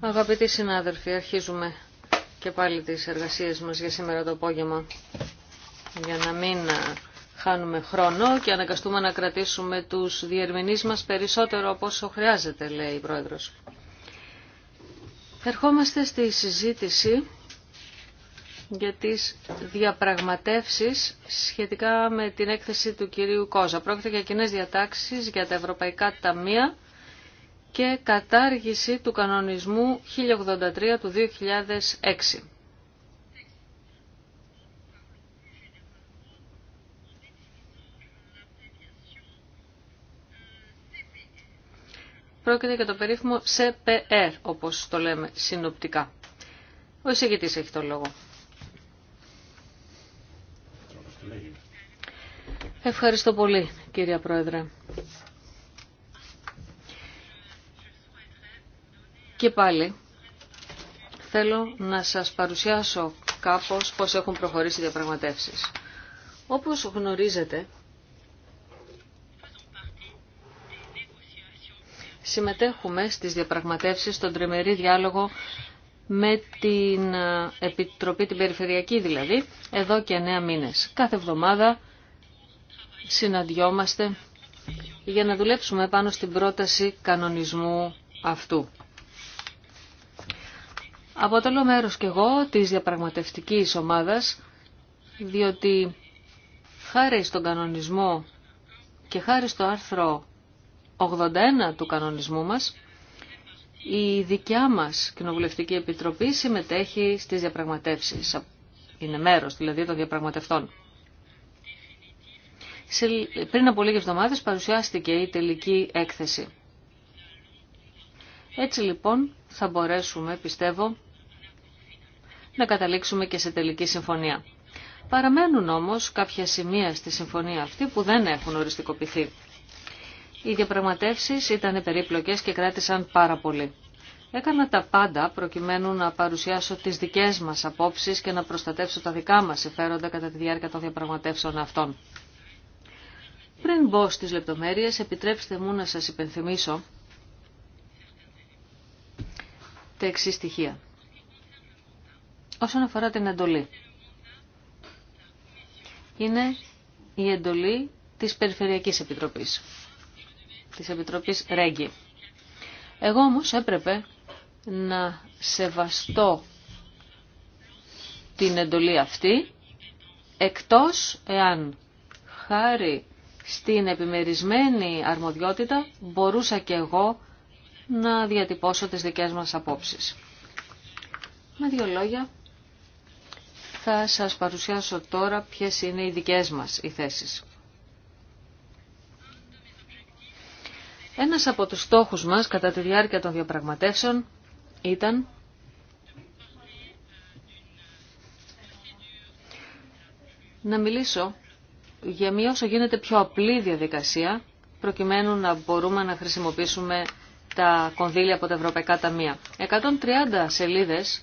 Αγαπητοί συνάδελφοι, αρχίζουμε και πάλι τις εργασίες μας για σήμερα το απόγευμα για να μην χάνουμε χρόνο και αναγκαστούμε να κρατήσουμε τους διερμηνείς μας περισσότερο από όσο χρειάζεται, λέει η Πρόεδρος. Ερχόμαστε στη συζήτηση για τις διαπραγματεύσεις σχετικά με την έκθεση του κυρίου Κόζα. Πρόκειται για κοινέ διατάξεις για τα ευρωπαϊκά ταμεία και κατάργηση του κανονισμού 1083 του 2006. Πρόκειται για το περίφημο CPR, όπως το λέμε συνοπτικά. Ο εισηγητής έχει το λόγο. Ευχαριστώ πολύ, κύριε Πρόεδρε. Και πάλι θέλω να σας παρουσιάσω κάπως πώς έχουν προχωρήσει οι διαπραγματεύσεις. Όπως γνωρίζετε, συμμετέχουμε στις διαπραγματεύσεις στον τριμερή διάλογο με την ε, Επιτροπή την Περιφερειακή δηλαδή, εδώ και εννέα μήνες. Κάθε εβδομάδα συναντιόμαστε για να δουλέψουμε πάνω στην πρόταση κανονισμού αυτού. Αποτελώ μέρος κι εγώ της διαπραγματευτικής ομάδας, διότι χάρη στον κανονισμό και χάρη στο άρθρο 81 του κανονισμού μας, η δικιά μας Κοινοβουλευτική Επιτροπή συμμετέχει στις διαπραγματεύσεις. Είναι μέρος δηλαδή των διαπραγματευτών. πριν από λίγες εβδομάδες παρουσιάστηκε η τελική έκθεση. Έτσι λοιπόν θα μπορέσουμε, πιστεύω, να καταλήξουμε και σε τελική συμφωνία. Παραμένουν όμως κάποια σημεία στη συμφωνία αυτή που δεν έχουν οριστικοποιηθεί. Οι διαπραγματεύσεις ήταν περίπλοκες και κράτησαν πάρα πολύ. Έκανα τα πάντα προκειμένου να παρουσιάσω τις δικές μας απόψεις και να προστατεύσω τα δικά μας συμφέροντα κατά τη διάρκεια των διαπραγματεύσεων αυτών. Πριν μπω στις λεπτομέρειες, επιτρέψτε μου να σας υπενθυμίσω τα εξή στοιχεία. Όσον αφορά την εντολή. Είναι η εντολή της Περιφερειακής Επιτροπής, της Επιτροπής Ρέγγι. Εγώ όμως έπρεπε να σεβαστώ την εντολή αυτή, εκτός εάν χάρη στην επιμερισμένη αρμοδιότητα μπορούσα και εγώ να διατυπώσω τις δικές μας απόψεις. Με δύο λόγια, θα σας παρουσιάσω τώρα ποιες είναι οι δικές μας οι θέσεις. Ένας από τους στόχους μας κατά τη διάρκεια των διαπραγματεύσεων ήταν να μιλήσω για μια όσο γίνεται πιο απλή διαδικασία προκειμένου να μπορούμε να χρησιμοποιήσουμε τα κονδύλια από τα Ευρωπαϊκά Ταμεία. 130 σελίδες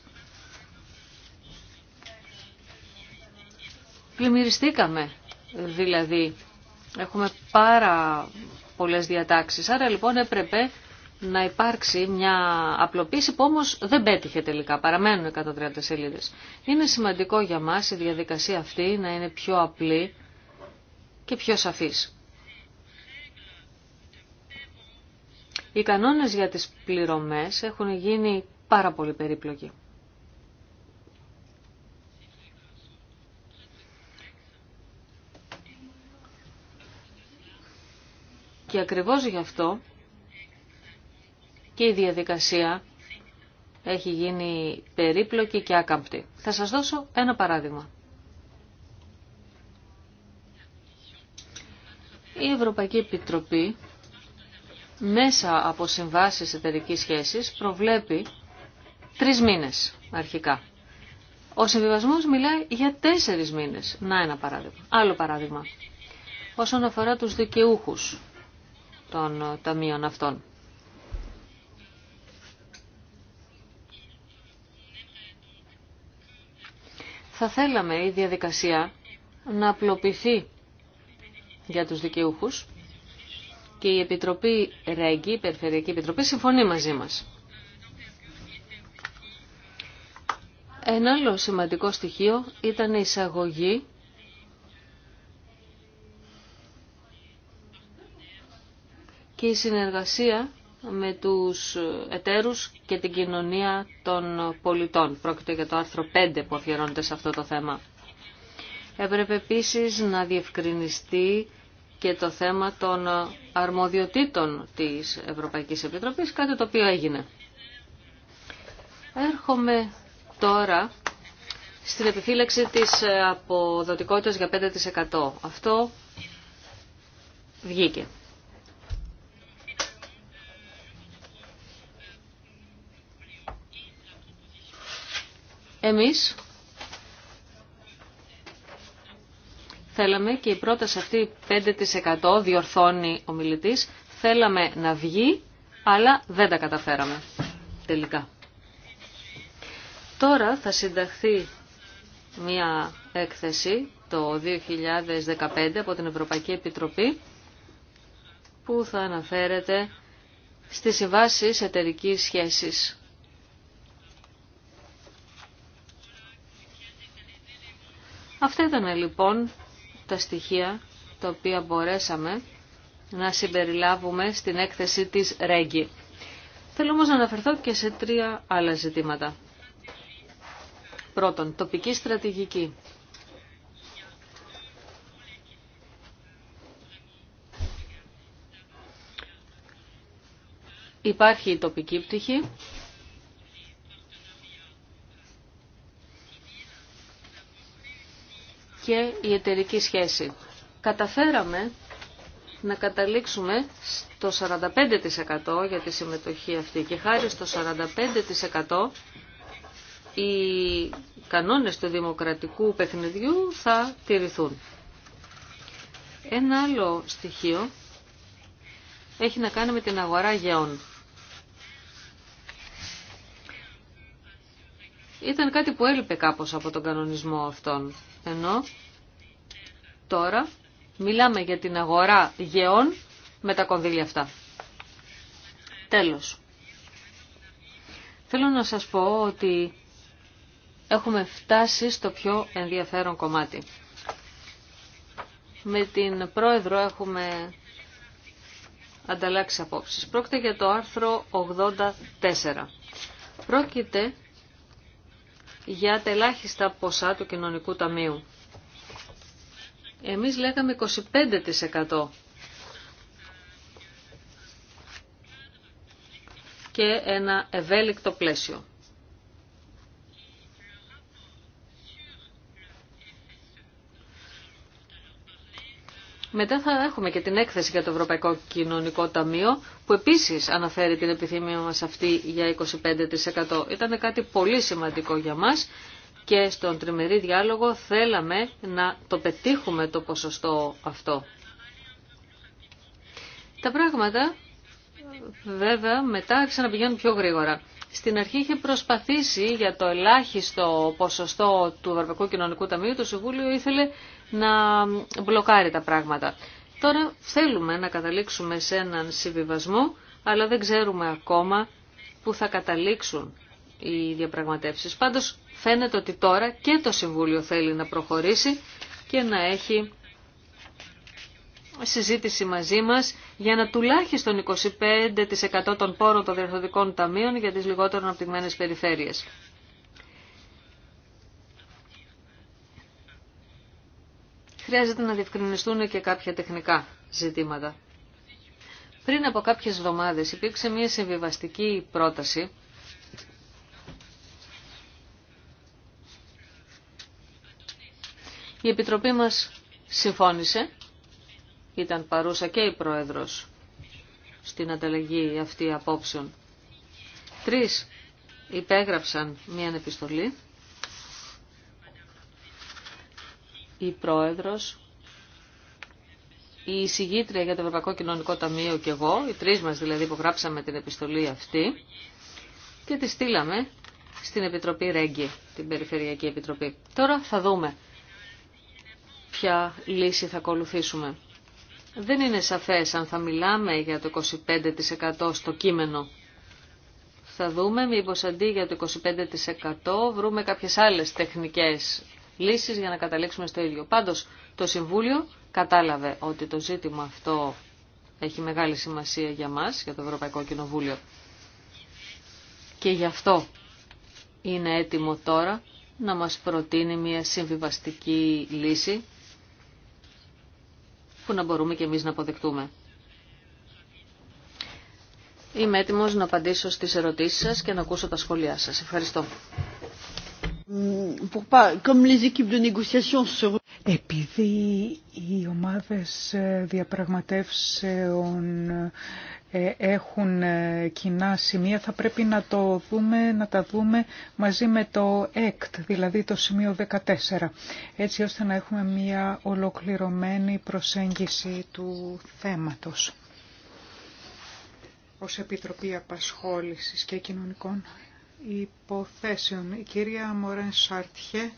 πλημμυριστήκαμε. Δηλαδή, έχουμε πάρα πολλές διατάξεις. Άρα λοιπόν έπρεπε να υπάρξει μια απλοποίηση που όμως δεν πέτυχε τελικά. Παραμένουν 130 σελίδες. Είναι σημαντικό για μας η διαδικασία αυτή να είναι πιο απλή και πιο σαφής. Οι κανόνες για τις πληρωμές έχουν γίνει πάρα πολύ περίπλοκοι. Και ακριβώς γι' αυτό και η διαδικασία έχει γίνει περίπλοκη και άκαμπτη. Θα σας δώσω ένα παράδειγμα. Η Ευρωπαϊκή Επιτροπή μέσα από συμβάσεις εταιρικής σχέσης προβλέπει τρεις μήνες αρχικά. Ο συμβιβασμός μιλάει για τέσσερις μήνες. Να ένα παράδειγμα. Άλλο παράδειγμα. Όσον αφορά τους δικαιούχους των ταμείων αυτών. Θα θέλαμε η διαδικασία να απλοποιηθεί για τους δικαιούχους και η Επιτροπή ΡΕΓΚΙ, η Περιφερειακή Επιτροπή, συμφωνεί μαζί μας. Ένα άλλο σημαντικό στοιχείο ήταν η εισαγωγή και η συνεργασία με τους εταίρους και την κοινωνία των πολιτών. Πρόκειται για το άρθρο 5 που αφιερώνεται σε αυτό το θέμα. Έπρεπε επίσης να διευκρινιστεί και το θέμα των αρμοδιοτήτων της Ευρωπαϊκής Επιτροπής, κάτι το οποίο έγινε. Έρχομαι τώρα στην επιφύλαξη της αποδοτικότητας για 5%. Αυτό βγήκε. Εμείς θέλαμε και η πρόταση αυτή 5% διορθώνει ο μιλητής, θέλαμε να βγει, αλλά δεν τα καταφέραμε τελικά. Τώρα θα συνταχθεί μια έκθεση το 2015 από την Ευρωπαϊκή Επιτροπή που θα αναφέρεται στις συμβάσεις εταιρικής σχέσης. Αυτά ήταν λοιπόν τα στοιχεία τα οποία μπορέσαμε να συμπεριλάβουμε στην έκθεση της Ρέγγι. Θέλω όμως να αναφερθώ και σε τρία άλλα ζητήματα. Πρώτον, τοπική στρατηγική. Υπάρχει η τοπική πτυχή και η εταιρική σχέση. Καταφέραμε να καταλήξουμε στο 45% για τη συμμετοχή αυτή και χάρη στο 45% οι κανόνες του δημοκρατικού παιχνιδιού θα τηρηθούν. Ένα άλλο στοιχείο έχει να κάνει με την αγορά γεών. Ήταν κάτι που έλειπε κάπως από τον κανονισμό αυτόν. Ενώ τώρα μιλάμε για την αγορά γεών με τα κονδύλια αυτά. Τέλος. Θέλω να σας πω ότι έχουμε φτάσει στο πιο ενδιαφέρον κομμάτι. Με την πρόεδρο έχουμε ανταλλάξει απόψεις. Πρόκειται για το άρθρο 84. Πρόκειται για τα ελάχιστα ποσά του κοινωνικού ταμείου. Εμείς λέγαμε 25% και ένα ευέλικτο πλαίσιο. Μετά θα έχουμε και την έκθεση για το Ευρωπαϊκό Κοινωνικό Ταμείο, που επίσης αναφέρει την επιθυμία μας αυτή για 25%. Ήταν κάτι πολύ σημαντικό για μας και στον τριμερή διάλογο θέλαμε να το πετύχουμε το ποσοστό αυτό. Τα πράγματα βέβαια μετά άρχισαν πιο γρήγορα. Στην αρχή είχε προσπαθήσει για το ελάχιστο ποσοστό του Ευρωπαϊκού Κοινωνικού Ταμείου, το Συμβούλιο ήθελε να μπλοκάρει τα πράγματα. Τώρα θέλουμε να καταλήξουμε σε έναν συμβιβασμό, αλλά δεν ξέρουμε ακόμα που θα καταλήξουν οι διαπραγματεύσεις. Πάντως φαίνεται ότι τώρα και το Συμβούλιο θέλει να προχωρήσει και να έχει συζήτηση μαζί μας για να τουλάχιστον 25% των πόρων των διευθυντικών ταμείων για τις λιγότερο αναπτυγμένες περιφέρειες. χρειάζεται να διευκρινιστούν και κάποια τεχνικά ζητήματα. Πριν από κάποιες εβδομάδες υπήρξε μια συμβιβαστική πρόταση Η Επιτροπή μας συμφώνησε, ήταν παρούσα και η Πρόεδρος στην ανταλλαγή αυτή απόψεων. Τρεις υπέγραψαν μια επιστολή η πρόεδρος, η εισηγήτρια για το Ευρωπαϊκό Κοινωνικό Ταμείο και εγώ, οι τρεις μας δηλαδή που γράψαμε την επιστολή αυτή και τη στείλαμε στην Επιτροπή Ρέγγι, την Περιφερειακή Επιτροπή. Τώρα θα δούμε ποια λύση θα ακολουθήσουμε. Δεν είναι σαφές αν θα μιλάμε για το 25% στο κείμενο. Θα δούμε μήπως αντί για το 25% βρούμε κάποιες άλλες τεχνικές λύσεις για να καταλήξουμε στο ίδιο. Πάντως το Συμβούλιο κατάλαβε ότι το ζήτημα αυτό έχει μεγάλη σημασία για μας, για το Ευρωπαϊκό Κοινοβούλιο. Και γι' αυτό είναι έτοιμο τώρα να μας προτείνει μια συμβιβαστική λύση που να μπορούμε και εμείς να αποδεκτούμε. Είμαι έτοιμος να απαντήσω στις ερωτήσεις σας και να ακούσω τα σχόλιά σας. Ευχαριστώ. Επειδή οι ομάδες ε, διαπραγματεύσεων ε, έχουν ε, κοινά σημεία, θα πρέπει να, το δούμε, να τα δούμε μαζί με το ΕΚΤ, δηλαδή το σημείο 14, έτσι ώστε να έχουμε μια ολοκληρωμένη προσέγγιση του θέματος ως Επιτροπή Απασχόλησης και Κοινωνικών υποθέσεων. Η κυρία Μωρέν Σαρτιέ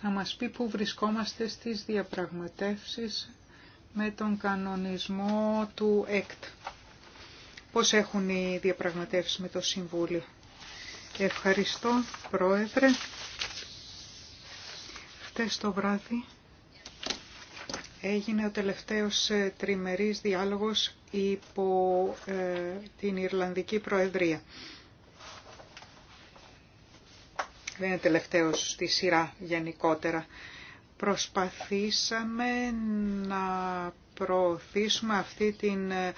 θα μας πει πού βρισκόμαστε στις διαπραγματεύσεις με τον κανονισμό του ΕΚΤ. Πώς έχουν οι διαπραγματεύσεις με το Συμβούλιο. Ευχαριστώ, Πρόεδρε. Χτες το βράδυ έγινε ο τελευταίος τριμερής διάλογος υπό ε, την Ιρλανδική Προεδρία. Δεν είναι τελευταίος στη σειρά γενικότερα. Προσπαθήσαμε να προωθήσουμε αυτή την ε,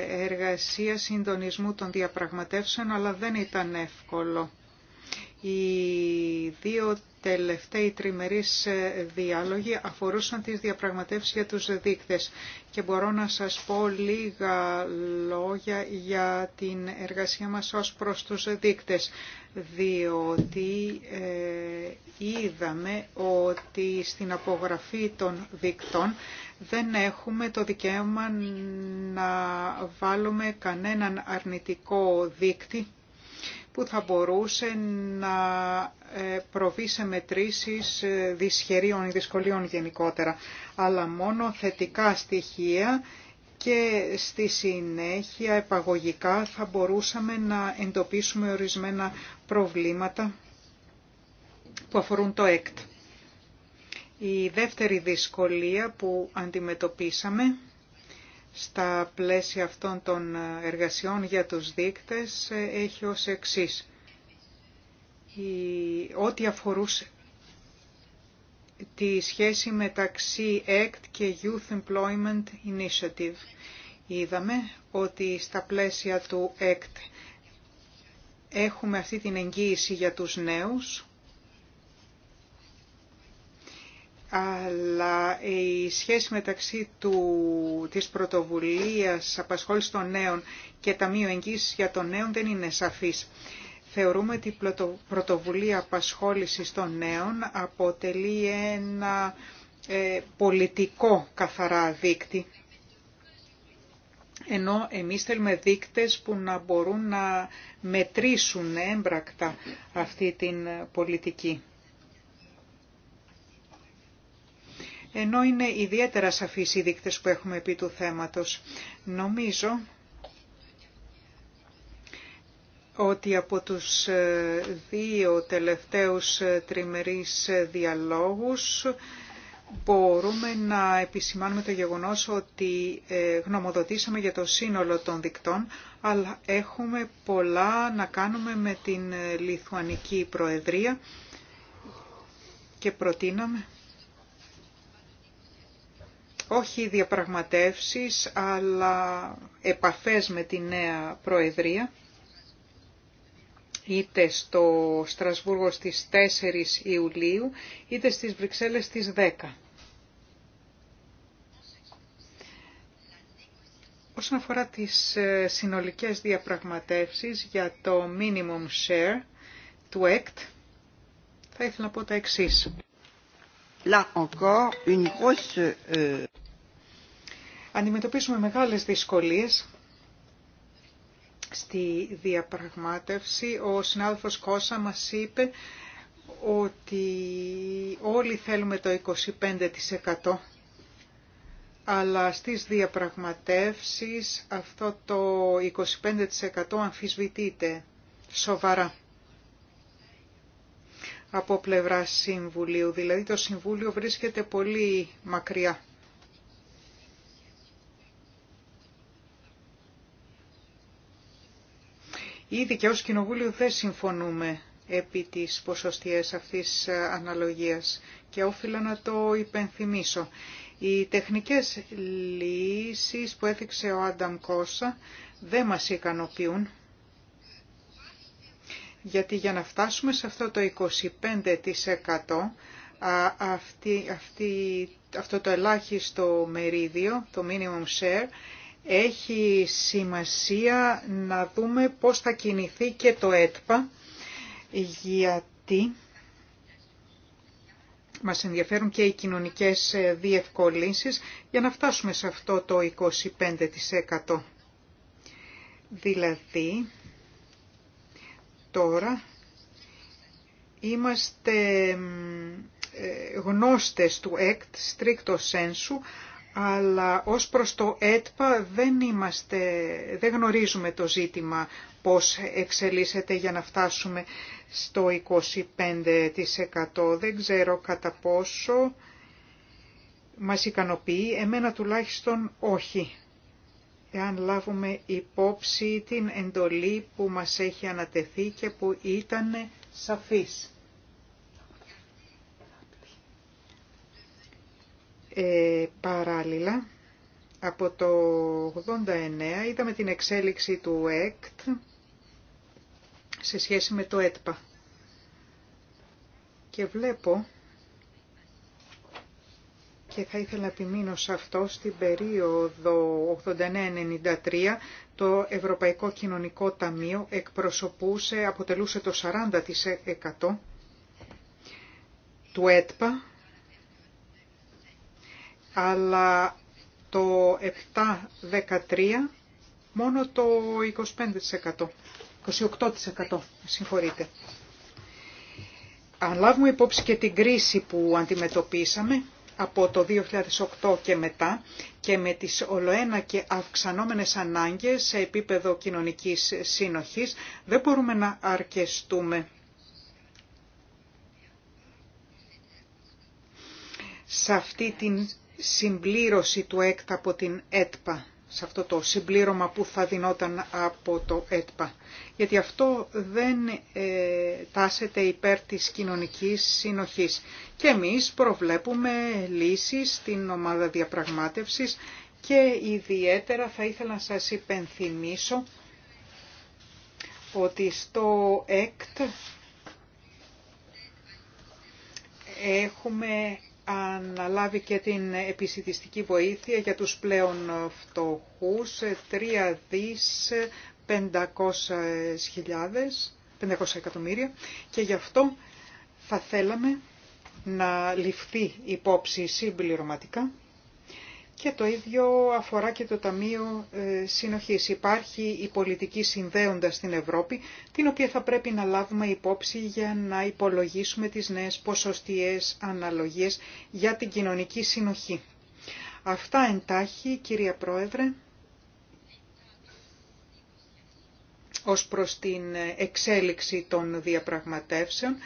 εργασία συντονισμού των διαπραγματεύσεων, αλλά δεν ήταν εύκολο. Οι δύο τελευταίοι τριμερείς ε, διάλογοι αφορούσαν τις διαπραγματεύσεις για τους δείκτες και μπορώ να σας πω λίγα λόγια για την εργασία μας ως προς τους δείκτες διότι ε, είδαμε ότι στην απογραφή των δείκτων δεν έχουμε το δικαίωμα να βάλουμε κανέναν αρνητικό δείκτη που θα μπορούσε να ε, προβεί σε μετρήσεις ε, δυσχερίων ή δυσκολίων γενικότερα, αλλά μόνο θετικά στοιχεία και στη συνέχεια επαγωγικά θα μπορούσαμε να εντοπίσουμε ορισμένα προβλήματα που αφορούν το ΕΚΤ. Η δεύτερη δυσκολία που αντιμετωπίσαμε στα πλαίσια αυτών των εργασιών για τους δείκτες ε, έχει ως εξής. Η... Ό,τι αφορούσε τη σχέση μεταξύ ACT και Youth Employment Initiative. Είδαμε ότι στα πλαίσια του ACT έχουμε αυτή την εγγύηση για τους νέους αλλά η σχέση μεταξύ του, της πρωτοβουλίας απασχόλησης των νέων και τα Εγγύησης για των νέων δεν είναι σαφής. Θεωρούμε ότι η πρωτοβουλία απασχόλησης των νέων αποτελεί ένα ε, πολιτικό καθαρά δείκτη, ενώ εμείς θέλουμε δίκτες που να μπορούν να μετρήσουν έμπρακτα αυτή την πολιτική. ενώ είναι ιδιαίτερα σαφείς οι δείκτες που έχουμε επί του θέματος. Νομίζω ότι από τους ε, δύο τελευταίους ε, τριμερείς ε, διαλόγους μπορούμε να επισημάνουμε το γεγονός ότι γνωμοδοτήσαμε για το σύνολο των δικτών, αλλά έχουμε πολλά να κάνουμε με την Λιθουανική Προεδρία και προτείναμε όχι διαπραγματεύσεις, αλλά επαφές με τη νέα Προεδρία, είτε στο Στρασβούργο στις 4 Ιουλίου, είτε στις Βρυξέλλες στις 10. Όσον αφορά τις ε, συνολικές διαπραγματεύσεις για το minimum share του act θα ήθελα να πω τα εξής là encore une grosse... Euh, Αντιμετωπίσουμε μεγάλες δυσκολίες στη διαπραγμάτευση. Ο συνάδελφος Κώσα μας είπε ότι όλοι θέλουμε το 25% αλλά στις διαπραγματεύσεις αυτό το 25% αμφισβητείται σοβαρά από πλευρά Συμβουλίου. Δηλαδή το Συμβούλιο βρίσκεται πολύ μακριά. Ήδη και ως Κοινοβούλιο δεν συμφωνούμε επί της ποσοστιαίας αυτής αναλογίας και όφιλα να το υπενθυμίσω. Οι τεχνικές λύσεις που έδειξε ο Άνταμ Κόσα δεν μας ικανοποιούν γιατί για να φτάσουμε σε αυτό το 25% αυτή, αυτή, αυτό το ελάχιστο μερίδιο, το minimum share, έχει σημασία να δούμε πώς θα κινηθεί και το ΕΤΠΑ, γιατί μας ενδιαφέρουν και οι κοινωνικές διευκολύνσεις για να φτάσουμε σε αυτό το 25%. Δηλαδή, τώρα είμαστε ε, γνώστες του ΕΚΤ, στρίκτο σένσου, αλλά ως προς το ΕΤΠΑ δεν, δεν γνωρίζουμε το ζήτημα πώς εξελίσσεται για να φτάσουμε στο 25%. Δεν ξέρω κατά πόσο μας ικανοποιεί, εμένα τουλάχιστον όχι εάν λάβουμε υπόψη την εντολή που μας έχει ανατεθεί και που ήταν σαφής. Ε, παράλληλα, από το 89 είδαμε την εξέλιξη του ΕΚΤ σε σχέση με το ΕΤΠΑ. Και βλέπω και θα ήθελα να επιμείνω σε αυτό στην περίοδο 89-93 το Ευρωπαϊκό Κοινωνικό Ταμείο εκπροσωπούσε, αποτελούσε το 40% του ΕΤΠΑ αλλά το 7-13 μόνο το 25%, 28% συγχωρείτε. Αν λάβουμε υπόψη και την κρίση που αντιμετωπίσαμε, από το 2008 και μετά και με τις ολοένα και αυξανόμενες ανάγκες σε επίπεδο κοινωνικής σύνοχης δεν μπορούμε να αρκεστούμε. σε αυτή την συμπλήρωση του ΕΚΤ από την ΕΤΠΑ σε αυτό το συμπλήρωμα που θα δινόταν από το ΕΤΠΑ. Γιατί αυτό δεν ε, τάσεται υπέρ της κοινωνικής συνοχής. Και εμείς προβλέπουμε λύσεις στην ομάδα διαπραγμάτευσης και ιδιαίτερα θα ήθελα να σας υπενθυμίσω ότι στο ΕΚΤ έχουμε αναλάβει και την επισητιστική βοήθεια για τους πλέον φτωχούς, 3 500, εκατομμύρια και γι' αυτό θα θέλαμε να ληφθεί υπόψη συμπληρωματικά και το ίδιο αφορά και το Ταμείο ε, Συνοχής. Υπάρχει η πολιτική συνδέοντα στην Ευρώπη, την οποία θα πρέπει να λάβουμε υπόψη για να υπολογίσουμε τις νέες ποσοστιαίες αναλογίες για την κοινωνική συνοχή. Αυτά εντάχει, κυρία Πρόεδρε, ως προς την εξέλιξη των διαπραγματεύσεων.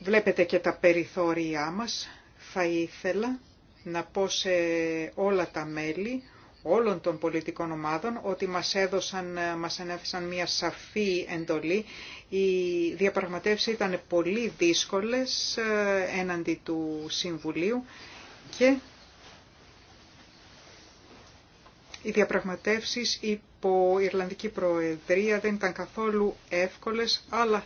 Βλέπετε και τα περιθώριά μας. Θα ήθελα να πω σε όλα τα μέλη όλων των πολιτικών ομάδων ότι μας έδωσαν, μας ανέφεσαν μια σαφή εντολή. Οι διαπραγματεύσεις ήταν πολύ δύσκολες ε, έναντι του Συμβουλίου και οι διαπραγματεύσεις υπό Ιρλανδική Προεδρία δεν ήταν καθόλου εύκολες, αλλά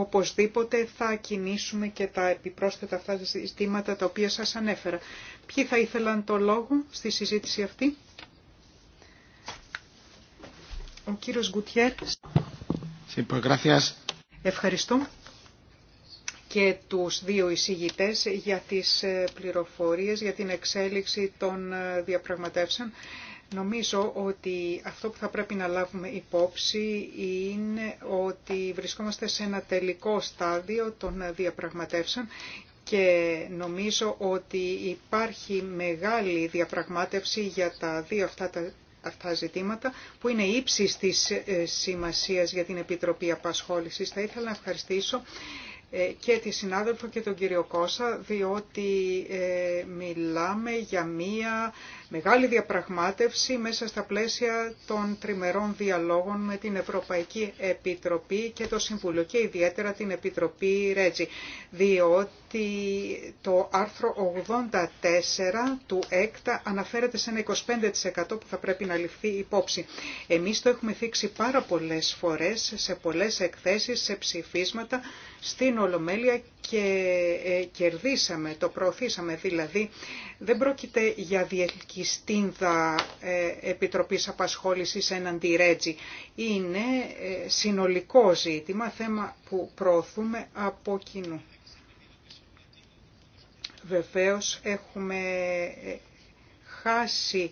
οπωσδήποτε θα κινήσουμε και τα επιπρόσθετα αυτά ζητήματα τα οποία σας ανέφερα. Ποιοι θα ήθελαν το λόγο στη συζήτηση αυτή. Ο κύριος Γκουτιέρ. Ευχαριστώ και τους δύο εισηγητές για τις ε, πληροφορίες, για την εξέλιξη των ε, διαπραγματεύσεων. Νομίζω ότι αυτό που θα πρέπει να λάβουμε υπόψη είναι ότι βρισκόμαστε σε ένα τελικό στάδιο των διαπραγματεύσεων και νομίζω ότι υπάρχει μεγάλη διαπραγμάτευση για τα δύο αυτά τα ζητήματα που είναι ύψης της ε, σημασίας για την Επιτροπή Απασχόλησης. Θα ήθελα να ευχαριστήσω ε, και τη συνάδελφο και τον κύριο Κώσα, διότι ε, μιλάμε για μία μεγάλη διαπραγμάτευση μέσα στα πλαίσια των τριμερών διαλόγων με την Ευρωπαϊκή Επιτροπή και το Συμβούλιο και ιδιαίτερα την Επιτροπή Ρέτζη, διότι το άρθρο 84 του ΕΚΤΑ αναφέρεται σε ένα 25% που θα πρέπει να ληφθεί υπόψη. Εμείς το έχουμε θίξει πάρα πολλές φορές σε πολλές εκθέσεις, σε ψηφίσματα, στην Ολομέλεια και ε, κερδίσαμε, το προωθήσαμε δηλαδή. Δεν πρόκειται για διελκυστίνδα ε, Επιτροπής Απασχόλησης έναντι Ρέτζι. Είναι ε, συνολικό ζήτημα, θέμα που προωθούμε από κοινού. Βεβαίως έχουμε χάσει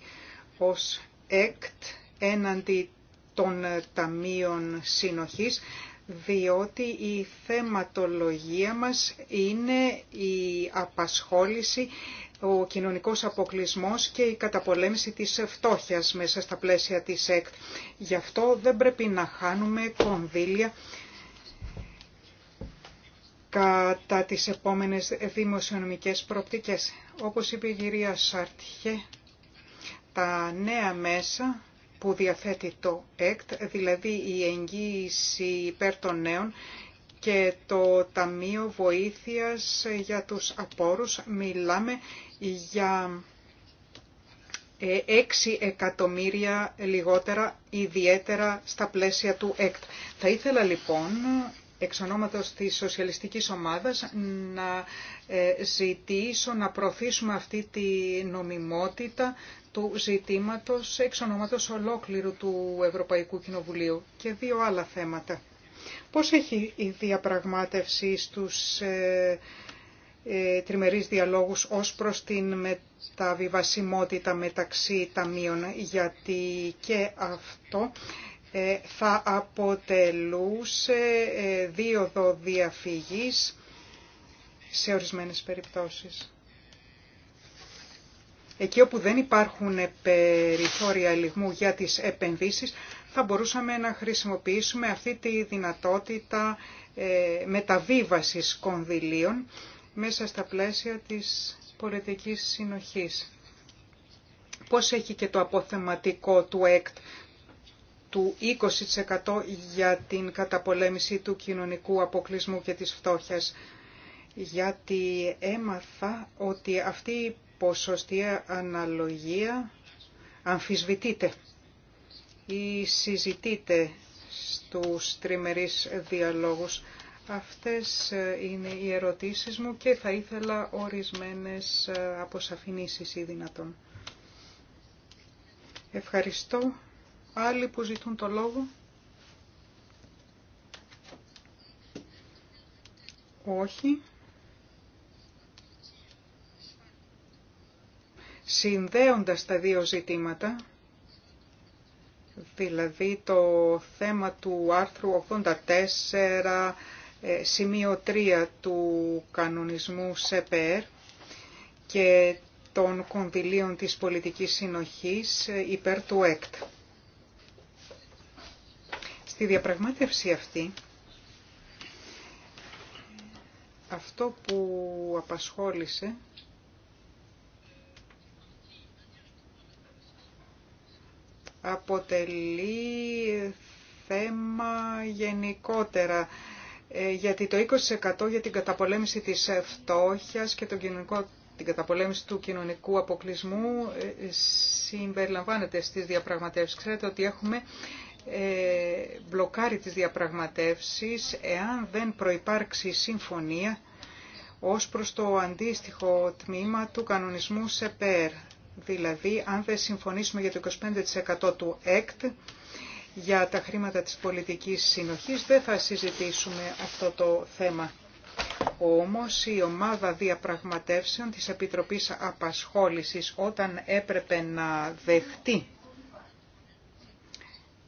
ως ΕΚΤ έναντι των Ταμείων Συνοχής διότι η θεματολογία μας είναι η απασχόληση, ο κοινωνικός αποκλισμός και η καταπολέμηση της φτώχειας μέσα στα πλαίσια της ΕΚΤ. Γι' αυτό δεν πρέπει να χάνουμε κονδύλια κατά τις επόμενες δημοσιονομικές προοπτικές. Όπως είπε η κυρία Σάρτχε, τα νέα μέσα που διαθέτει το ΕΚΤ, δηλαδή η εγγύηση υπέρ των νέων και το Ταμείο Βοήθειας για τους Απόρους. Μιλάμε για 6 ε, εκατομμύρια λιγότερα, ιδιαίτερα στα πλαίσια του ΕΚΤ. Θα ήθελα λοιπόν, εξ ονόματος της Σοσιαλιστικής Ομάδας, να ε, ζητήσω να προωθήσουμε αυτή τη νομιμότητα του ζητήματος εξ ονόματος ολόκληρου του Ευρωπαϊκού Κοινοβουλίου και δύο άλλα θέματα. Πώς έχει η διαπραγμάτευση στους ε, ε, τριμερείς διαλόγους ως προς την μεταβιβασιμότητα μεταξύ ταμείων, γιατί και αυτό ε, θα αποτελούσε ε, δύο διαφυγής σε ορισμένες περιπτώσεις. Εκεί όπου δεν υπάρχουν περιθώρια λιγμού για τις επενδύσεις, θα μπορούσαμε να χρησιμοποιήσουμε αυτή τη δυνατότητα ε, μεταβίβασης κονδυλίων μέσα στα πλαίσια της πολιτικής συνοχής. Πώς έχει και το αποθεματικό του ΕΚΤ του 20% για την καταπολέμηση του κοινωνικού αποκλεισμού και της φτώχειας. Γιατί έμαθα ότι αυτή ποσοστία αναλογία αμφισβητείται ή συζητείται στους τριμερείς διαλόγους. Αυτές ε, είναι οι ερωτήσεις μου και θα ήθελα ορισμένες ε, αποσαφηνήσεις ή δυνατόν. Ευχαριστώ. Άλλοι που ζητούν το λόγο. Όχι. συνδέοντας τα δύο ζητήματα, δηλαδή το θέμα του άρθρου 84 ε, σημείο 3 του κανονισμού ΣΕΠΕΡ και των κονδυλίων της πολιτικής συνοχής ε, υπέρ του ΕΚΤ. Στη διαπραγμάτευση αυτή, αυτό που απασχόλησε αποτελεί θέμα γενικότερα ε, γιατί το 20% για την καταπολέμηση της φτώχειας και τον κοινωνικό, την καταπολέμηση του κοινωνικού αποκλεισμού ε, συμπεριλαμβάνεται στις διαπραγματεύσεις. Ξέρετε ότι έχουμε ε, μπλοκάρει τις διαπραγματεύσεις εάν δεν προϋπάρξει συμφωνία ως προς το αντίστοιχο τμήμα του κανονισμού ΣΕΠΕΡ Δηλαδή, αν δεν συμφωνήσουμε για το 25% του ΕΚΤ, για τα χρήματα της πολιτικής συνοχής, δεν θα συζητήσουμε αυτό το θέμα. Όμως η ομάδα διαπραγματεύσεων της Επιτροπής Απασχόλησης όταν έπρεπε να δεχτεί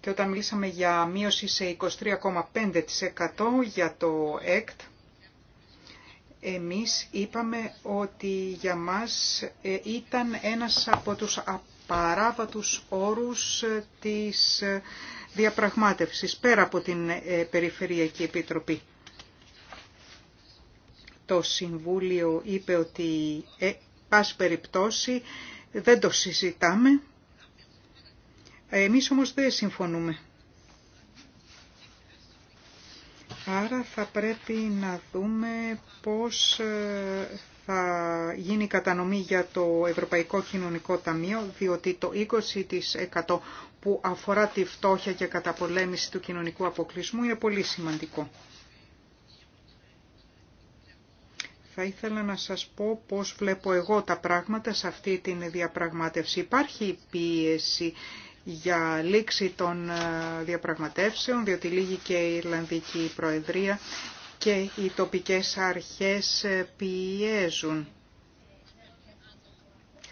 και όταν μιλήσαμε για μείωση σε 23,5% για το ΕΚΤ, εμείς είπαμε ότι για μας ε, ήταν ένας από τους απαράβατους όρους ε, της ε, διαπραγμάτευσης πέρα από την Περιφερειακή Επιτροπή. Το Συμβούλιο είπε ότι ε, πας περιπτώσει δεν το συζητάμε. Εμείς όμως δεν συμφωνούμε. Άρα θα πρέπει να δούμε πώς ε, θα γίνει η κατανομή για το Ευρωπαϊκό Κοινωνικό Ταμείο, διότι το 20% που αφορά τη φτώχεια και καταπολέμηση του κοινωνικού αποκλεισμού είναι πολύ σημαντικό. θα ήθελα να σας πω πώς βλέπω εγώ τα πράγματα σε αυτή την διαπραγμάτευση. Υπάρχει πίεση για λήξη των ε, διαπραγματεύσεων, διότι λύγει και η Ιρλανδική Προεδρία και οι τοπικές αρχές ε, πιέζουν.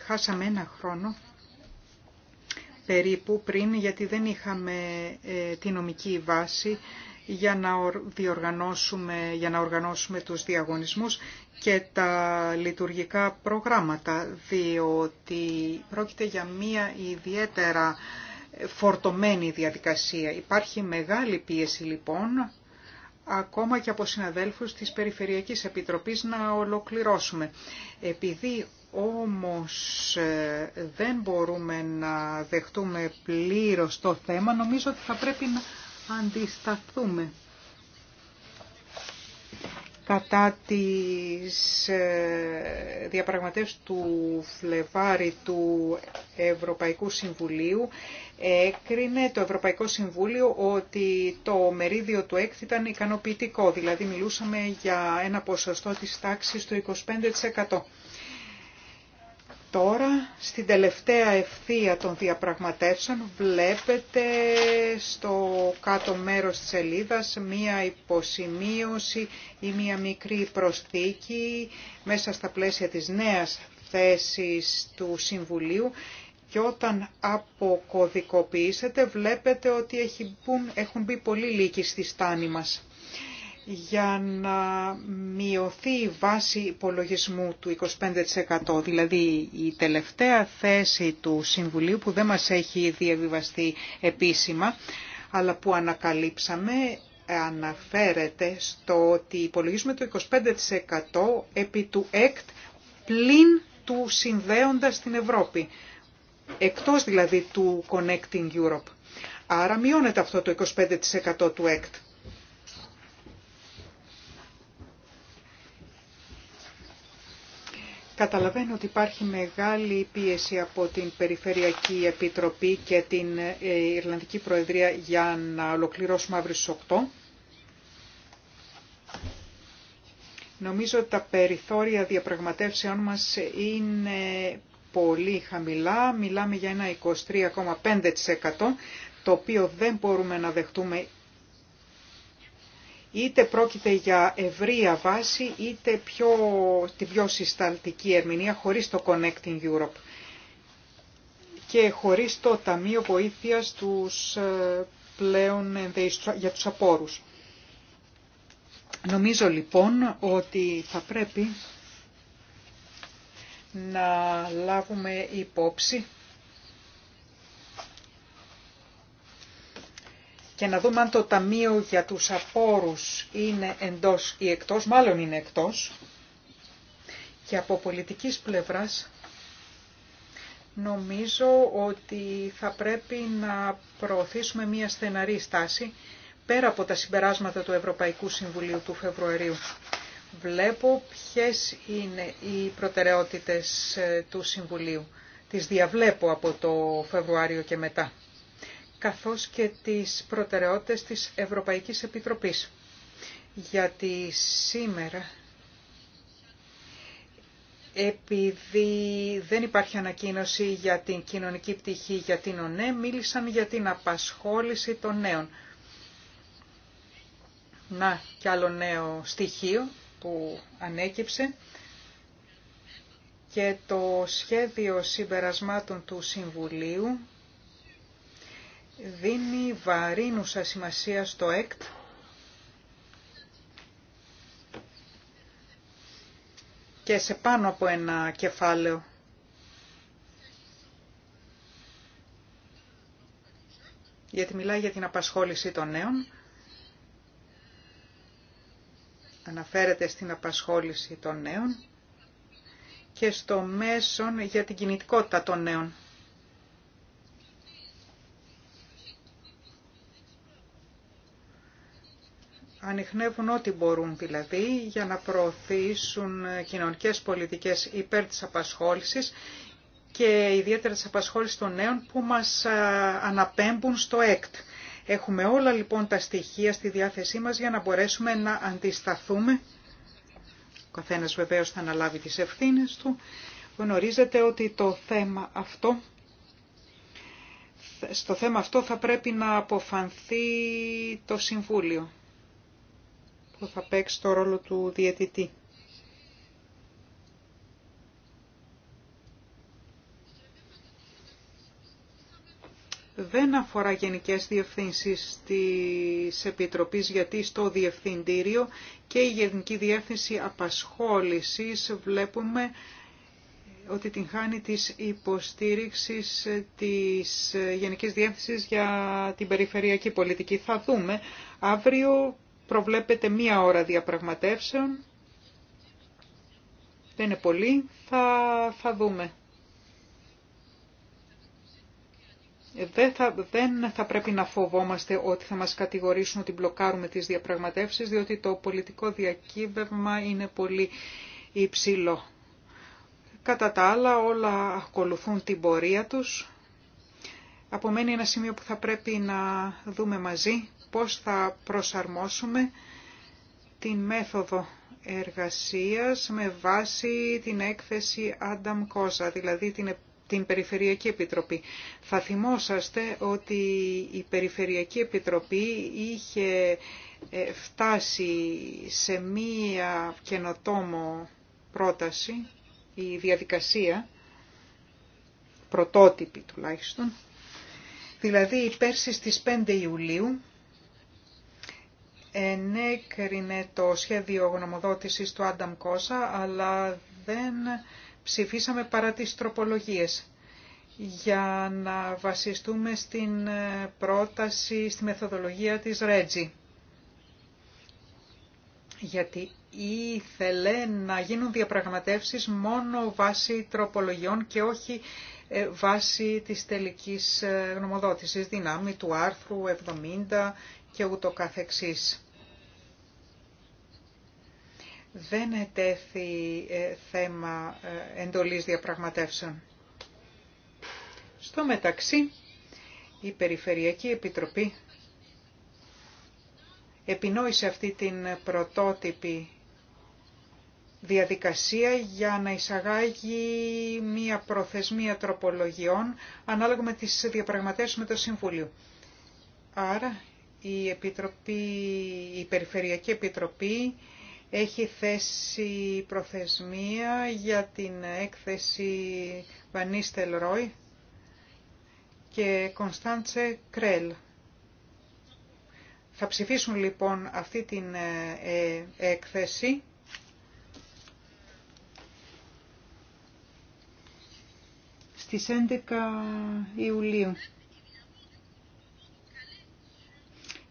Χάσαμε ένα χρόνο περίπου πριν γιατί δεν είχαμε ε, τη νομική βάση για να, διοργανώσουμε, για να οργανώσουμε τους διαγωνισμούς και τα λειτουργικά προγράμματα, διότι πρόκειται για μία ιδιαίτερα φορτωμένη διαδικασία. Υπάρχει μεγάλη πίεση λοιπόν, ακόμα και από συναδέλφους της Περιφερειακής Επιτροπής να ολοκληρώσουμε. Επειδή όμως ε, δεν μπορούμε να δεχτούμε πλήρως το θέμα, νομίζω ότι θα πρέπει να αντισταθούμε κατά τις ε, διαπραγματεύσεις του Φλεβάρη του Ευρωπαϊκού Συμβουλίου έκρινε το Ευρωπαϊκό Συμβούλιο ότι το μερίδιο του ΕΚΤ ήταν ικανοποιητικό, δηλαδή μιλούσαμε για ένα ποσοστό της τάξης του 25%. Τώρα, στην τελευταία ευθεία των διαπραγματεύσεων, βλέπετε στο κάτω μέρος της σελίδας μία υποσημείωση ή μία μικρή προσθήκη μέσα στα πλαίσια της νέας θέσης του Συμβουλίου και όταν αποκωδικοποιήσετε βλέπετε ότι έχουν μπει πολλοί λύκοι στη στάνη μας για να μειωθεί η βάση υπολογισμού του 25%. Δηλαδή η τελευταία θέση του Συμβουλίου που δεν μας έχει διαβιβαστεί επίσημα, αλλά που ανακαλύψαμε αναφέρεται στο ότι υπολογίζουμε το 25% επί του ΕΚΤ πλην του συνδέοντα στην Ευρώπη, εκτός δηλαδή του Connecting Europe. Άρα μειώνεται αυτό το 25% του ΕΚΤ. Καταλαβαίνω ότι υπάρχει μεγάλη πίεση από την Περιφερειακή Επιτροπή και την ε, Ιρλανδική Προεδρία για να ολοκληρώσουμε αύριο στις 8. Νομίζω ότι τα περιθώρια διαπραγματεύσεων μας είναι πολύ χαμηλά. Μιλάμε για ένα 23,5% το οποίο δεν μπορούμε να δεχτούμε είτε πρόκειται για ευρεία βάση, είτε πιο, την πιο συσταλτική ερμηνεία, χωρίς το Connecting Europe και χωρίς το Ταμείο Βοήθειας τους, ε, πλέον για τους απόρους. Νομίζω λοιπόν ότι θα πρέπει να λάβουμε υπόψη και να δούμε αν το ταμείο για τους απόρους είναι εντός ή εκτός, μάλλον είναι εκτός. Και από πολιτικής πλευράς νομίζω ότι θα πρέπει να προωθήσουμε μια στεναρή στάση πέρα από τα συμπεράσματα του Ευρωπαϊκού Συμβουλίου του Φεβρουαρίου. Βλέπω ποιες είναι οι προτεραιότητες ε, του Συμβουλίου. Τις διαβλέπω από το Φεβρουάριο και μετά καθώς και τις προτεραιότητες της Ευρωπαϊκής Επιτροπής. Γιατί σήμερα, επειδή δεν υπάρχει ανακοίνωση για την κοινωνική πτυχή για την ΟΝΕ, μίλησαν για την απασχόληση των νέων. Να, και άλλο νέο στοιχείο που ανέκυψε και το σχέδιο συμπερασμάτων του Συμβουλίου δίνει βαρύνουσα σημασία στο ΕΚΤ και σε πάνω από ένα κεφάλαιο. Γιατί μιλάει για την απασχόληση των νέων. Αναφέρεται στην απασχόληση των νέων και στο μέσον για την κινητικότητα των νέων. ανοιχνεύουν ό,τι μπορούν δηλαδή για να προωθήσουν κοινωνικές πολιτικές υπέρ της απασχόλησης και ιδιαίτερα της απασχόλησης των νέων που μας αναπέμπουν στο ΕΚΤ. Έχουμε όλα λοιπόν τα στοιχεία στη διάθεσή μας για να μπορέσουμε να αντισταθούμε. Ο καθένας βεβαίως θα αναλάβει τις ευθύνες του. Γνωρίζετε ότι το θέμα αυτό στο θέμα αυτό θα πρέπει να αποφανθεί το Συμβούλιο που θα παίξει το ρόλο του διαιτητή. δεν αφορά γενικές διευθύνσεις της Επιτροπής γιατί στο Διευθυντήριο και η Γενική Διεύθυνση Απασχόλησης βλέπουμε ότι την χάνει της υποστήριξης της Γενικής Διεύθυνσης για την Περιφερειακή Πολιτική. Θα δούμε αύριο προβλέπεται μία ώρα διαπραγματεύσεων. Δεν είναι πολύ. Θα, θα δούμε. Δεν θα, δεν θα πρέπει να φοβόμαστε ότι θα μας κατηγορήσουν ότι μπλοκάρουμε τις διαπραγματεύσεις, διότι το πολιτικό διακύβευμα είναι πολύ υψηλό. Κατά τα άλλα όλα ακολουθούν την πορεία τους. Απομένει ένα σημείο που θα πρέπει να δούμε μαζί πώς θα προσαρμόσουμε την μέθοδο εργασίας με βάση την έκθεση Άνταμ Κόζα, δηλαδή την, την Περιφερειακή Επιτροπή. Θα θυμόσαστε ότι η Περιφερειακή Επιτροπή είχε ε, φτάσει σε μία καινοτόμο πρόταση, η διαδικασία, πρωτότυπη τουλάχιστον, δηλαδή πέρσι στις 5 Ιουλίου ενέκρινε το σχέδιο γνωμοδότησης του Άνταμ Κόσα, αλλά δεν ψηφίσαμε παρά τις τροπολογίες για να βασιστούμε στην ε, πρόταση, στη μεθοδολογία της Ρέτζη. Γιατί ήθελε να γίνουν διαπραγματεύσεις μόνο βάσει τροπολογιών και όχι ε, βάσει της τελικής ε, γνωμοδότησης, δυνάμει του άρθρου 70 και ούτω καθεξής δεν ετέθη ε, θέμα ε, εντολής διαπραγματεύσεων. Στο μεταξύ, η Περιφερειακή Επιτροπή επινόησε αυτή την πρωτότυπη διαδικασία για να εισαγάγει μία προθεσμία τροπολογιών ανάλογα με τις διαπραγματεύσεις με το Συμβούλιο. Άρα η, Επιτροπή, η Περιφερειακή Επιτροπή έχει θέσει προθεσμία για την έκθεση Βανίστελ Ρόι και Κωνσταντσε Κρέλ. Θα ψηφίσουν λοιπόν αυτή την ε, ε, έκθεση. στις 11 Ιουλίου.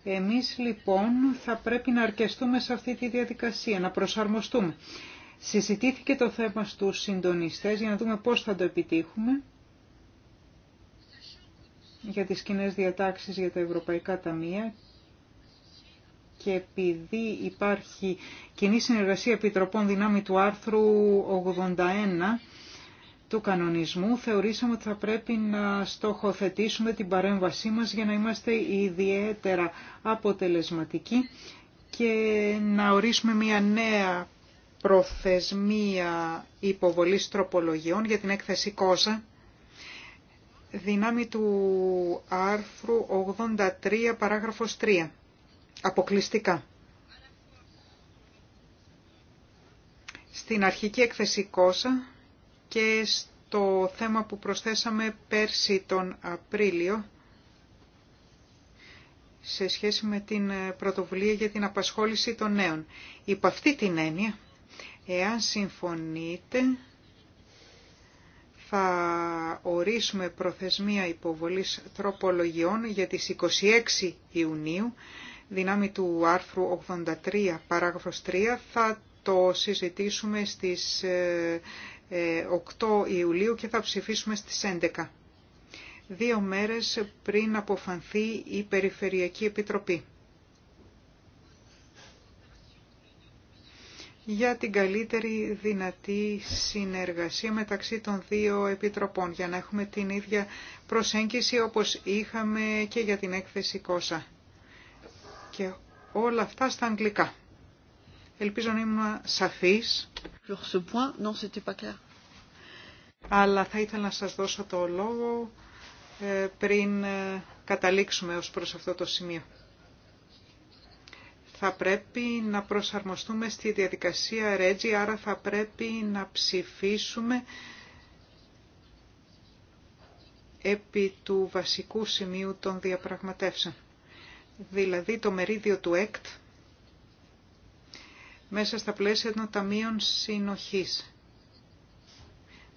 Εμείς λοιπόν θα πρέπει να αρκεστούμε σε αυτή τη διαδικασία, να προσαρμοστούμε. Συζητήθηκε το θέμα στους συντονιστές για να δούμε πώς θα το επιτύχουμε για τις κοινέ διατάξεις για τα ευρωπαϊκά ταμεία και επειδή υπάρχει κοινή συνεργασία επιτροπών δυνάμει του άρθρου 81 του κανονισμού θεωρήσαμε ότι θα πρέπει να στοχοθετήσουμε την παρέμβασή μας για να είμαστε ιδιαίτερα αποτελεσματικοί και να ορίσουμε μια νέα προθεσμία υποβολής τροπολογιών για την έκθεση Κόσα. δυνάμει του άρθρου 83 παράγραφος 3 αποκλειστικά. Στην αρχική έκθεση Κόσα και στο θέμα που προσθέσαμε πέρσι τον Απρίλιο σε σχέση με την πρωτοβουλία για την απασχόληση των νέων. Υπ' αυτή την έννοια, εάν συμφωνείτε, θα ορίσουμε προθεσμία υποβολής τροπολογιών για τις 26 Ιουνίου, δυνάμει του άρθρου 83 παράγραφος 3, θα το συζητήσουμε στις ε, 8 Ιουλίου και θα ψηφίσουμε στις 11. Δύο μέρες πριν αποφανθεί η Περιφερειακή Επιτροπή. για την καλύτερη δυνατή συνεργασία μεταξύ των δύο επιτροπών, για να έχουμε την ίδια προσέγγιση όπως είχαμε και για την έκθεση Κόσα. Και όλα αυτά στα αγγλικά. Ελπίζω να ήμουν σαφής sur ce point. Non, Αλλά θα ήθελα να σας δώσω το λόγο ε, πριν ε, καταλήξουμε ως προς αυτό το σημείο. Θα πρέπει να προσαρμοστούμε στη διαδικασία Ρέτζι, άρα θα πρέπει να ψηφίσουμε επί του βασικού σημείου των διαπραγματεύσεων. Δηλαδή το μερίδιο του ΕΚΤ μέσα στα πλαίσια των Ταμείων Συνοχής.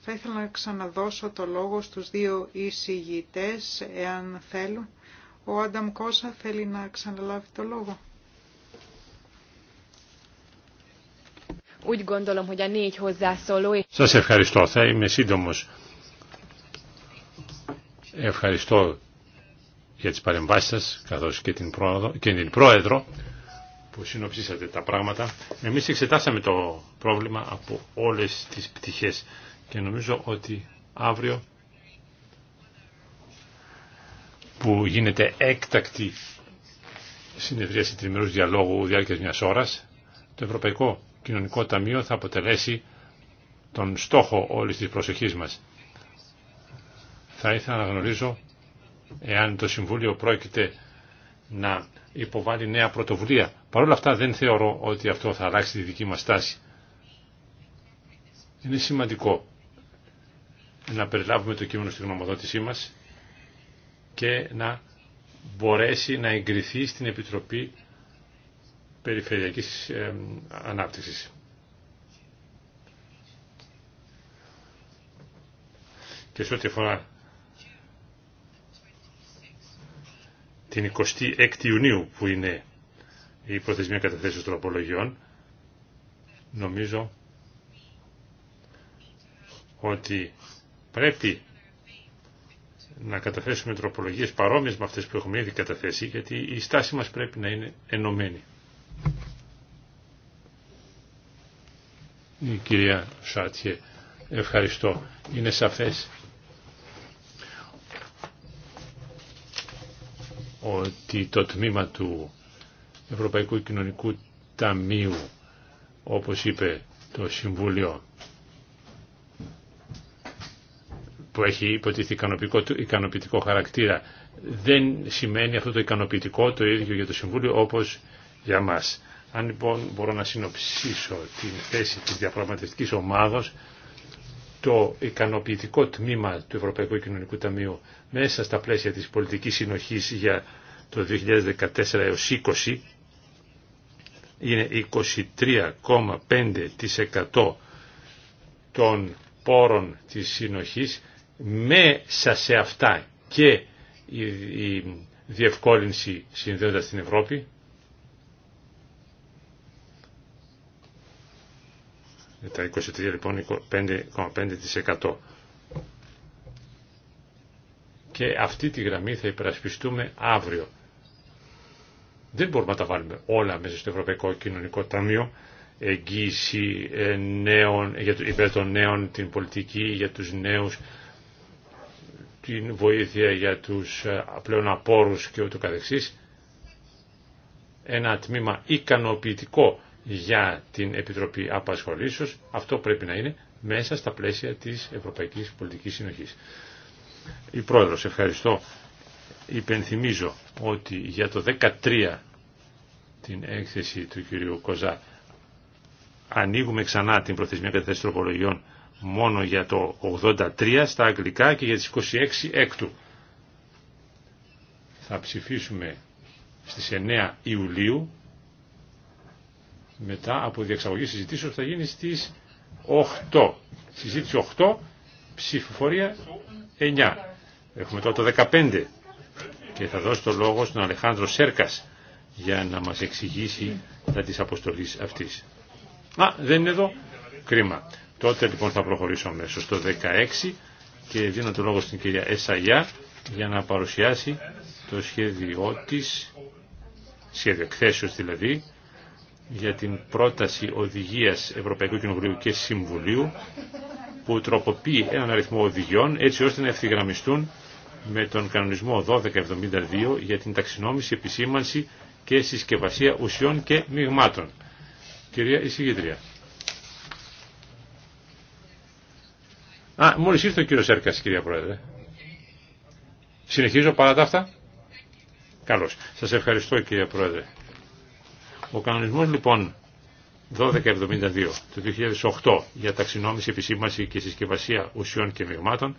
Θα ήθελα να ξαναδώσω το λόγο στους δύο εισηγητές, εάν θέλουν. Ο Άνταμ Κόσα θέλει να ξαναλάβει το λόγο. Σας ευχαριστώ. Θα είμαι σύντομος. Ευχαριστώ για τις παρεμβάσεις σας, καθώς και και την πρόεδρο που συνοψίσατε τα πράγματα. Εμείς εξετάσαμε το πρόβλημα από όλες τις πτυχές και νομίζω ότι αύριο που γίνεται έκτακτη συνεδρίαση τριμερούς διαλόγου διάρκειας μιας ώρας, το Ευρωπαϊκό Κοινωνικό Ταμείο θα αποτελέσει τον στόχο όλης της προσοχής μας. Θα ήθελα να γνωρίζω εάν το Συμβούλιο πρόκειται να υποβάλει νέα πρωτοβουλία. Παρ' όλα αυτά δεν θεωρώ ότι αυτό θα αλλάξει τη δική μας στάση. Είναι σημαντικό να περιλάβουμε το κείμενο στη γνωμοδότησή μας και να μπορέσει να εγκριθεί στην Επιτροπή Περιφερειακής Ανάπτυξης. Και σε την 26η Ιουνίου που είναι προθεσμία καταθέσεως των απολογιών νομίζω ότι πρέπει να καταθέσουμε τροπολογίες παρόμοιες με αυτές που έχουμε ήδη καταθέσει γιατί η στάση μας πρέπει να είναι ενωμένη. Η κυρία Σάτιε, ευχαριστώ. Είναι σαφές ότι το τμήμα του Ευρωπαϊκού Κοινωνικού Ταμείου, όπως είπε το Συμβούλιο, που έχει υποτίθει ικανοποιητικό χαρακτήρα, δεν σημαίνει αυτό το ικανοποιητικό το ίδιο για το Συμβούλιο όπως για μας. Αν λοιπόν μπορώ να συνοψίσω την θέση της διαπραγματευτικής ομάδος, το ικανοποιητικό τμήμα του Ευρωπαϊκού Κοινωνικού Ταμείου μέσα στα πλαίσια της πολιτικής συνοχής για το 2014 έως 20 είναι 23,5% των πόρων της συνοχής μέσα σε αυτά και η διευκόλυνση συνδέοντας την Ευρώπη Ε, τα 23 λοιπόν 5,5%. Και αυτή τη γραμμή θα υπερασπιστούμε αύριο. Δεν μπορούμε να τα βάλουμε όλα μέσα στο Ευρωπαϊκό Κοινωνικό Ταμείο. Εγγύηση ε, νέων, υπέρ των νέων, την πολιτική για τους νέους, την βοήθεια για τους ε, πλέον απόρους και ούτω καθεξής. Ένα τμήμα ικανοποιητικό για την Επιτροπή Απασχολήσεως. Αυτό πρέπει να είναι μέσα στα πλαίσια της Ευρωπαϊκής Πολιτικής Συνοχής. Η Πρόεδρος, ευχαριστώ. Υπενθυμίζω ότι για το 13 την έκθεση του κυρίου Κοζά ανοίγουμε ξανά την προθεσμία καταθέσεις τροπολογιών μόνο για το 83 στα αγγλικά και για τις 26 έκτου. Θα ψηφίσουμε στις 9 Ιουλίου μετά από διεξαγωγή συζητήσεων θα γίνει στις 8. Συζήτηση 8, ψηφοφορία 9. Έχουμε τώρα το 15 και θα δώσω το λόγο στον Αλεχάνδρο Σέρκας για να μας εξηγήσει τα της αποστολής αυτής. Α, δεν είναι εδώ. Κρίμα. Τότε λοιπόν θα προχωρήσω μέσω στο 16 και δίνω το λόγο στην κυρία Εσαγιά για να παρουσιάσει το σχέδιό της, σχέδιο εκθέσεως δηλαδή, για την πρόταση οδηγίας Ευρωπαϊκού Κοινοβουλίου και Συμβουλίου που τροποποιεί έναν αριθμό οδηγιών έτσι ώστε να ευθυγραμμιστούν με τον κανονισμό 1272 για την ταξινόμηση, επισήμανση και συσκευασία ουσιών και μειγμάτων. Κυρία Ισηγήτρια. Α, μόλις ήρθε ο κύριος Σέρκας, κυρία Πρόεδρε. Συνεχίζω παρά τα αυτά. Καλώς. Σας ευχαριστώ κυρία Πρόεδρε. Ο κανονισμός λοιπόν 1272 του 2008 για ταξινόμηση, επισήμαση και συσκευασία ουσιών και μειγμάτων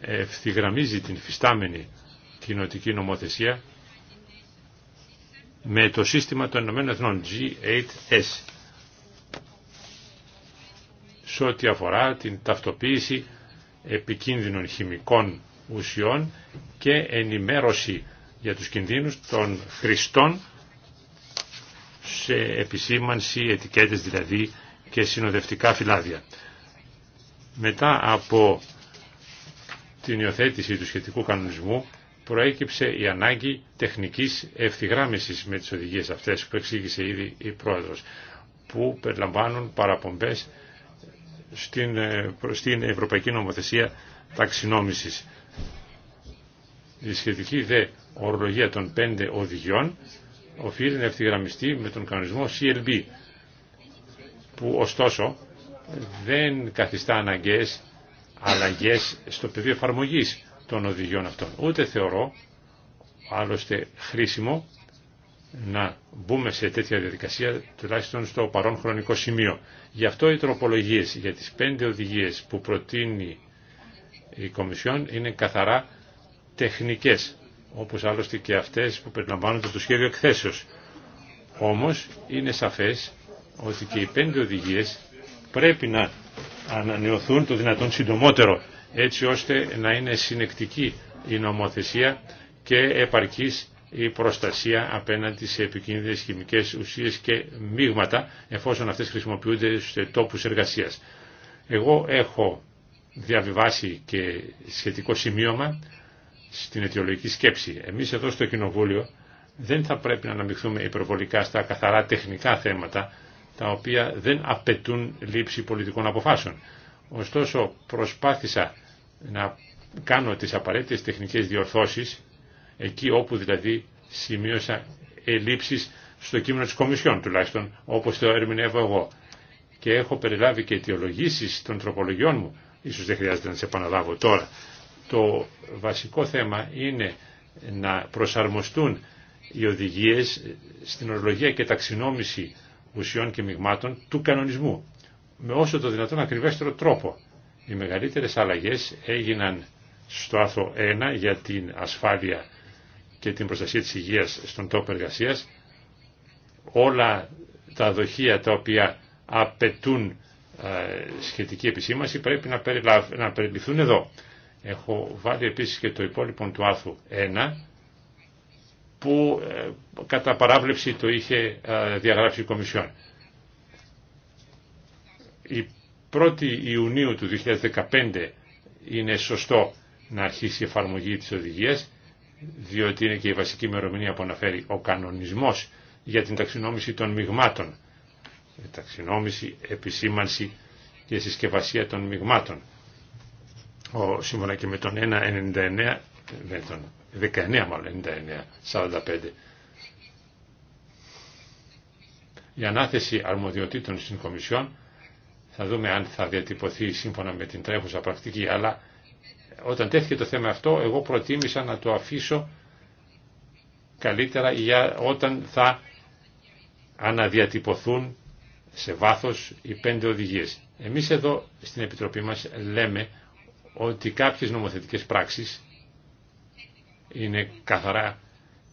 ευθυγραμμίζει την φυστάμενη κοινοτική νομοθεσία με το σύστημα των ΗΕ Εθνών G8S σε ό,τι αφορά την ταυτοποίηση επικίνδυνων χημικών ουσιών και ενημέρωση για τους κινδύνους των χρηστών σε επισήμανση, ετικέτες δηλαδή και συνοδευτικά φυλάδια. Μετά από την υιοθέτηση του σχετικού κανονισμού προέκυψε η ανάγκη τεχνικής ευθυγράμμισης με τις οδηγίες αυτές που εξήγησε ήδη η Πρόεδρος που περιλαμβάνουν παραπομπές στην, ε, στην Ευρωπαϊκή Νομοθεσία Ταξινόμησης. Η σχετική δε ορολογία των πέντε οδηγιών οφείλει να ευθυγραμμιστεί με τον κανονισμό CLB που ωστόσο δεν καθιστά αναγκαίες αλλαγές στο πεδίο εφαρμογή των οδηγιών αυτών. Ούτε θεωρώ άλλωστε χρήσιμο να μπούμε σε τέτοια διαδικασία τουλάχιστον στο παρόν χρονικό σημείο. Γι' αυτό οι τροπολογίες για τις πέντε οδηγίες που προτείνει η Κομισιόν είναι καθαρά τεχνικές όπως άλλωστε και αυτές που περιλαμβάνονται στο σχέδιο εκθέσεως. Όμως είναι σαφές ότι και οι πέντε οδηγίες πρέπει να ανανεωθούν το δυνατόν συντομότερο έτσι ώστε να είναι συνεκτική η νομοθεσία και επαρκής η προστασία απέναντι σε επικίνδυνες χημικές ουσίες και μείγματα εφόσον αυτές χρησιμοποιούνται σε τόπους εργασίας. Εγώ έχω διαβιβάσει και σχετικό σημείωμα στην αιτιολογική σκέψη. Εμείς εδώ στο Κοινοβούλιο δεν θα πρέπει να αναμειχθούμε υπερβολικά στα καθαρά τεχνικά θέματα, τα οποία δεν απαιτούν λήψη πολιτικών αποφάσεων. Ωστόσο προσπάθησα να κάνω τις απαραίτητες τεχνικές διορθώσεις, εκεί όπου δηλαδή σημείωσα ελλείψεις στο κείμενο της Κομισιόν τουλάχιστον, όπως το ερμηνεύω εγώ. Και έχω περιλάβει και αιτιολογήσεις των τροπολογιών μου, ίσως δεν χρειάζεται να τις επαναλάβω τώρα, το βασικό θέμα είναι να προσαρμοστούν οι οδηγίες στην ορολογία και ταξινόμηση ουσιών και μειγμάτων του κανονισμού με όσο το δυνατόν ακριβέστερο τρόπο. Οι μεγαλύτερες αλλαγές έγιναν στο άρθρο 1 για την ασφάλεια και την προστασία της υγείας στον τόπο εργασία. Όλα τα δοχεία τα οποία απαιτούν ε, σχετική επισήμαση πρέπει να περιληφθούν εδώ. Έχω βάλει επίσης και το υπόλοιπο του άθου 1 που ε, κατά παράβλεψη το είχε ε, διαγράψει η Κομισιόν. Η 1η Ιουνίου του 2015 είναι σωστό να αρχίσει η εφαρμογή της οδηγίας, διότι είναι και η βασική ημερομηνία που αναφέρει ο κανονισμός για την ταξινόμηση των μειγμάτων. ταξινόμηση, επισήμανση και συσκευασία των μειγμάτων ο, σύμφωνα και με τον 1.99, με τον 19 μάλλον, 99, 45. Η ανάθεση αρμοδιοτήτων στην Κομισιόν θα δούμε αν θα διατυπωθεί σύμφωνα με την τρέχουσα πρακτική, αλλά όταν τέθηκε το θέμα αυτό, εγώ προτίμησα να το αφήσω καλύτερα για όταν θα αναδιατυπωθούν σε βάθος οι πέντε οδηγίες. Εμείς εδώ στην Επιτροπή μας λέμε ότι κάποιες νομοθετικές πράξεις είναι καθαρά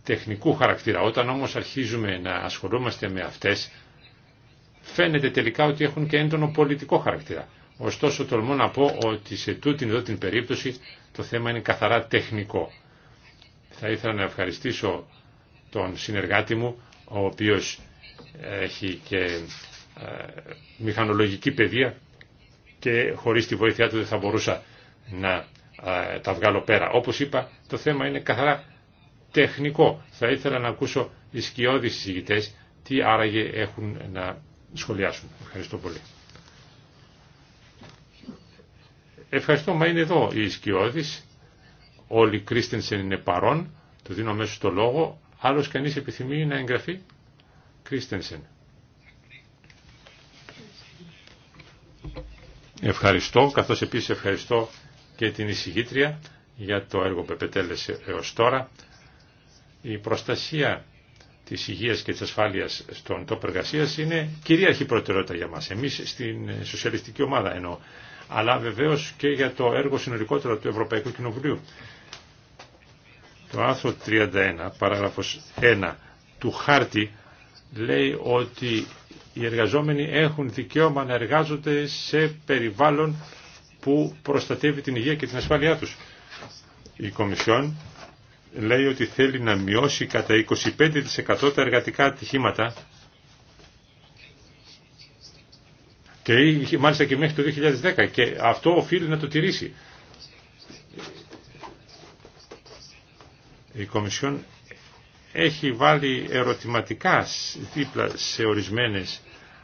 τεχνικού χαρακτήρα. Όταν όμως αρχίζουμε να ασχολούμαστε με αυτές, φαίνεται τελικά ότι έχουν και έντονο πολιτικό χαρακτήρα. Ωστόσο τολμώ να πω ότι σε τούτη εδώ την περίπτωση το θέμα είναι καθαρά τεχνικό. Θα ήθελα να ευχαριστήσω τον συνεργάτη μου, ο οποίος έχει και ε, μηχανολογική παιδεία και χωρίς τη βοήθειά του δεν θα μπορούσα να τα βγάλω πέρα. Όπως είπα, το θέμα είναι καθαρά τεχνικό. Θα ήθελα να ακούσω οι σκιώδεις συζητητές τι άραγε έχουν να σχολιάσουν. Ευχαριστώ πολύ. Ευχαριστώ, μα είναι εδώ οι σκιώδεις. Όλοι Κρίστενσεν είναι παρόν. Του δίνω μέσω το λόγο. Άλλος κανείς επιθυμεί να εγγραφεί. Κρίστενσεν. Ευχαριστώ, καθώς επίσης ευχαριστώ και την εισηγήτρια για το έργο που επετέλεσε έως τώρα. Η προστασία της υγείας και της ασφάλειας στον τόπο εργασία είναι κυρίαρχη προτεραιότητα για μας, εμείς στην σοσιαλιστική ομάδα ενώ αλλά βεβαίως και για το έργο συνολικότερο του Ευρωπαϊκού Κοινοβουλίου. Το άρθρο 31, παράγραφος 1 του χάρτη λέει ότι οι εργαζόμενοι έχουν δικαίωμα να εργάζονται σε περιβάλλον που προστατεύει την υγεία και την ασφάλειά τους. Η Κομισιόν λέει ότι θέλει να μειώσει κατά 25% τα εργατικά ατυχήματα και μάλιστα και μέχρι το 2010 και αυτό οφείλει να το τηρήσει. Η Κομισιόν έχει βάλει ερωτηματικά δίπλα σε ορισμένες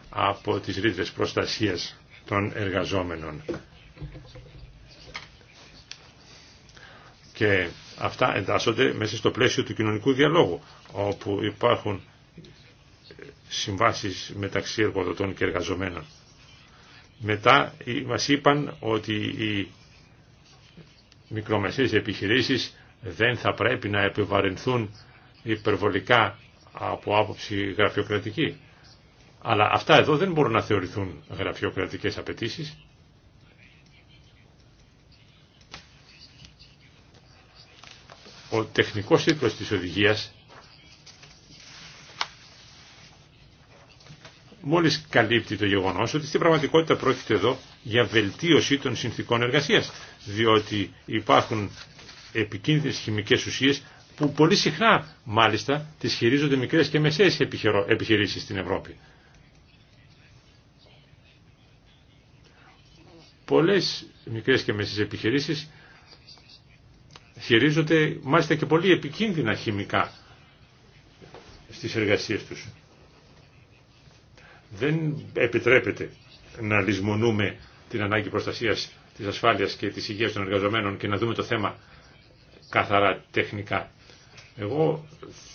από τις ρήτρες προστασίας των εργαζόμενων. Και αυτά εντάσσονται μέσα στο πλαίσιο του κοινωνικού διαλόγου, όπου υπάρχουν συμβάσεις μεταξύ εργοδοτών και εργαζομένων. Μετά μας είπαν ότι οι μικρομεσαίες επιχειρήσεις δεν θα πρέπει να επιβαρυνθούν υπερβολικά από άποψη γραφειοκρατική. Αλλά αυτά εδώ δεν μπορούν να θεωρηθούν γραφειοκρατικές απαιτήσεις. Ο τεχνικός τίτλος της οδηγίας μόλις καλύπτει το γεγονός ότι στην πραγματικότητα πρόκειται εδώ για βελτίωση των συνθήκων εργασίας, διότι υπάρχουν επικίνδυνες χημικές ουσίες που πολύ συχνά μάλιστα τις χειρίζονται μικρές και μεσαίες επιχειρήσεις στην Ευρώπη. Πολλές μικρές και μεσαίες επιχειρήσεις χειρίζονται μάλιστα και πολύ επικίνδυνα χημικά στις εργασίες τους. Δεν επιτρέπεται να λησμονούμε την ανάγκη προστασίας της ασφάλειας και της υγείας των εργαζομένων και να δούμε το θέμα καθαρά τεχνικά. Εγώ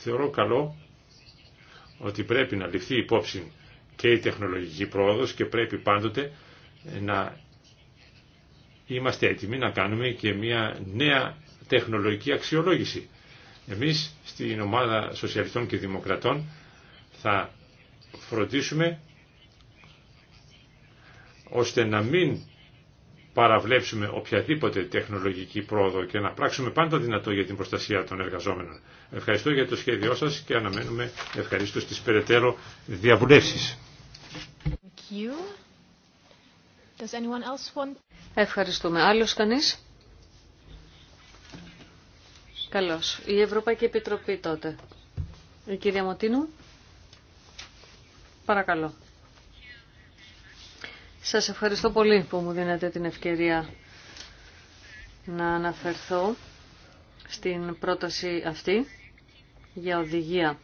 θεωρώ καλό ότι πρέπει να ληφθεί υπόψη και η τεχνολογική πρόοδος και πρέπει πάντοτε να είμαστε έτοιμοι να κάνουμε και μια νέα τεχνολογική αξιολόγηση. Εμείς στην ομάδα Σοσιαλιστών και Δημοκρατών θα φροντίσουμε ώστε να μην παραβλέψουμε οποιαδήποτε τεχνολογική πρόοδο και να πράξουμε πάντα δυνατό για την προστασία των εργαζόμενων. Ευχαριστώ για το σχέδιό σας και αναμένουμε ευχαρίστως τις περαιτέρω διαβουλεύσεις. Ευχαριστούμε. Άλλος κανείς? Καλώς. Η Ευρωπαϊκή Επιτροπή τότε. Η κυρία Μωτίνου. Παρακαλώ. Σας ευχαριστώ πολύ που μου δίνετε την ευκαιρία να αναφερθώ στην πρόταση αυτή για οδηγία.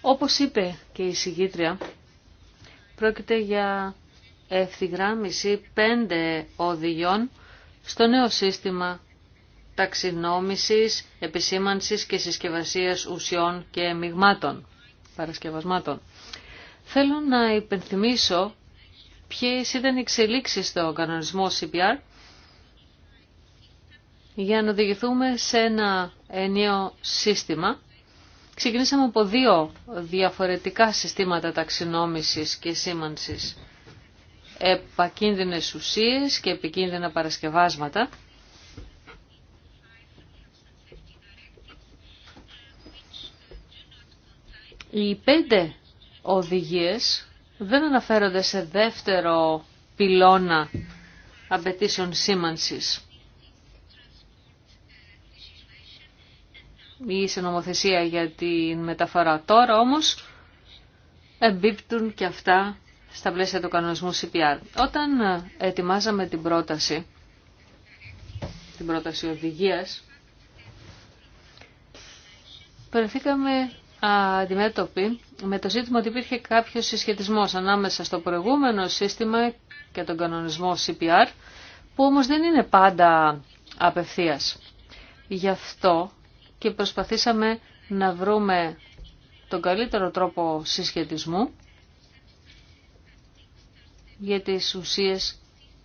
Όπως είπε και η συγγήτρια, πρόκειται για ευθυγράμμιση πέντε οδηγιών στο νέο σύστημα ταξινόμησης, επισήμανσης και συσκευασίας ουσιών και μειγμάτων, παρασκευασμάτων. Θέλω να υπενθυμίσω ποιες ήταν οι εξελίξεις στο κανονισμό CPR για να οδηγηθούμε σε ένα ενιαίο σύστημα. Ξεκινήσαμε από δύο διαφορετικά συστήματα ταξινόμησης και σήμανσης επακίνδυνες ουσίες και επικίνδυνα παρασκευάσματα. Οι πέντε οδηγίες δεν αναφέρονται σε δεύτερο πυλώνα απαιτήσεων σήμανσης ή σε νομοθεσία για την μεταφορά. Τώρα όμως εμπίπτουν και αυτά στα πλαίσια του κανονισμού CPR. Όταν ε, ετοιμάζαμε την πρόταση, την πρόταση οδηγίας, περιφήκαμε αντιμέτωποι με το ζήτημα ότι υπήρχε κάποιο συσχετισμό ανάμεσα στο προηγούμενο σύστημα και τον κανονισμό CPR, που όμως δεν είναι πάντα απευθείας. Γι' αυτό και προσπαθήσαμε να βρούμε τον καλύτερο τρόπο συσχετισμού για τις ουσίες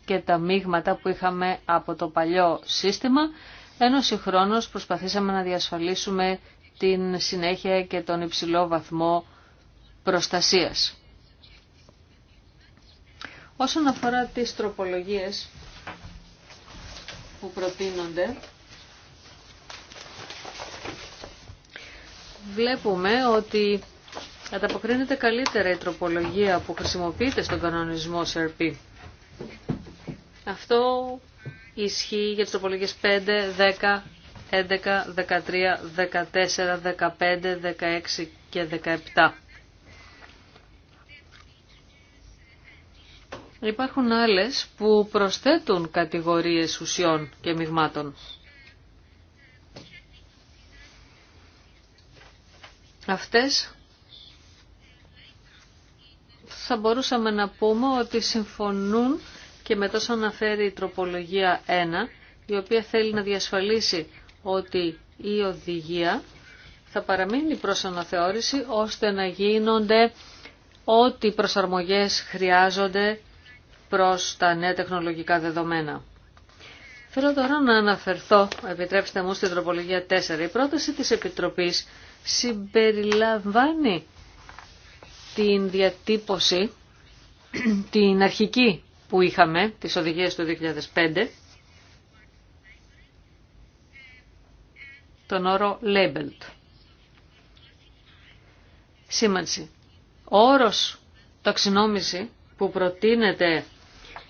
και τα μείγματα που είχαμε από το παλιό σύστημα, ενώ συγχρόνως προσπαθήσαμε να διασφαλίσουμε την συνέχεια και τον υψηλό βαθμό προστασίας. Όσον αφορά τις τροπολογίες που προτείνονται, βλέπουμε ότι Ανταποκρίνεται καλύτερα η τροπολογία που χρησιμοποιείται στον κανονισμό ΣΕΡΠΗ. Αυτό ισχύει για τις τροπολογίες 5, 10, 11, 13, 14, 15, 16 και 17. Υπάρχουν άλλες που προσθέτουν κατηγορίες ουσιών και μειγμάτων. Αυτές θα μπορούσαμε να πούμε ότι συμφωνούν και με τόσο αναφέρει η τροπολογία 1, η οποία θέλει να διασφαλίσει ότι η οδηγία θα παραμείνει προς αναθεώρηση ώστε να γίνονται ό,τι προσαρμογές χρειάζονται προς τα νέα τεχνολογικά δεδομένα. Θέλω τώρα να αναφερθώ, επιτρέψτε μου, στην τροπολογία 4. Η πρόταση της Επιτροπής συμπεριλαμβάνει την διατύπωση, την αρχική που είχαμε, τις οδηγίες του 2005, τον όρο labeled. Σήμανση. Ο όρος ταξινόμηση που προτείνεται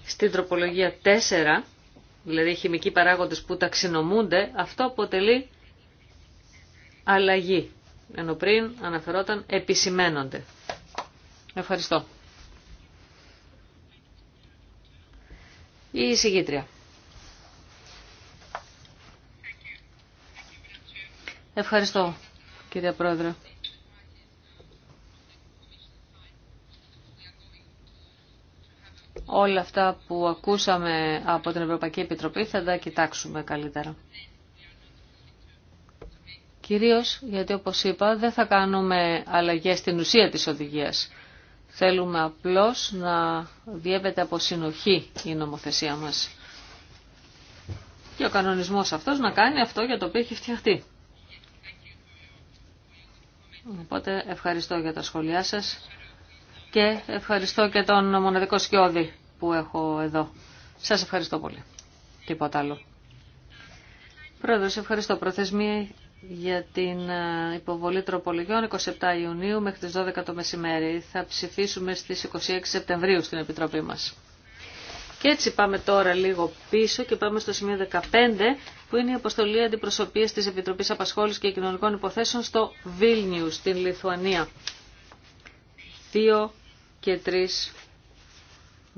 στην τροπολογία 4, δηλαδή οι χημικοί παράγοντες που ταξινομούνται, αυτό αποτελεί αλλαγή, ενώ πριν αναφερόταν επισημένονται. Ευχαριστώ. Η εισηγήτρια. Ευχαριστώ, κυρία Πρόεδρε. Όλα αυτά που ακούσαμε από την Ευρωπαϊκή Επιτροπή θα τα κοιτάξουμε καλύτερα. Κυρίως γιατί όπως είπα δεν θα κάνουμε αλλαγές στην ουσία της οδηγίας. Θέλουμε απλώς να διέπεται από συνοχή η νομοθεσία μας. Και ο κανονισμός αυτός να κάνει αυτό για το οποίο έχει φτιαχτεί. Οπότε ευχαριστώ για τα σχόλιά σας και ευχαριστώ και τον μοναδικό σκιώδη που έχω εδώ. Σας ευχαριστώ πολύ. Τίποτα άλλο. Πρόεδρος, ευχαριστώ. Προθεσμία για την ε, υποβολή τροπολογιών 27 Ιουνίου μέχρι τις 12 το μεσημέρι. Θα ψηφίσουμε στις 26 Σεπτεμβρίου στην Επιτροπή μας. Και έτσι πάμε τώρα λίγο πίσω και πάμε στο σημείο 15 που είναι η αποστολή αντιπροσωπείας της Επιτροπής Απασχόλησης και Κοινωνικών Υποθέσεων στο Βίλνιου στην Λιθουανία. 2 και 3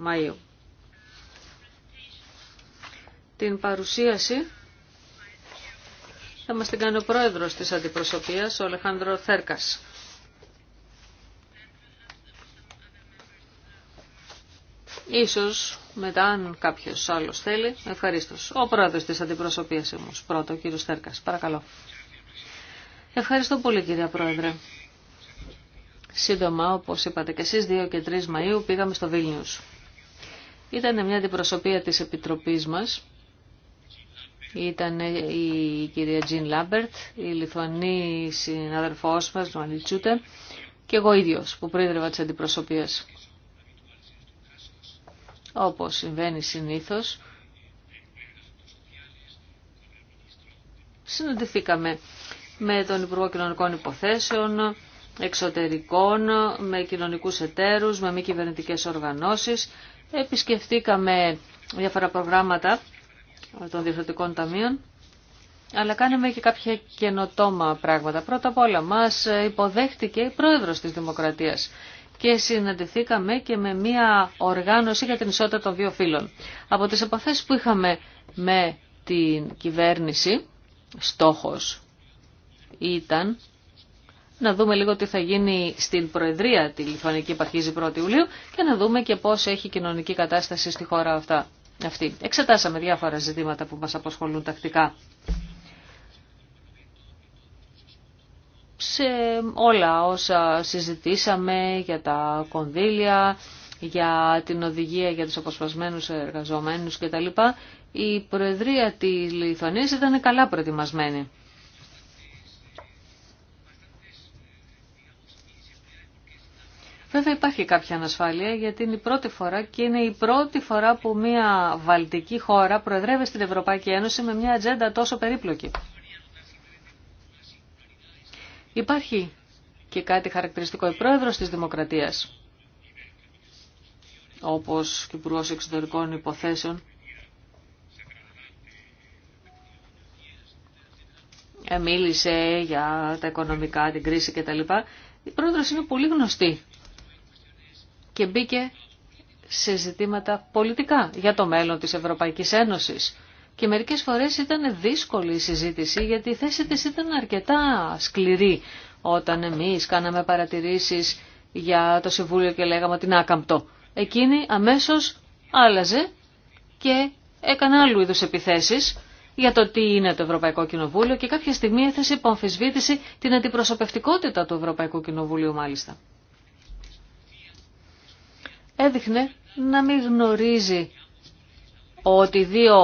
Μαΐου. Την παρουσίαση θα μας την κάνει ο πρόεδρος της αντιπροσωπείας, ο Αλεχάνδρο Θέρκας. Ίσως μετά, αν κάποιος άλλος θέλει, Ευχαριστώ. Ο πρόεδρος της αντιπροσωπείας όμως, πρώτο, ο κύριος Θέρκας. Παρακαλώ. Ευχαριστώ πολύ κυρία Πρόεδρε. Σύντομα, όπως είπατε και εσείς, 2 και 3 Μαΐου πήγαμε στο Βίλνιους. Ήταν μια αντιπροσωπεία της Επιτροπής μας ήταν η κυρία Τζιν Λάμπερτ, η Λιθουανή συναδελφός μας, ο Αλιτσούτε, και εγώ ίδιος που πρόεδρευα της αντιπροσωπείας. Όπως συμβαίνει συνήθως, συναντηθήκαμε με τον Υπουργό Κοινωνικών Υποθέσεων, εξωτερικών, με κοινωνικούς εταίρους, με μη κυβερνητικές οργανώσεις. Επισκεφτήκαμε διάφορα προγράμματα των διευθυντικών ταμείων, αλλά κάναμε και κάποια καινοτόμα πράγματα. Πρώτα απ' όλα μας υποδέχτηκε η πρόεδρος της Δημοκρατίας και συναντηθήκαμε και με μια οργάνωση για την ισότητα των δύο φύλων. Από τις επαφές που είχαμε με την κυβέρνηση, στόχος ήταν να δούμε λίγο τι θα γίνει στην Προεδρία τη Λιθουανική που 1 1η Ιουλίου και να δούμε και πώς έχει κοινωνική κατάσταση στη χώρα αυτά αυτή. Εξετάσαμε διάφορα ζητήματα που μας απασχολούν τακτικά. Σε όλα όσα συζητήσαμε για τα κονδύλια, για την οδηγία για τους αποσπασμένους εργαζομένους κτλ. Η Προεδρία της Λιθουανίας ήταν καλά προετοιμασμένη. Βέβαια υπάρχει κάποια ανασφάλεια γιατί είναι η πρώτη φορά και είναι η πρώτη φορά που μια βαλτική χώρα προεδρεύει στην Ευρωπαϊκή Ένωση με μια ατζέντα τόσο περίπλοκη. Υπάρχει και κάτι χαρακτηριστικό. Η πρόεδρος της Δημοκρατίας, όπως και υπουργό Εξωτερικών Υποθέσεων, μίλησε για τα οικονομικά, την κρίση κτλ. Η πρόεδρος είναι πολύ γνωστή και μπήκε σε ζητήματα πολιτικά για το μέλλον της Ευρωπαϊκής Ένωσης. Και μερικές φορές ήταν δύσκολη η συζήτηση γιατί η θέση της ήταν αρκετά σκληρή όταν εμείς κάναμε παρατηρήσεις για το Συμβούλιο και λέγαμε ότι είναι άκαμπτο. Εκείνη αμέσως άλλαζε και έκανε άλλου είδους επιθέσεις για το τι είναι το Ευρωπαϊκό Κοινοβούλιο και κάποια στιγμή έθεσε υπό αμφισβήτηση την αντιπροσωπευτικότητα του Ευρωπαϊκού Κοινοβουλίου μάλιστα έδειχνε να μην γνωρίζει ότι δύο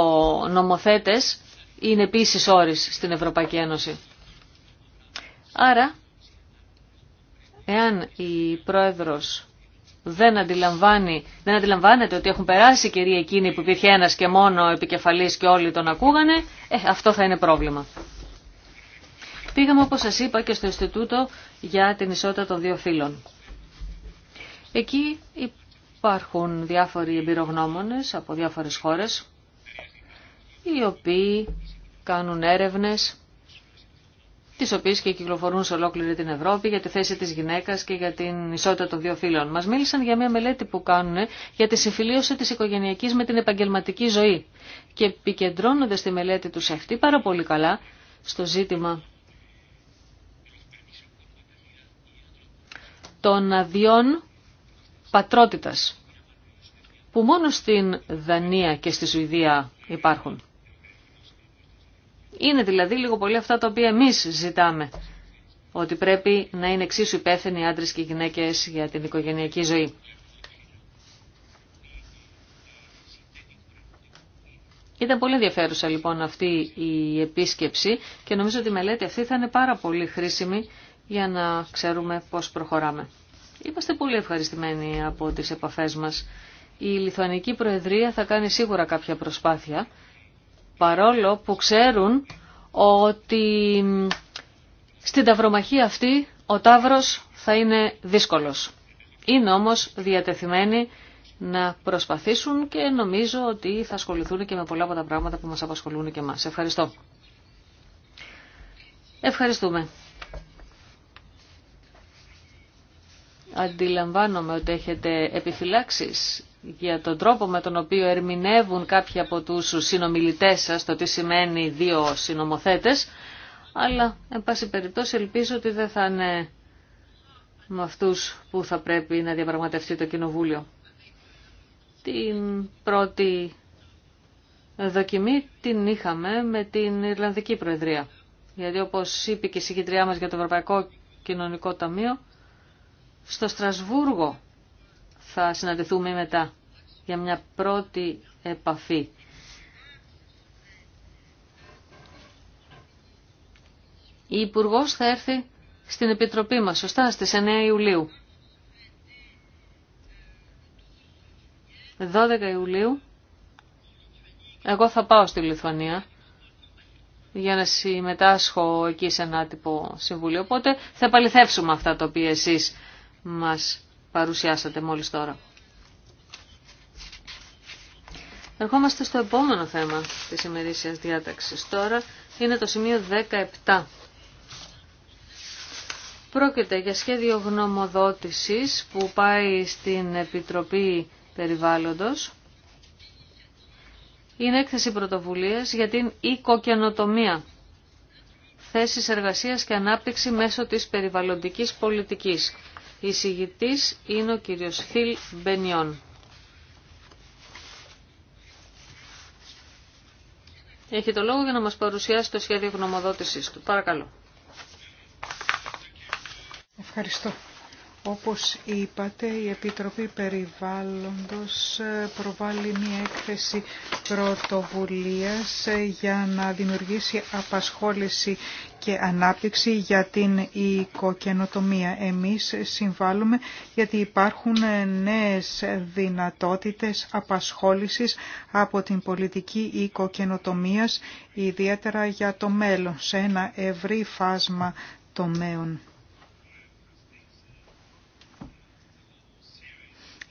νομοθέτες είναι επίση όρις στην Ευρωπαϊκή Ένωση. Άρα, εάν η πρόεδρος δεν, αντιλαμβάνεται ότι έχουν περάσει κυρία εκείνη που υπήρχε ένας και μόνο επικεφαλής και όλοι τον ακούγανε, ε, αυτό θα είναι πρόβλημα. Πήγαμε όπως σας είπα και στο Ινστιτούτο για την ισότητα των δύο φύλων. Εκεί Υπάρχουν διάφοροι εμπειρογνώμονες από διάφορες χώρες, οι οποίοι κάνουν έρευνες, τις οποίες και κυκλοφορούν σε ολόκληρη την Ευρώπη για τη θέση της γυναίκας και για την ισότητα των δύο φίλων. Μας μίλησαν για μια μελέτη που κάνουν για τη συμφιλίωση της οικογενειακής με την επαγγελματική ζωή και επικεντρώνονται στη μελέτη τους αυτή πάρα πολύ καλά στο ζήτημα των αδειών πατρότητας που μόνο στην Δανία και στη Σουηδία υπάρχουν. Είναι δηλαδή λίγο πολύ αυτά τα οποία εμείς ζητάμε ότι πρέπει να είναι εξίσου υπεύθυνοι άντρες και γυναίκες για την οικογενειακή ζωή. Ήταν πολύ ενδιαφέρουσα λοιπόν αυτή η επίσκεψη και νομίζω ότι η μελέτη αυτή θα είναι πάρα πολύ χρήσιμη για να ξέρουμε πώς προχωράμε. Είμαστε πολύ ευχαριστημένοι από τις επαφές μας. Η Λιθουανική Προεδρία θα κάνει σίγουρα κάποια προσπάθεια, παρόλο που ξέρουν ότι στην ταυρομαχία αυτή ο Ταύρος θα είναι δύσκολος. Είναι όμως διατεθειμένοι να προσπαθήσουν και νομίζω ότι θα ασχοληθούν και με πολλά από τα πράγματα που μας απασχολούν και εμάς. Ευχαριστώ. Ευχαριστούμε. Αντιλαμβάνομαι ότι έχετε επιφυλάξεις για τον τρόπο με τον οποίο ερμηνεύουν κάποιοι από τους συνομιλητές σας το τι σημαίνει δύο συνομοθέτες, αλλά εν πάση περιπτώσει ελπίζω ότι δεν θα είναι με αυτούς που θα πρέπει να διαπραγματευτεί το Κοινοβούλιο. Την πρώτη δοκιμή την είχαμε με την Ιρλανδική Προεδρία. Γιατί όπως είπε και η συγκεντριά μας για το Ευρωπαϊκό Κοινωνικό Ταμείο, στο Στρασβούργο θα συναντηθούμε μετά για μια πρώτη επαφή. Η Υπουργό θα έρθει στην Επιτροπή μας, σωστά, στις 9 Ιουλίου. 12 Ιουλίου εγώ θα πάω στη Λιθουανία για να συμμετάσχω εκεί σε ένα τύπο συμβουλίο. Οπότε θα επαληθεύσουμε αυτά τα οποία εσείς μας παρουσιάσατε μόλις τώρα. Ερχόμαστε στο επόμενο θέμα της ημερήσιας διάταξης. Τώρα είναι το σημείο 17. Πρόκειται για σχέδιο γνωμοδότησης που πάει στην Επιτροπή Περιβάλλοντος. Είναι έκθεση πρωτοβουλίας για την οικοκαινοτομία. Θέσεις εργασίας και ανάπτυξη μέσω της περιβαλλοντικής πολιτικής. Η συγητής είναι ο κύριος Φιλ Μπενιόν. Έχει το λόγο για να μας παρουσιάσει το σχέδιο γνωμοδότησής του. Παρακαλώ. Ευχαριστώ. Όπως είπατε, η Επιτροπή Περιβάλλοντος ε, προβάλλει μια έκθεση πρωτοβουλίας ε, για να δημιουργήσει απασχόληση και ανάπτυξη για την οικοκαινοτομία. Εμείς συμβάλλουμε γιατί υπάρχουν ε, νέες δυνατότητες απασχόλησης από την πολιτική οικοκαινοτομίας, ιδιαίτερα για το μέλλον, σε ένα ευρύ φάσμα τομέων.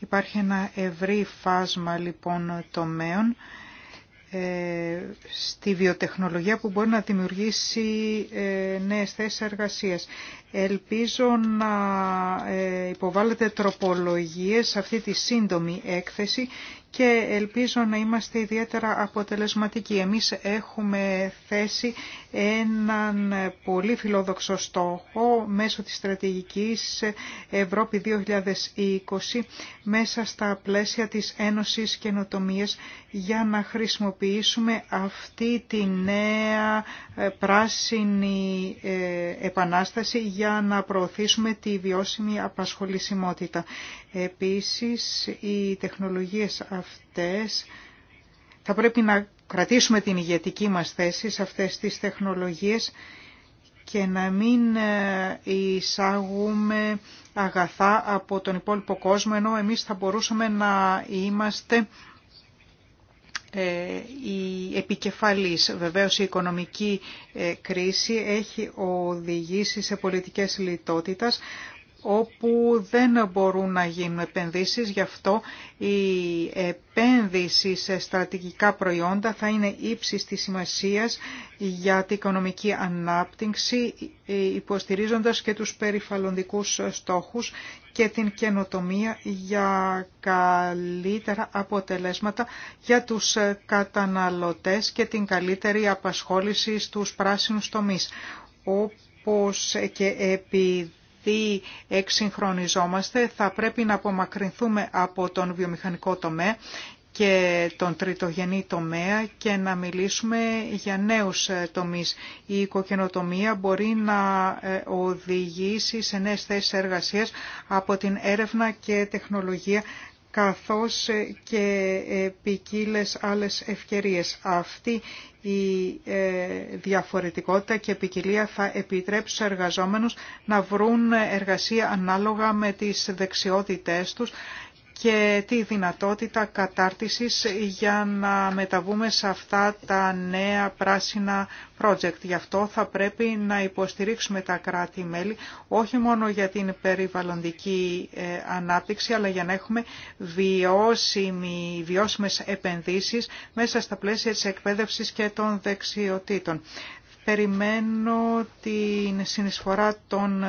Υπάρχει ένα ευρύ φάσμα λοιπόν τομέων ε, στη βιοτεχνολογία που μπορεί να δημιουργήσει ε, νέες θέσεις εργασίας. Ελπίζω να ε, υποβάλλετε τροπολογίες σε αυτή τη σύντομη έκθεση και ελπίζω να είμαστε ιδιαίτερα αποτελεσματικοί. Εμείς έχουμε θέσει έναν πολύ φιλόδοξο στόχο μέσω της στρατηγικής Ευρώπη 2020 μέσα στα πλαίσια της Ένωσης Καινοτομίας για να χρησιμοποιήσουμε αυτή τη νέα ε, πράσινη ε, επανάσταση για να προωθήσουμε τη βιώσιμη απασχολησιμότητα. Επίσης, οι τεχνολογίες αυτές θα πρέπει να κρατήσουμε την ηγετική μας θέση σε αυτές τις τεχνολογίες και να μην ε, εισάγουμε αγαθά από τον υπόλοιπο κόσμο, ενώ εμείς θα μπορούσαμε να είμαστε η ε, επικεφαλής. Βεβαίως η οικονομική ε, κρίση έχει οδηγήσει σε πολιτικές λιτότητας όπου δεν μπορούν να γίνουν επενδύσεις. Γι' αυτό η επένδυση σε στρατηγικά προϊόντα θα είναι ύψη της σημασίας για την οικονομική ανάπτυξη, υποστηρίζοντας και τους περιφαλλοντικούς στόχους και την καινοτομία για καλύτερα αποτελέσματα για τους καταναλωτές και την καλύτερη απασχόληση στους πράσινους τομείς όπως και επειδή επειδή εξυγχρονιζόμαστε θα πρέπει να απομακρυνθούμε από τον βιομηχανικό τομέα και τον τριτογενή τομέα και να μιλήσουμε για νέους ε, τομείς. Η οικοκαινοτομία μπορεί να ε, οδηγήσει σε νέες θέσεις εργασίας από την έρευνα και τεχνολογία καθώς ε, και ποικίλε άλλες ευκαιρίες. Αυτή η ε, διαφορετικότητα και ποικιλία θα επιτρέψει στους εργαζόμενους να βρουν εργασία ανάλογα με τις δεξιότητές τους και τη δυνατότητα κατάρτισης για να μεταβούμε σε αυτά τα νέα πράσινα project. Γι' αυτό θα πρέπει να υποστηρίξουμε τα κράτη-μέλη, όχι μόνο για την περιβαλλοντική ε, ανάπτυξη, αλλά για να έχουμε βιώσιμη, βιώσιμες επενδύσεις μέσα στα πλαίσια της εκπαίδευσης και των δεξιοτήτων. Περιμένω την συνεισφορά των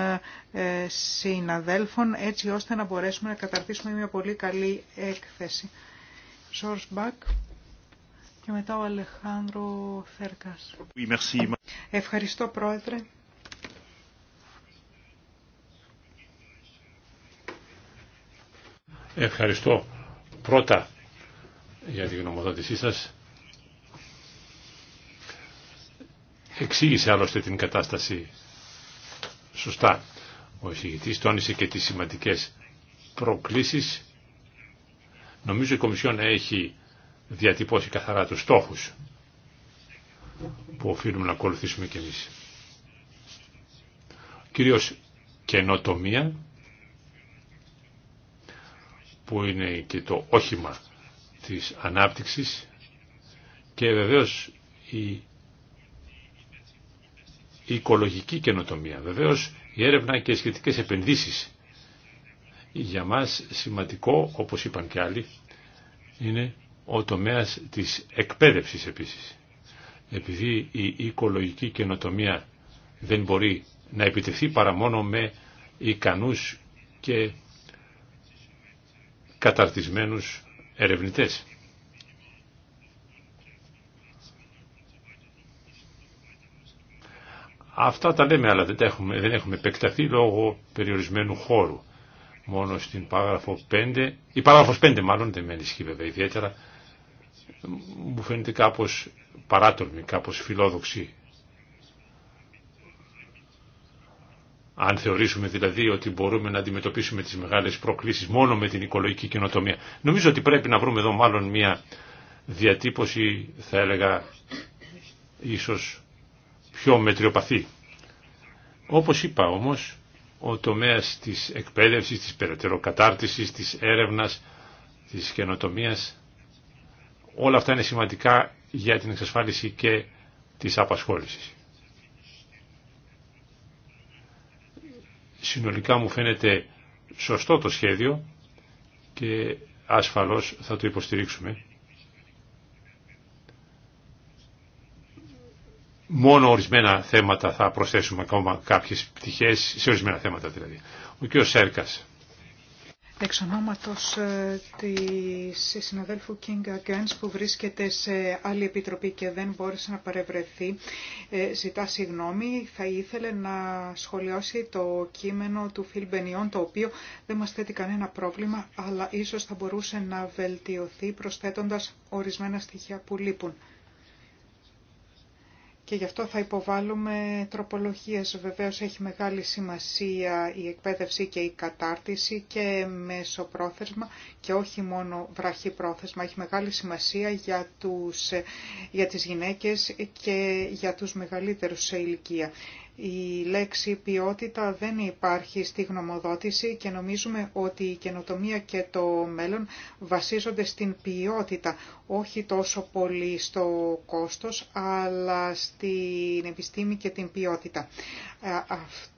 ε, συναδέλφων έτσι ώστε να μπορέσουμε να καταρτήσουμε μια πολύ καλή έκθεση. George και μετά ο Αλεχάνδρο Θέρκας. Ευχαριστώ Πρόεδρε. Ευχαριστώ πρώτα για την γνωμοδότησή σας εξήγησε άλλωστε την κατάσταση σωστά. Ο εισηγητής τόνισε και τις σημαντικές προκλήσεις. Νομίζω η Κομισιόν έχει διατυπώσει καθαρά τους στόχους που οφείλουμε να ακολουθήσουμε κι εμείς. Κυρίως καινοτομία που είναι και το όχημα της ανάπτυξης και βεβαίως η η οικολογική καινοτομία. Βεβαίως η έρευνα και οι σχετικές επενδύσεις. Για μας σημαντικό, όπως είπαν και άλλοι, είναι ο τομέας της εκπαίδευση επίσης. Επειδή η οικολογική καινοτομία δεν μπορεί να επιτεθεί παρά μόνο με ικανούς και καταρτισμένους ερευνητές. Αυτά τα λέμε αλλά δεν, έχουμε, δεν έχουμε επεκταθεί λόγω περιορισμένου χώρου. Μόνο στην παράγραφο 5, η παράγραφος 5 μάλλον δεν με ενισχύει βέβαια ιδιαίτερα, μου φαίνεται κάπως παράτολμη, κάπω φιλόδοξη. Αν θεωρήσουμε δηλαδή ότι μπορούμε να αντιμετωπίσουμε τις μεγάλες προκλήσεις μόνο με την οικολογική καινοτομία. Νομίζω ότι πρέπει να βρούμε εδώ μάλλον μια διατύπωση, θα έλεγα, ίσως πιο μετριοπαθή. Όπως είπα όμως, ο τομέας της εκπαίδευσης, της περαιτέρω κατάρτισης, της έρευνας, της καινοτομίας, όλα αυτά είναι σημαντικά για την εξασφάλιση και της απασχόλησης. Συνολικά μου φαίνεται σωστό το σχέδιο και ασφαλώς θα το υποστηρίξουμε μόνο ορισμένα θέματα θα προσθέσουμε ακόμα κάποιες πτυχές, σε ορισμένα θέματα δηλαδή. Ο κ. Σέρκας. Εξ ονόματος ε, της συναδέλφου King Gáns που βρίσκεται σε άλλη επιτροπή και δεν μπόρεσε να παρευρεθεί, ε, ζητά συγγνώμη. Θα ήθελε να σχολιάσει το κείμενο του Φιλ Μπενιών, το οποίο δεν μας θέτει κανένα πρόβλημα, αλλά ίσως θα μπορούσε να βελτιωθεί προσθέτοντας ορισμένα στοιχεία που λείπουν και γι' αυτό θα υποβάλουμε τροπολογίες. Βεβαίως έχει μεγάλη σημασία η εκπαίδευση και η κατάρτιση και πρόθεσμα και όχι μόνο πρόθεσμα. Έχει μεγάλη σημασία για, τους, για τις γυναίκες και για τους μεγαλύτερους σε ηλικία. Η λέξη ποιότητα δεν υπάρχει στη γνωμοδότηση και νομίζουμε ότι η καινοτομία και το μέλλον βασίζονται στην ποιότητα, όχι τόσο πολύ στο κόστος, αλλά στην επιστήμη και την ποιότητα. Ε, αυτή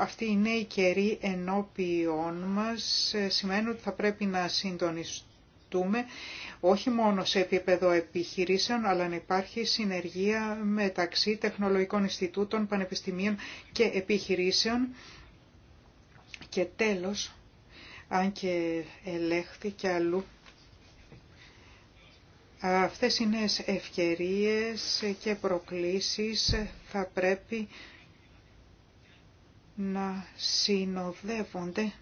αυτή η καιρή καιρή ενώπιον μας ε, σημαίνει ότι θα πρέπει να συντονιστούμε όχι μόνο σε επίπεδο επιχειρήσεων, αλλά να υπάρχει συνεργία μεταξύ τεχνολογικών Ινστιτούτων, πανεπιστημίων και επιχειρήσεων. Και τέλος, αν και ελέγχθη και αλλού, αυτές οι νέες ευκαιρίες και προκλήσεις θα πρέπει να συνοδεύονται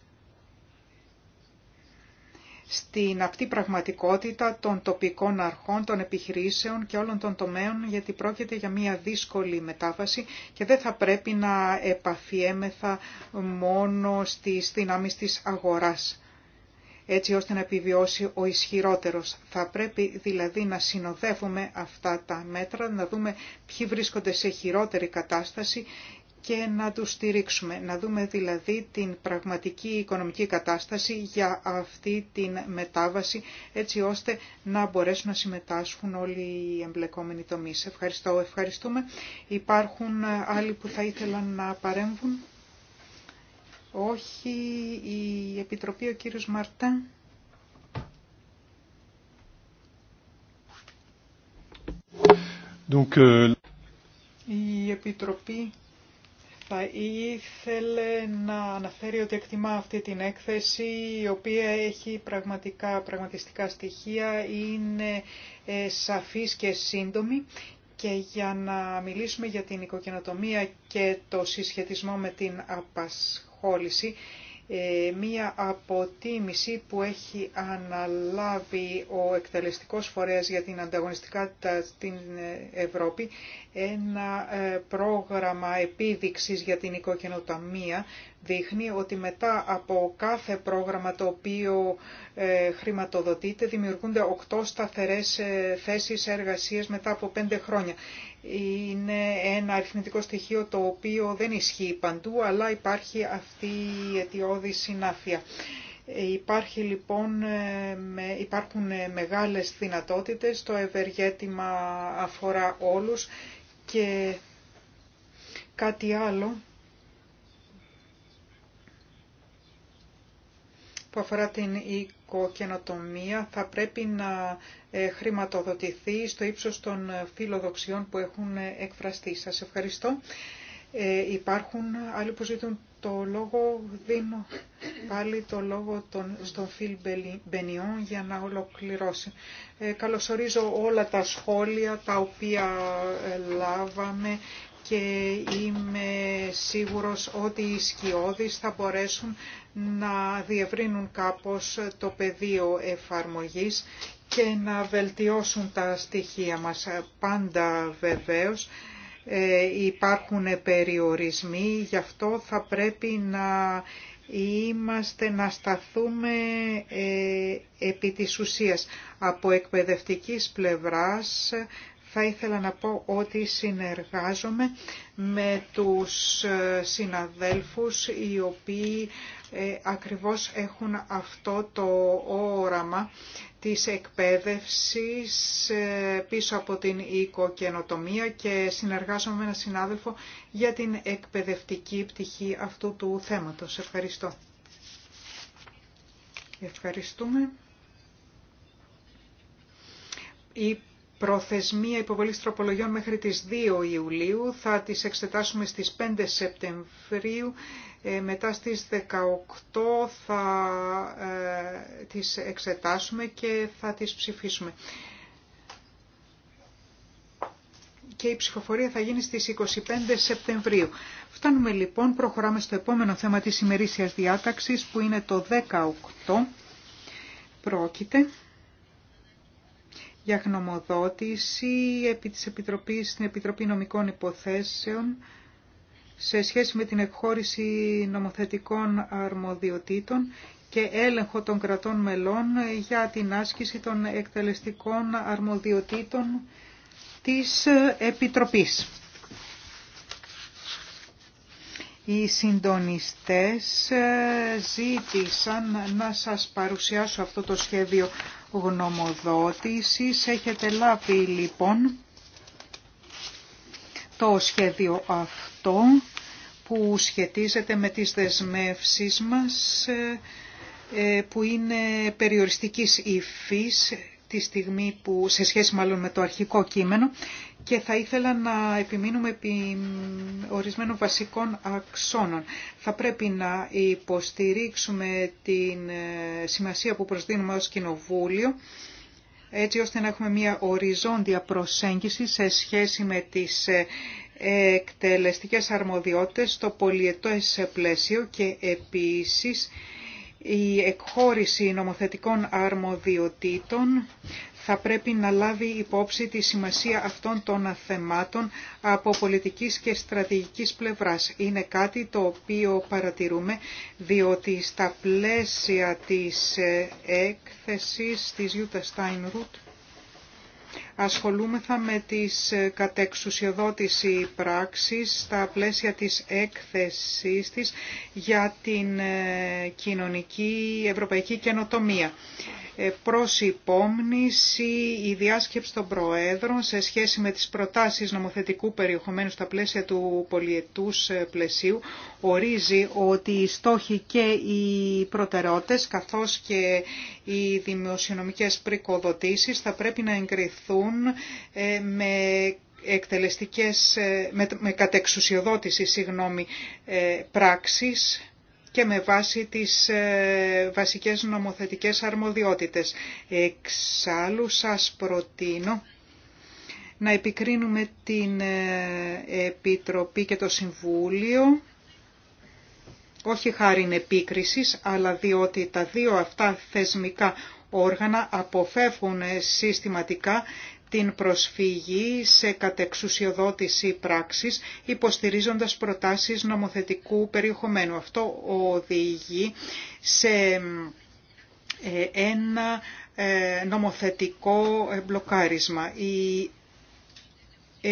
στην αυτή πραγματικότητα των τοπικών αρχών, των επιχειρήσεων και όλων των τομέων, γιατί πρόκειται για μια δύσκολη μετάβαση και δεν θα πρέπει να επαφιέμεθα μόνο στις δυνάμεις της αγοράς, έτσι ώστε να επιβιώσει ο ισχυρότερος. Θα πρέπει δηλαδή να συνοδεύουμε αυτά τα μέτρα, να δούμε ποιοι βρίσκονται σε χειρότερη κατάσταση και να τους στηρίξουμε. Να δούμε δηλαδή την πραγματική οικονομική κατάσταση για αυτή την μετάβαση έτσι ώστε να μπορέσουν να συμμετάσχουν όλοι οι εμπλεκόμενοι τομείς. Ευχαριστώ, ευχαριστούμε. Υπάρχουν άλλοι που θα ήθελαν να παρέμβουν. Όχι, η Επιτροπή, ο κύριος Μαρτά. Donc, euh, Η Επιτροπή θα ήθελε να αναφέρει ότι εκτιμά αυτή την έκθεση, η οποία έχει πραγματικά, πραγματιστικά στοιχεία, είναι ε, σαφής και σύντομη και για να μιλήσουμε για την οικοκαινοτομία και το συσχετισμό με την απασχόληση, ε, μία αποτίμηση που έχει αναλάβει ο εκτελεστικός φορέας για την ανταγωνιστικότητα στην ε, Ευρώπη, ένα ε, πρόγραμμα επίδειξης για την οικογενοταμία δείχνει ότι μετά από κάθε πρόγραμμα το οποίο χρηματοδοτείται δημιουργούνται 8 σταθερές θέσεις εργασίας μετά από 5 χρόνια είναι ένα αριθμητικό στοιχείο το οποίο δεν ισχύει παντού, αλλά υπάρχει αυτή η αιτιώδη συνάφεια. Υπάρχει λοιπόν, ε, υπάρχουν μεγάλες δυνατότητες, το ευεργέτημα αφορά όλους και κάτι άλλο που αφορά την καινοτομία θα πρέπει να ε, χρηματοδοτηθεί στο ύψος των ε, φιλοδοξιών που έχουν ε, εκφραστεί. Σας ευχαριστώ. Ε, υπάρχουν άλλοι που ζητούν το λόγο, δίνω πάλι το λόγο τον, στον Φιλ Μπενιόν για να ολοκληρώσει. Ε, καλωσορίζω όλα τα σχόλια τα οποία λάβαμε και είμαι σίγουρος ότι οι σκιώδεις θα μπορέσουν να διευρύνουν κάπως το πεδίο εφαρμογής και να βελτιώσουν τα στοιχεία μας. Πάντα βεβαίως ε, υπάρχουν περιορισμοί, γι' αυτό θα πρέπει να είμαστε να σταθούμε ε, επί της ουσίας. Από εκπαιδευτικής πλευράς θα ήθελα να πω ότι συνεργάζομαι με τους ε, συναδέλφους οι οποίοι ε, ακριβώς έχουν αυτό το όραμα της εκπαίδευσης ε, πίσω από την οικοκαινοτομία και συνεργάζομαι με έναν συνάδελφο για την εκπαιδευτική πτυχή αυτού του θέματος. Ευχαριστώ. Ευχαριστούμε. Προθεσμία υποβολής τροπολογιών μέχρι τις 2 Ιουλίου, θα τις εξετάσουμε στις 5 Σεπτεμβρίου, ε, μετά στις 18 θα ε, τις εξετάσουμε και θα τις ψηφίσουμε. Και η ψηφοφορία θα γίνει στις 25 Σεπτεμβρίου. Φτάνουμε λοιπόν, προχωράμε στο επόμενο θέμα της ημερήσιας διάταξης που είναι το 18. Πρόκειται για γνωμοδότηση επί της Επιτροπής, στην Επιτροπή Νομικών Υποθέσεων σε σχέση με την εκχώρηση νομοθετικών αρμοδιοτήτων και έλεγχο των κρατών μελών για την άσκηση των εκτελεστικών αρμοδιοτήτων της Επιτροπής. Οι συντονιστές ζήτησαν να σας παρουσιάσω αυτό το σχέδιο γνωμοδότησης. Έχετε λάβει λοιπόν το σχέδιο αυτό που σχετίζεται με τις δεσμεύσεις μας ε, που είναι περιοριστικής υφής τη στιγμή που σε σχέση μάλλον με το αρχικό κείμενο και θα ήθελα να επιμείνουμε επί ορισμένων βασικών αξώνων. Θα πρέπει να υποστηρίξουμε την ε, σημασία που προσδίνουμε ως Κοινοβούλιο έτσι ώστε να έχουμε μια οριζόντια προσέγγιση σε σχέση με τις ε, εκτελεστικές αρμοδιότητες στο πολιετές πλαίσιο και επίσης η εκχώρηση νομοθετικών αρμοδιοτήτων θα πρέπει να λάβει υπόψη τη σημασία αυτών των θεμάτων από πολιτικής και στρατηγικής πλευράς. Είναι κάτι το οποίο παρατηρούμε διότι στα πλαίσια της ε, έκθεσης της Utah Steinruth ασχολούμεθα με τις ε, κατεξουσιοδότηση πράξεις στα πλαίσια της έκθεσής της για την ε, κοινωνική ευρωπαϊκή καινοτομία. Ε, προς υπόμνηση η διάσκεψη των Προέδρων σε σχέση με τις προτάσεις νομοθετικού περιεχομένου στα πλαίσια του πολιετούς πλαισίου ορίζει ότι οι στόχοι και οι προτεραιότητες καθώς και οι δημοσιονομικές πρικοδοτήσεις θα πρέπει να εγκριθούν ε, με εκτελεστικές, ε, με, με κατεξουσιοδότηση συγγνώμη, ε, πράξεις και με βάση τις βασικές νομοθετικές αρμοδιότητες. Εξάλλου σας προτείνω να επικρίνουμε την Επιτροπή και το Συμβούλιο, όχι χάρην επίκρισης, αλλά διότι τα δύο αυτά θεσμικά όργανα αποφεύγουν συστηματικά την προσφύγη σε κατεξουσιοδότηση πράξης, υποστηρίζοντας προτάσεις νομοθετικού περιεχομένου. Αυτό οδηγεί σε ε, ένα ε, νομοθετικό μπλοκάρισμα.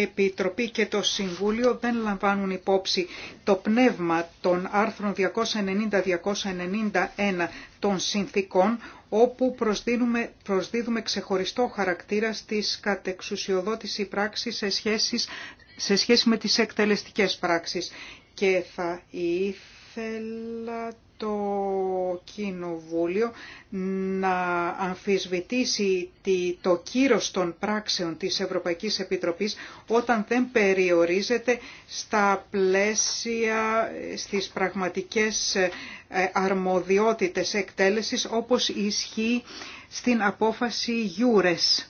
Επιτροπή και το Συμβούλιο δεν λαμβάνουν υπόψη το πνεύμα των άρθρων 290-291 των συνθήκων, όπου προσδίδουμε, προσδίδουμε ξεχωριστό χαρακτήρα στις κατεξουσιοδότηση πράξη σε, σε σχέση με τις εκτελεστικές πράξεις. Και θα ήθελα Θέλω το Κοινοβούλιο να αμφισβητήσει το κύρος των πράξεων της Ευρωπαϊκής Επιτροπής όταν δεν περιορίζεται στα πλαίσια, στις πραγματικές ε, αρμοδιότητες εκτέλεσης όπως ισχύει στην απόφαση Γιούρες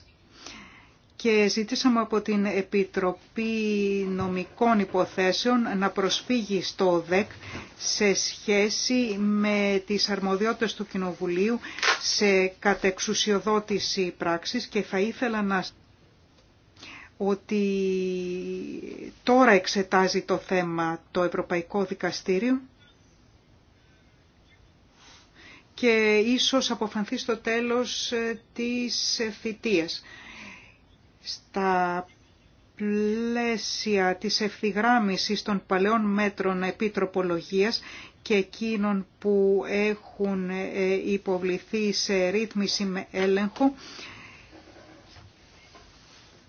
και ζήτησαμε από την Επιτροπή Νομικών Υποθέσεων να προσφύγει στο ΔΕΚ σε σχέση με τις αρμοδιότητες του Κοινοβουλίου σε κατεξουσιοδότηση πράξης και θα ήθελα να ότι τώρα εξετάζει το θέμα το Ευρωπαϊκό Δικαστήριο και ίσως αποφανθεί στο τέλος της θητείας στα πλαίσια της ευθυγράμμισης των παλαιών μέτρων επιτροπολογίας και εκείνων που έχουν ε, υποβληθεί σε ρύθμιση με έλεγχο,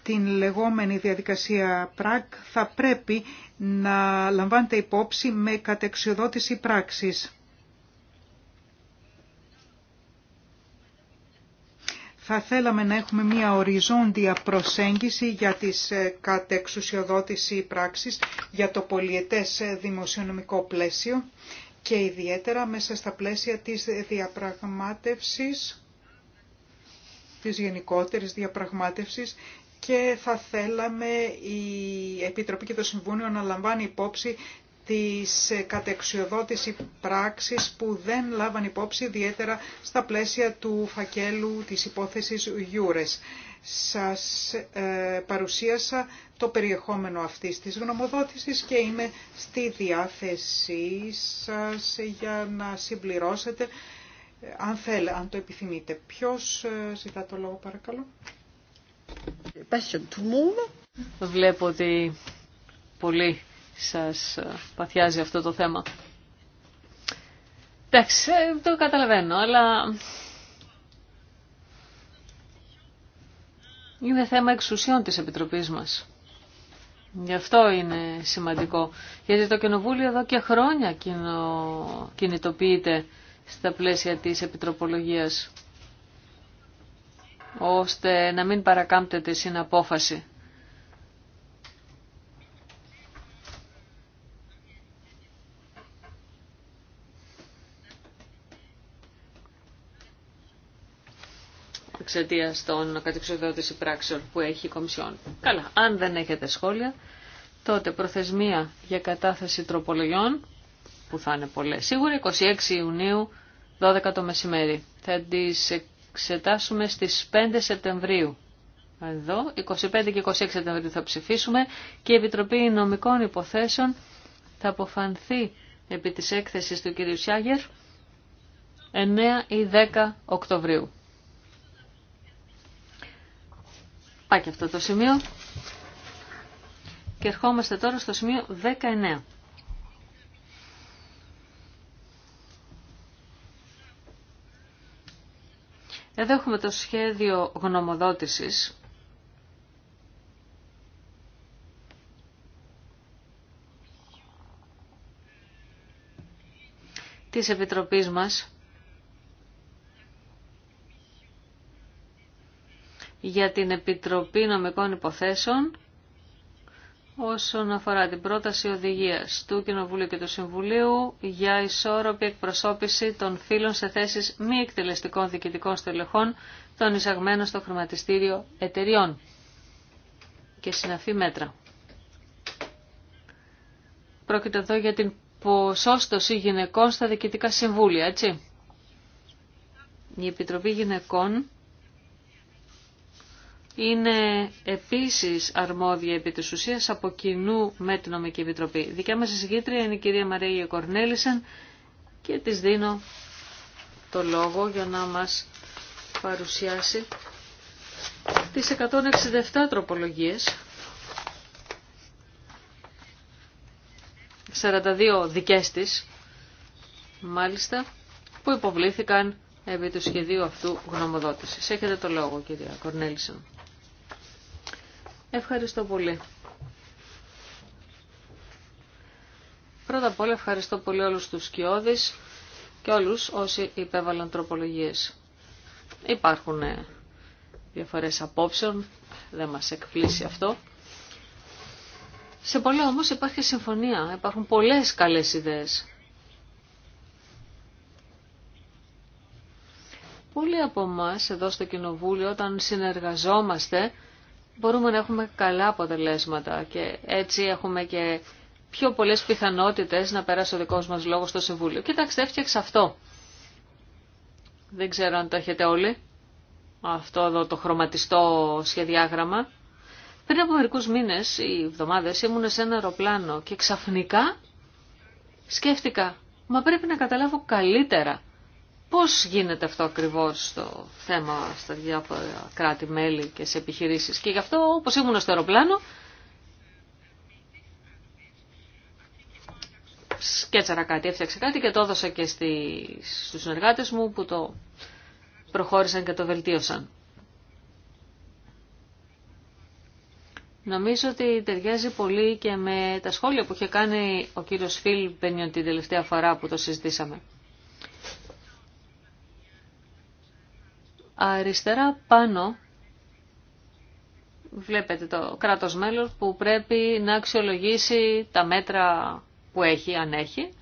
την λεγόμενη διαδικασία ΠΡΑΚ θα πρέπει να λαμβάνεται υπόψη με κατεξιοδότηση πράξης. θα θέλαμε να έχουμε μια οριζόντια προσέγγιση για τις ε, κατεξουσιοδότηση πράξεις για το πολιετές ε, δημοσιονομικό πλαίσιο και ιδιαίτερα μέσα στα πλαίσια της διαπραγμάτευσης, της γενικότερης διαπραγμάτευσης και θα θέλαμε η Επιτροπή και το Συμβούλιο να λαμβάνει υπόψη της κατεξιοδότηση πράξεις που δεν λάβαν υπόψη ιδιαίτερα στα πλαίσια του φακέλου της υπόθεσης Γιούρες. Σας ε, παρουσίασα το περιεχόμενο αυτής της γνωμοδότησης και είμαι στη διάθεσή σας για να συμπληρώσετε αν θέλετε, αν το επιθυμείτε. Ποιος ε, ζητά το λόγο παρακαλώ. Βλέπω ότι πολύ σας ε, παθιάζει αυτό το θέμα. Εντάξει, ε, το καταλαβαίνω, αλλά είναι θέμα εξουσιών της Επιτροπής μας. Γι' αυτό είναι σημαντικό. Γιατί το Κοινοβούλιο εδώ και χρόνια κινητοποιείται στα πλαίσια της Επιτροπολογίας, ώστε να μην παρακάμπτεται στην απόφαση. εξαιτία των κατεξοδότηση πράξεων που έχει η Κομισιόν. Καλά, αν δεν έχετε σχόλια, τότε προθεσμία για κατάθεση τροπολογιών, που θα είναι πολλές, σίγουρα 26 Ιουνίου, 12 το μεσημέρι. Θα τις εξετάσουμε στις 5 Σεπτεμβρίου. Εδώ, 25 και 26 Σεπτεμβρίου θα ψηφίσουμε και η Επιτροπή Νομικών Υποθέσεων θα αποφανθεί επί της έκθεσης του κ. Σιάγερ 9 ή 10 Οκτωβρίου. Πάει και αυτό το σημείο. Και ερχόμαστε τώρα στο σημείο 19. Εδώ έχουμε το σχέδιο γνωμοδότησης της Επιτροπής μας για την Επιτροπή Νομικών Υποθέσεων όσον αφορά την πρόταση οδηγίας του Κοινοβουλίου και του Συμβουλίου για ισόρροπη εκπροσώπηση των φύλων σε θέσεις μη εκτελεστικών διοικητικών στελεχών των εισαγμένων στο χρηματιστήριο εταιριών και συναφή μέτρα. Πρόκειται εδώ για την ποσόστοση γυναικών στα διοικητικά συμβούλια, έτσι. Η Επιτροπή Γυναικών είναι επίσης αρμόδια επί της ουσίας από κοινού με την Νομική Επιτροπή. δικιά μας εισηγήτρια είναι η κυρία Μαρέγια Κορνέλισεν και της δίνω το λόγο για να μας παρουσιάσει τις 167 τροπολογίες 42 δικές της μάλιστα που υποβλήθηκαν επί του σχεδίου αυτού γνωμοδότησης. Έχετε το λόγο κυρία Κορνέλισον. Ευχαριστώ πολύ. Πρώτα απ' όλα ευχαριστώ πολύ όλους τους σκιώδεις και όλους όσοι υπέβαλαν τροπολογίες. Υπάρχουν ε, διαφορές απόψεων, δεν μας εκπλήσει αυτό. Σε πολλά όμως υπάρχει συμφωνία, υπάρχουν πολλές καλές ιδέες. Πολλοί από εμά εδώ στο Κοινοβούλιο όταν συνεργαζόμαστε μπορούμε να έχουμε καλά αποτελέσματα και έτσι έχουμε και πιο πολλές πιθανότητες να περάσει ο δικός μας λόγος στο Συμβούλιο. Κοιτάξτε, έφτιαξε αυτό. Δεν ξέρω αν το έχετε όλοι. Αυτό εδώ το χρωματιστό σχεδιάγραμμα. Πριν από μερικούς μήνες ή εβδομάδες ήμουν σε ένα αεροπλάνο και ξαφνικά σκέφτηκα, μα πρέπει να καταλάβω καλύτερα Πώς γίνεται αυτό ακριβώς το θέμα στα διάφορα κράτη-μέλη και σε επιχειρήσεις. Και γι' αυτό όπως ήμουν στο αεροπλάνο σκέτσαρα κάτι, έφτιαξα κάτι και το έδωσα και στους συνεργάτες μου που το προχώρησαν και το βελτίωσαν. Νομίζω ότι ταιριάζει πολύ και με τα σχόλια που είχε κάνει ο κύριος Φιλ Πενιον την τελευταία φορά που το συζητήσαμε. Αριστερά πάνω βλέπετε το κράτος μέλος που πρέπει να αξιολογήσει τα μέτρα που έχει, αν έχει.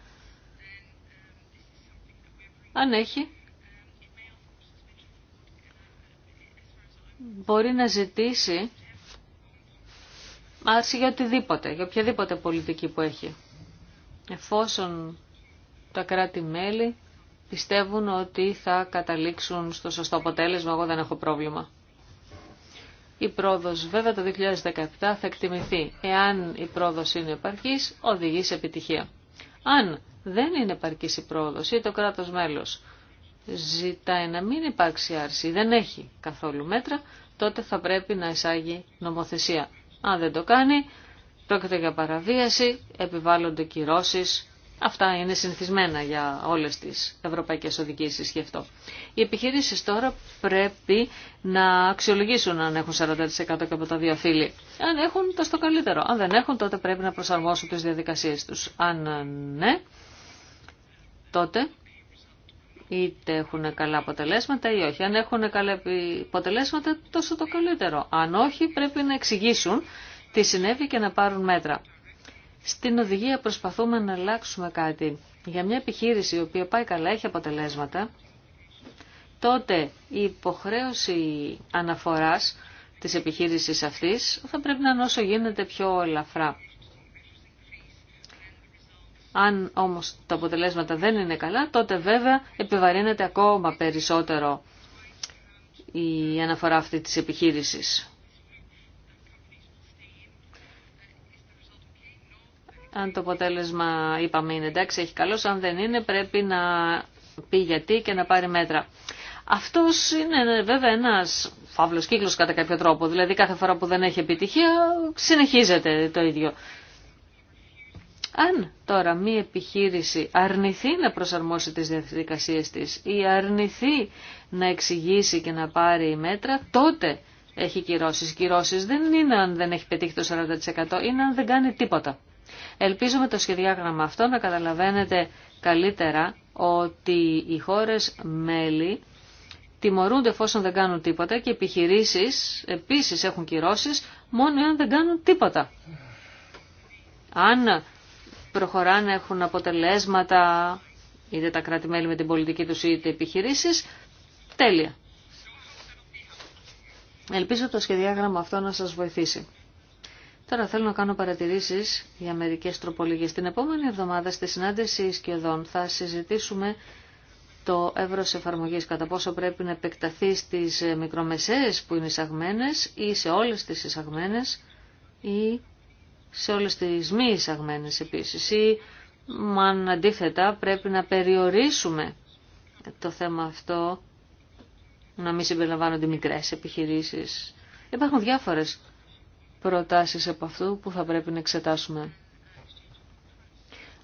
Αν έχει, μπορεί να ζητήσει άρση για οτιδήποτε, για οποιαδήποτε πολιτική που έχει. Εφόσον τα κράτη-μέλη πιστεύουν ότι θα καταλήξουν στο σωστό αποτέλεσμα. Εγώ δεν έχω πρόβλημα. Η πρόοδος βέβαια το 2017 θα εκτιμηθεί. Εάν η πρόοδος είναι επαρκής, οδηγεί σε επιτυχία. Αν δεν είναι επαρκής η πρόοδος ή το κράτος μέλος ζητάει να μην υπάρξει άρση, δεν έχει καθόλου μέτρα, τότε θα πρέπει να εισάγει νομοθεσία. Αν δεν το κάνει, πρόκειται για παραβίαση, επιβάλλονται κυρώσεις Αυτά είναι συνηθισμένα για όλες τις ευρωπαϊκές οδηγήσεις και αυτό. Οι επιχειρήσεις τώρα πρέπει να αξιολογήσουν αν έχουν 40% και από τα δύο φύλλη. Αν έχουν, το καλύτερο. Αν δεν έχουν, τότε πρέπει να προσαρμόσουν τις διαδικασίες τους. Αν ναι, τότε είτε έχουν καλά αποτελέσματα ή όχι. Αν έχουν καλά αποτελέσματα, τόσο το καλύτερο. Αν όχι, πρέπει να εξηγήσουν τι συνέβη και να πάρουν μέτρα. Στην οδηγία προσπαθούμε να αλλάξουμε κάτι. Για μια επιχείρηση η οποία πάει καλά, έχει αποτελέσματα, τότε η υποχρέωση αναφοράς της επιχείρησης αυτής θα πρέπει να είναι όσο γίνεται πιο ελαφρά. Αν όμως τα αποτελέσματα δεν είναι καλά, τότε βέβαια επιβαρύνεται ακόμα περισσότερο η αναφορά αυτή της επιχείρησης. Αν το αποτέλεσμα είπαμε είναι εντάξει, έχει καλώς, αν δεν είναι πρέπει να πει γιατί και να πάρει μέτρα. Αυτός είναι βέβαια ένας φαύλος κύκλος κατά κάποιο τρόπο, δηλαδή κάθε φορά που δεν έχει επιτυχία συνεχίζεται το ίδιο. Αν τώρα μία επιχείρηση αρνηθεί να προσαρμόσει τις διαδικασίες της ή αρνηθεί να εξηγήσει και να πάρει μέτρα, τότε έχει κυρώσεις. Κυρώσεις δεν είναι αν δεν έχει πετύχει το 40%, είναι αν δεν κάνει τίποτα. Ελπίζω με το σχεδιάγραμμα αυτό να καταλαβαίνετε καλύτερα ότι οι χώρες μέλη τιμωρούνται εφόσον δεν κάνουν τίποτα και επιχειρήσεις επίσης έχουν κυρώσεις μόνο εάν δεν κάνουν τίποτα. Αν προχωράνε έχουν αποτελέσματα είτε τα κράτη-μέλη με την πολιτική τους είτε επιχειρήσεις, τέλεια. Ελπίζω το σχεδιάγραμμα αυτό να σας βοηθήσει. Τώρα θέλω να κάνω παρατηρήσεις για μερικέ τροπολογίες. Την επόμενη εβδομάδα στη συνάντηση σχεδόν, θα συζητήσουμε το εύρο εφαρμογή κατά πόσο πρέπει να επεκταθεί στι μικρομεσαίε που είναι εισαγμένε ή σε όλες τις εισαγμένε ή σε όλες τις μη εισαγμένε επίσης ή αν αντίθετα πρέπει να περιορίσουμε το θέμα αυτό να μην συμπεριλαμβάνονται μικρές επιχειρήσεις. Υπάρχουν διάφορες προτάσεις από αυτού που θα πρέπει να εξετάσουμε.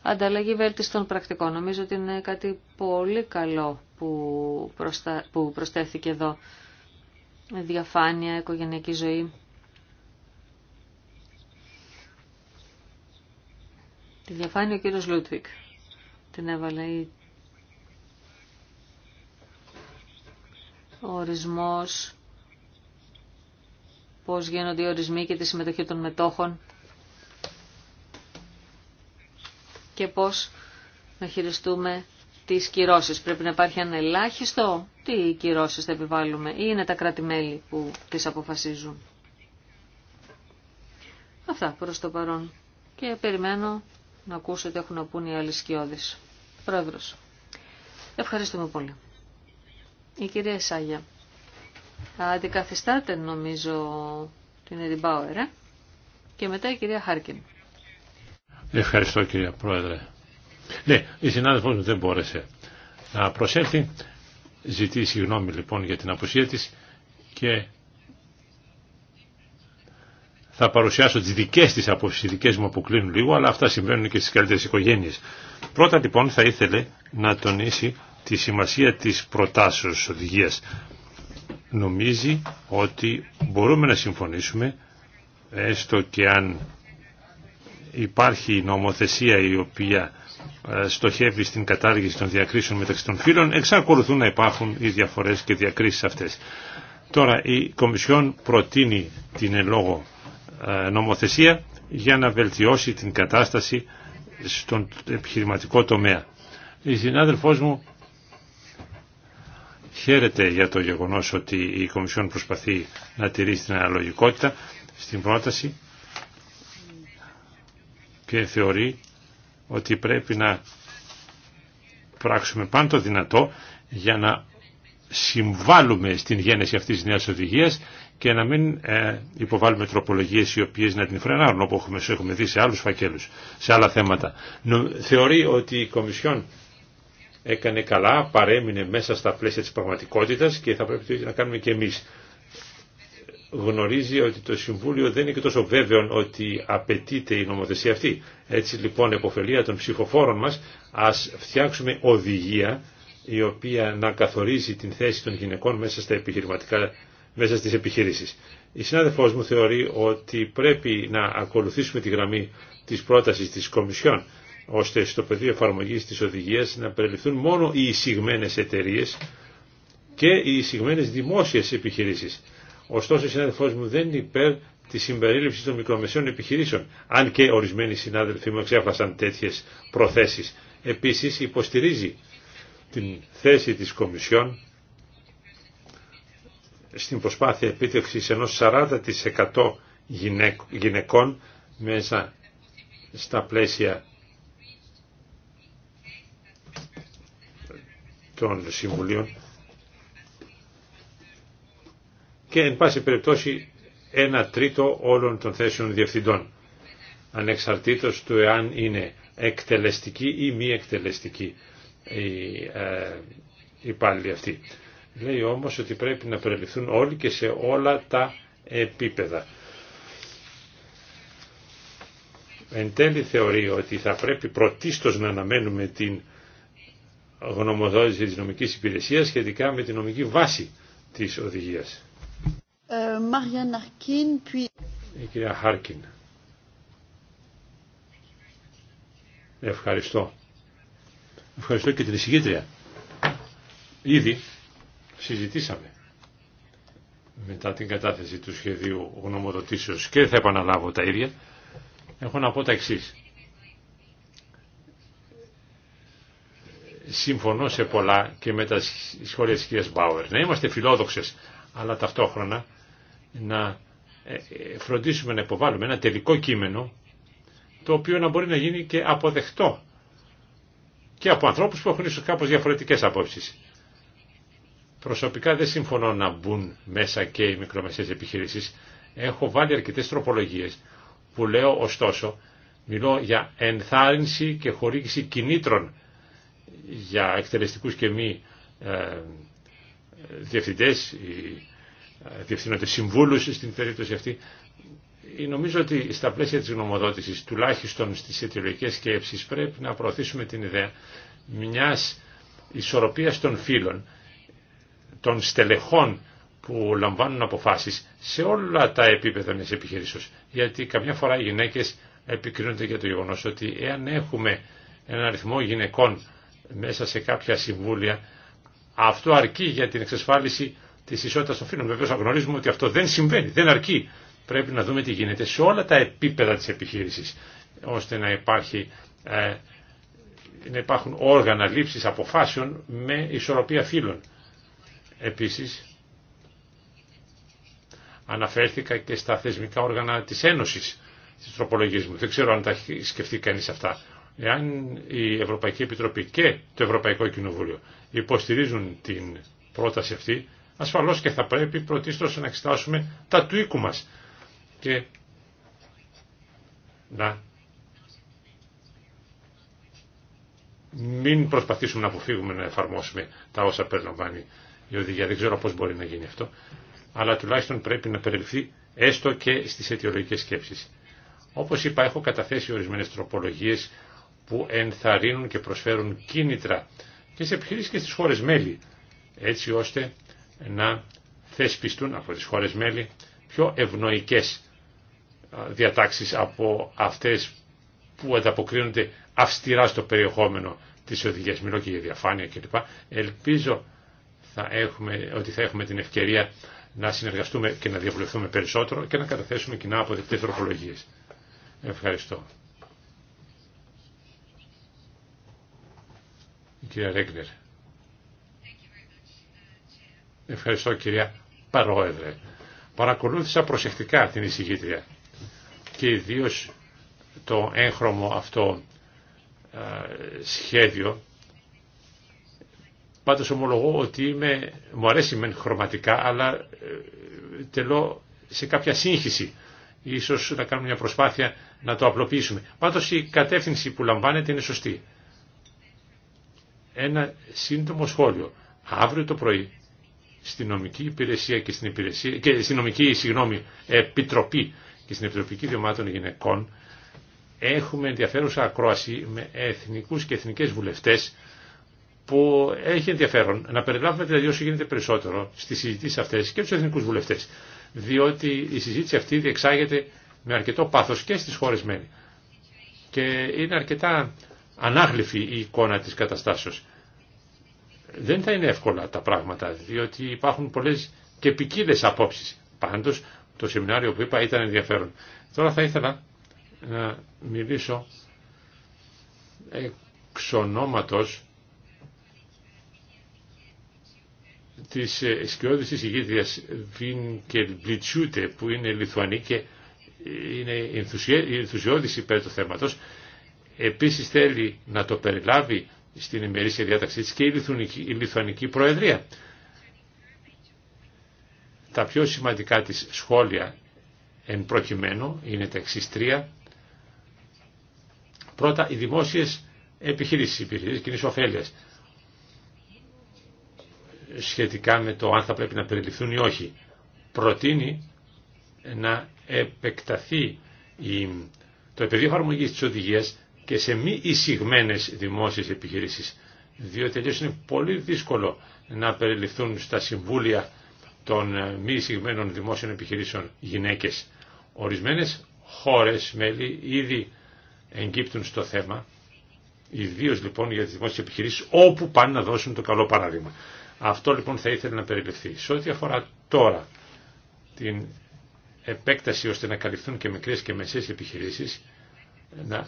Ανταλλαγή βέλτιστων πρακτικών. Νομίζω ότι είναι κάτι πολύ καλό που, προστα... που προστέθηκε εδώ. Διαφάνεια, οικογενειακή ζωή. Τη διαφάνεια ο κύριος Λούτβικ. Την έβαλε ο ορισμός πώς γίνονται οι ορισμοί και τη συμμετοχή των μετόχων και πώς να χειριστούμε τις κυρώσεις. Πρέπει να υπάρχει ένα ελάχιστο τι κυρώσεις θα επιβάλλουμε ή είναι τα κρατη που τις αποφασίζουν. Αυτά προς το παρόν και περιμένω να ακούσω τι έχουν να πούν οι άλλοι σκιώδεις. Πρόεδρος, ευχαριστούμε πολύ. Η κυρία Σάγια. Αντικαθιστάτε νομίζω την Ερυμπάουερ και μετά η κυρία Χάρκιν. Ευχαριστώ κυρία Πρόεδρε. Ναι, η συνάδελφός μου δεν μπόρεσε να προσέλθει. Ζητεί συγγνώμη λοιπόν για την απουσία της και θα παρουσιάσω τις δικές της απόψεις, οι δικές μου αποκλίνουν λίγο, αλλά αυτά συμβαίνουν και στις καλύτερες οικογένειες. Πρώτα λοιπόν θα ήθελε να τονίσει τη σημασία της προτάσεως οδηγίας νομίζει ότι μπορούμε να συμφωνήσουμε έστω και αν υπάρχει νομοθεσία η οποία ε, στοχεύει στην κατάργηση των διακρίσεων μεταξύ των φύλων, εξακολουθούν να υπάρχουν οι διαφορές και διακρίσεις αυτές. Τώρα η Κομισιόν προτείνει την ελόγω ε, νομοθεσία για να βελτιώσει την κατάσταση στον επιχειρηματικό τομέα. Η συνάδελφός μου Χαίρεται για το γεγονός ότι η Κομισιόν προσπαθεί να τηρήσει την αναλογικότητα στην πρόταση και θεωρεί ότι πρέπει να πράξουμε πάντο δυνατό για να συμβάλλουμε στην γέννηση αυτής της νέας οδηγίας και να μην ε, υποβάλουμε τροπολογίες οι οποίες να την φρενάρουν όπως έχουμε, έχουμε δει σε άλλους φακέλους, σε άλλα θέματα. Θεωρεί ότι η Κομισιόν έκανε καλά, παρέμεινε μέσα στα πλαίσια της πραγματικότητας και θα πρέπει να κάνουμε και εμείς. Γνωρίζει ότι το Συμβούλιο δεν είναι και τόσο βέβαιο ότι απαιτείται η νομοθεσία αυτή. Έτσι λοιπόν, εποφελία των ψηφοφόρων μας, ας φτιάξουμε οδηγία η οποία να καθορίζει την θέση των γυναικών μέσα, στα επιχειρηματικά, μέσα στις επιχειρήσεις. Η συνάδελφός μου θεωρεί ότι πρέπει να ακολουθήσουμε τη γραμμή της πρότασης της Κομισιόν ώστε στο πεδίο εφαρμογή τη οδηγία, να περιληφθούν μόνο οι εισηγμένε εταιρείε και οι εισηγμένε δημόσιε επιχειρήσει. Ωστόσο, ο συνάδελφό μου δεν είναι υπέρ τη συμπερίληψη των μικρομεσαίων επιχειρήσεων, αν και ορισμένοι συνάδελφοί μου εξέφρασαν τέτοιε προθέσει. Επίση, υποστηρίζει την θέση τη Κομισιόν στην προσπάθεια επίτευξη ενό 40% γυναικών μέσα στα πλαίσια των Συμβουλίων και εν πάση περιπτώσει ένα τρίτο όλων των θέσεων διευθυντών ανεξαρτήτως του εάν είναι εκτελεστική ή μη εκτελεστική η ε, υπάλληλη αυτή. Λέει όμως ότι πρέπει να περιληφθούν όλοι και σε όλα τα επίπεδα. Εν τέλει θεωρεί ότι θα πρέπει πρωτίστως να αναμένουμε την γνωμοδότηση της νομικής υπηρεσίας σχετικά με τη νομική βάση της οδηγίας. Ε, Η κυρία Χάρκιν. Ευχαριστώ. Ευχαριστώ και την εισηγήτρια. Ήδη συζητήσαμε μετά την κατάθεση του σχεδίου γνωμοδοτήσεως και θα επαναλάβω τα ίδια. Έχω να πω τα εξής. συμφωνώ σε πολλά και με τα σχόλια της κυρίας Μπάουερ. Να είμαστε φιλόδοξες, αλλά ταυτόχρονα να ε, ε, φροντίσουμε να υποβάλουμε ένα τελικό κείμενο το οποίο να μπορεί να γίνει και αποδεχτό και από ανθρώπους που έχουν ίσως κάπως διαφορετικές απόψεις. Προσωπικά δεν συμφωνώ να μπουν μέσα και οι μικρομεσαίες επιχειρήσεις. Έχω βάλει αρκετές τροπολογίες που λέω ωστόσο μιλώ για ενθάρρυνση και χορήγηση κινήτρων για εκτελεστικούς και μη ε, διευθυντές ή ε, διευθύνοντες συμβούλους στην περίπτωση αυτή. Ε, νομίζω ότι στα πλαίσια της γνωμοδότησης, τουλάχιστον στις αιτιολογικές σκέψεις, πρέπει να προωθήσουμε την ιδέα μιας ισορροπίας των φύλων, των στελεχών που λαμβάνουν αποφάσεις σε όλα τα επίπεδα μιας επιχειρήσεως. Γιατί καμιά φορά οι γυναίκες επικρίνονται για το γεγονός ότι εάν έχουμε έναν αριθμό γυναικών μέσα σε κάποια συμβούλια. Αυτό αρκεί για την εξασφάλιση τη ισότητα των φύλων. Βεβαίω γνωρίζουμε ότι αυτό δεν συμβαίνει, δεν αρκεί. Πρέπει να δούμε τι γίνεται σε όλα τα επίπεδα τη επιχείρηση, ώστε να, υπάρχει, ε, να υπάρχουν όργανα λήψη αποφάσεων με ισορροπία φίλων. Επίση, αναφέρθηκα και στα θεσμικά όργανα τη Ένωση τη τροπολογία μου. Δεν ξέρω αν τα έχει σκεφτεί κανεί αυτά. Εάν η Ευρωπαϊκή Επιτροπή και το Ευρωπαϊκό Κοινοβούλιο υποστηρίζουν την πρόταση αυτή, ασφαλώς και θα πρέπει πρωτίστως να εξετάσουμε τα του οίκου μας και να μην προσπαθήσουμε να αποφύγουμε να εφαρμόσουμε τα όσα περιλαμβάνει η οδηγία. Δεν ξέρω πώς μπορεί να γίνει αυτό, αλλά τουλάχιστον πρέπει να περιληφθεί έστω και στις αιτιολογικές σκέψεις. Όπως είπα, έχω καταθέσει ορισμένες τροπολογίες που ενθαρρύνουν και προσφέρουν κίνητρα και σε επιχειρήσεις και στις χώρες μέλη, έτσι ώστε να θεσπιστούν από τις χώρες μέλη πιο ευνοϊκές διατάξεις από αυτές που ανταποκρίνονται αυστηρά στο περιεχόμενο της οδηγίας. Μιλώ και για διαφάνεια κλπ. Ελπίζω θα έχουμε, ότι θα έχουμε την ευκαιρία να συνεργαστούμε και να διαβουλευτούμε περισσότερο και να καταθέσουμε κοινά αποδεκτές τροπολογίες. Ευχαριστώ. κυρία Ρέγκνερ. Ευχαριστώ κυρία Παρόεδρε. Παρακολούθησα προσεκτικά την εισηγήτρια και ιδίω το έγχρωμο αυτό σχέδιο. Πάντως ομολογώ ότι είμαι, μου αρέσει μεν χρωματικά, αλλά ε, τελώ σε κάποια σύγχυση. Ίσως να κάνουμε μια προσπάθεια να το απλοποιήσουμε. Πάντως η κατεύθυνση που λαμβάνεται είναι σωστή ένα σύντομο σχόλιο. Αύριο το πρωί στην νομική υπηρεσία και στην υπηρεσία και στην νομική επιτροπή και στην Επιτροπική Διωμάτων Γυναικών έχουμε ενδιαφέρουσα ακρόαση με εθνικούς και εθνικές βουλευτές που έχει ενδιαφέρον να περιγράφουμε δηλαδή όσο γίνεται περισσότερο στις συζητήσεις αυτές και του εθνικούς βουλευτές διότι η συζήτηση αυτή διεξάγεται με αρκετό πάθος και στις χώρες μέλη και είναι αρκετά ανάγλυφη η εικόνα της καταστάσεως. Δεν θα είναι εύκολα τα πράγματα, διότι υπάρχουν πολλές και ποικίλε απόψεις. Πάντως, το σεμινάριο που είπα ήταν ενδιαφέρον. Τώρα θα ήθελα να μιλήσω εξ ονόματος της σκιώδησης εισηγήτριας Βίνκελ που είναι Λιθουανή και είναι ενθουσιώδης υπέρ του θέματος Επίσης θέλει να το περιλάβει στην ημερήσια διάταξή της και η Λιθουανική Προεδρία. Τα πιο σημαντικά της σχόλια εν προκειμένου είναι τα εξής τρία. Πρώτα, οι δημόσιες επιχειρήσεις, οι επιχειρήσεις κοινής ωφέλειας σχετικά με το αν θα πρέπει να περιληφθούν ή όχι. Προτείνει να επεκταθεί η, το επαιδείο εφαρμογή της οδηγίας και σε μη εισηγμένε δημόσιες επιχειρήσεις, διότι αλλιώς είναι πολύ δύσκολο να περιληφθούν στα συμβούλια των ε, μη εισηγμένων δημόσιων επιχειρήσεων γυναίκες. Ορισμένες χώρες μέλη ήδη εγκύπτουν στο θέμα, ιδίω λοιπόν για τις δημόσιες επιχειρήσεις, όπου πάνε να δώσουν το καλό παράδειγμα. Αυτό λοιπόν θα ήθελε να περιληφθεί. Σε ό,τι αφορά τώρα την επέκταση ώστε να καλυφθούν και μικρές και μεσαίες επιχειρήσεις, να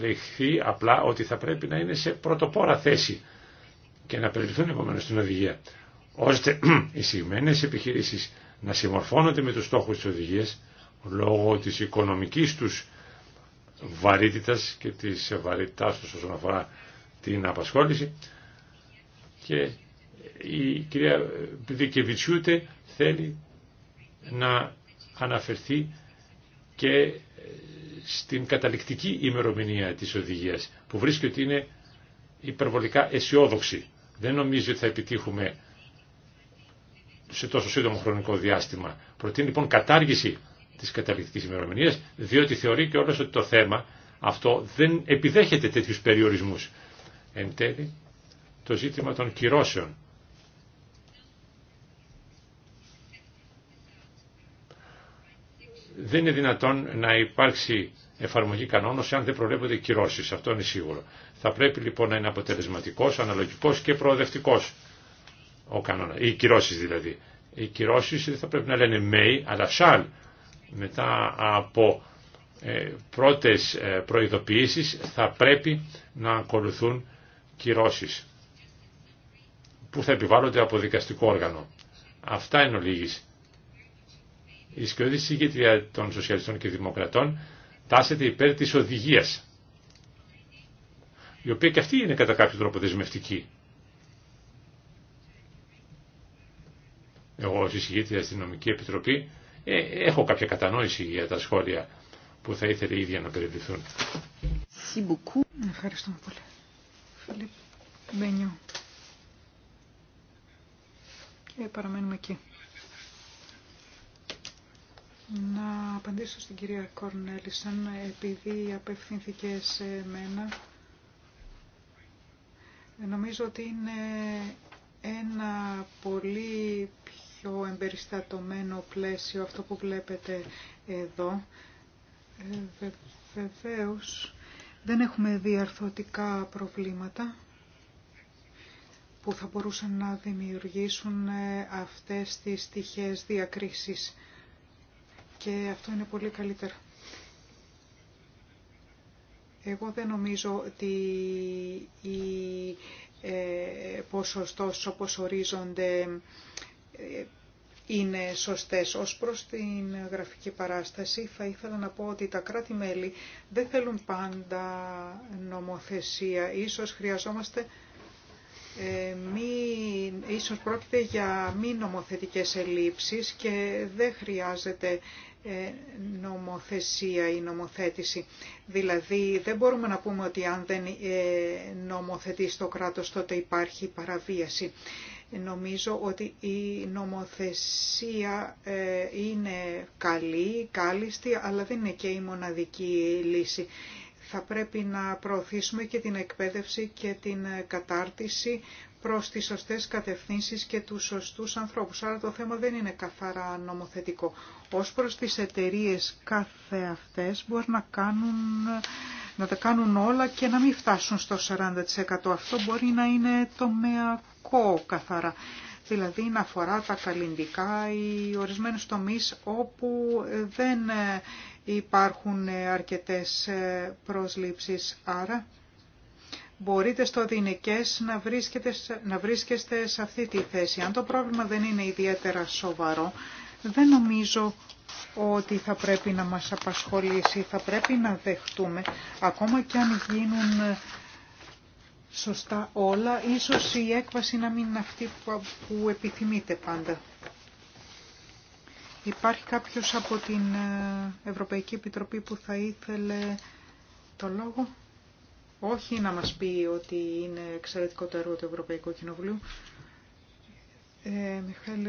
λεχθεί απλά ότι θα πρέπει να είναι σε πρωτοπόρα θέση και να περιληφθούν επομένως στην οδηγία, ώστε οι συγμένες επιχειρήσεις να συμμορφώνονται με τους στόχους της οδηγίας λόγω της οικονομικής τους βαρύτητας και της βαρύτητάς τους όσον αφορά την απασχόληση και η κυρία Δικεβιτσιούτε θέλει να αναφερθεί και στην καταληκτική ημερομηνία της οδηγίας που βρίσκει ότι είναι υπερβολικά αισιόδοξη. Δεν νομίζει ότι θα επιτύχουμε σε τόσο σύντομο χρονικό διάστημα. Προτείνει λοιπόν κατάργηση της καταληκτικής ημερομηνίας διότι θεωρεί και όλος ότι το θέμα αυτό δεν επιδέχεται τέτοιους περιορισμούς. Εν τέλει το ζήτημα των κυρώσεων δεν είναι δυνατόν να υπάρξει εφαρμογή κανόνων αν δεν προβλέπονται κυρώσει, Αυτό είναι σίγουρο. Θα πρέπει λοιπόν να είναι αποτελεσματικό, αναλογικός και προοδευτικό. ο κανόνα. Οι κυρώσει δηλαδή. Οι κυρώσει δεν θα πρέπει να λένε may αλλά shall. Μετά από ε, πρώτες ε, προειδοποιήσεις θα πρέπει να ακολουθούν κυρώσει που θα επιβάλλονται από δικαστικό όργανο. Αυτά είναι ολίγης η σκιώδη συγκεκριά των Σοσιαλιστών και Δημοκρατών τάσεται υπέρ της οδηγίας, η οποία και αυτή είναι κατά κάποιο τρόπο δεσμευτική. Εγώ ως εισηγήτρια στην Νομική Επιτροπή ε, έχω κάποια κατανόηση για τα σχόλια που θα ήθελε η ίδια να περιληφθούν. ευχαριστώ πολύ. Φιλίπ Μπενιό. Και παραμένουμε εκεί. Να απαντήσω στην κυρία Κορνέλησαν επειδή απευθύνθηκε σε μένα. Νομίζω ότι είναι ένα πολύ πιο εμπεριστατωμένο πλαίσιο αυτό που βλέπετε εδώ. Ε, βεβαίως δεν έχουμε διαρθωτικά προβλήματα που θα μπορούσαν να δημιουργήσουν ε, αυτές τις τυχές διακρίσεις και αυτό είναι πολύ καλύτερο. Εγώ δεν νομίζω ότι οι ε, ποσοστός όπως ορίζονται ε, είναι σωστές. Ως προς την γραφική παράσταση θα ήθελα να πω ότι τα κράτη-μέλη δεν θέλουν πάντα νομοθεσία. Ίσως χρειαζόμαστε ε, μη, ίσως πρόκειται για μη νομοθετικές ελλείψεις και δεν χρειάζεται ε, νομοθεσία ή νομοθέτηση. Δηλαδή δεν μπορούμε να πούμε ότι αν δεν ε, νομοθετεί στο κράτος τότε υπάρχει παραβίαση. Νομίζω ότι η νομοθεσία ε, είναι καλή, κάλλιστη, αλλά δεν είναι και η μοναδική λύση. Θα πρέπει να προωθήσουμε και την εκπαίδευση και την κατάρτιση προς τις σωστές κατευθύνσεις και τους σωστούς ανθρώπους. Άρα το θέμα δεν είναι καθαρά νομοθετικό. Ως προς τις εταιρείε κάθε αυτές μπορεί να, κάνουν, να τα κάνουν όλα και να μην φτάσουν στο 40%. Αυτό μπορεί να είναι τομεακό καθαρά. Δηλαδή να αφορά τα καλλιντικά ή ορισμένους τομείς όπου δεν υπάρχουν αρκετές ε, προσλήψεις. Άρα μπορείτε στο δινικές να βρίσκεστε, να βρίσκεστε σε αυτή τη θέση. Αν το πρόβλημα δεν είναι ιδιαίτερα σοβαρό, δεν νομίζω ότι θα πρέπει να μας απασχολήσει. Θα πρέπει να δεχτούμε, ακόμα και αν γίνουν ε, σωστά όλα, ίσως η έκβαση να μην είναι αυτή που επιθυμείτε πάντα. Υπάρχει κάποιος από την ε, Ευρωπαϊκή Επιτροπή που θα ήθελε το λόγο όχι να μας πει ότι είναι εξαιρετικό το έργο του Ευρωπαϊκού Κοινοβουλίου. Ε, Μιχαήλ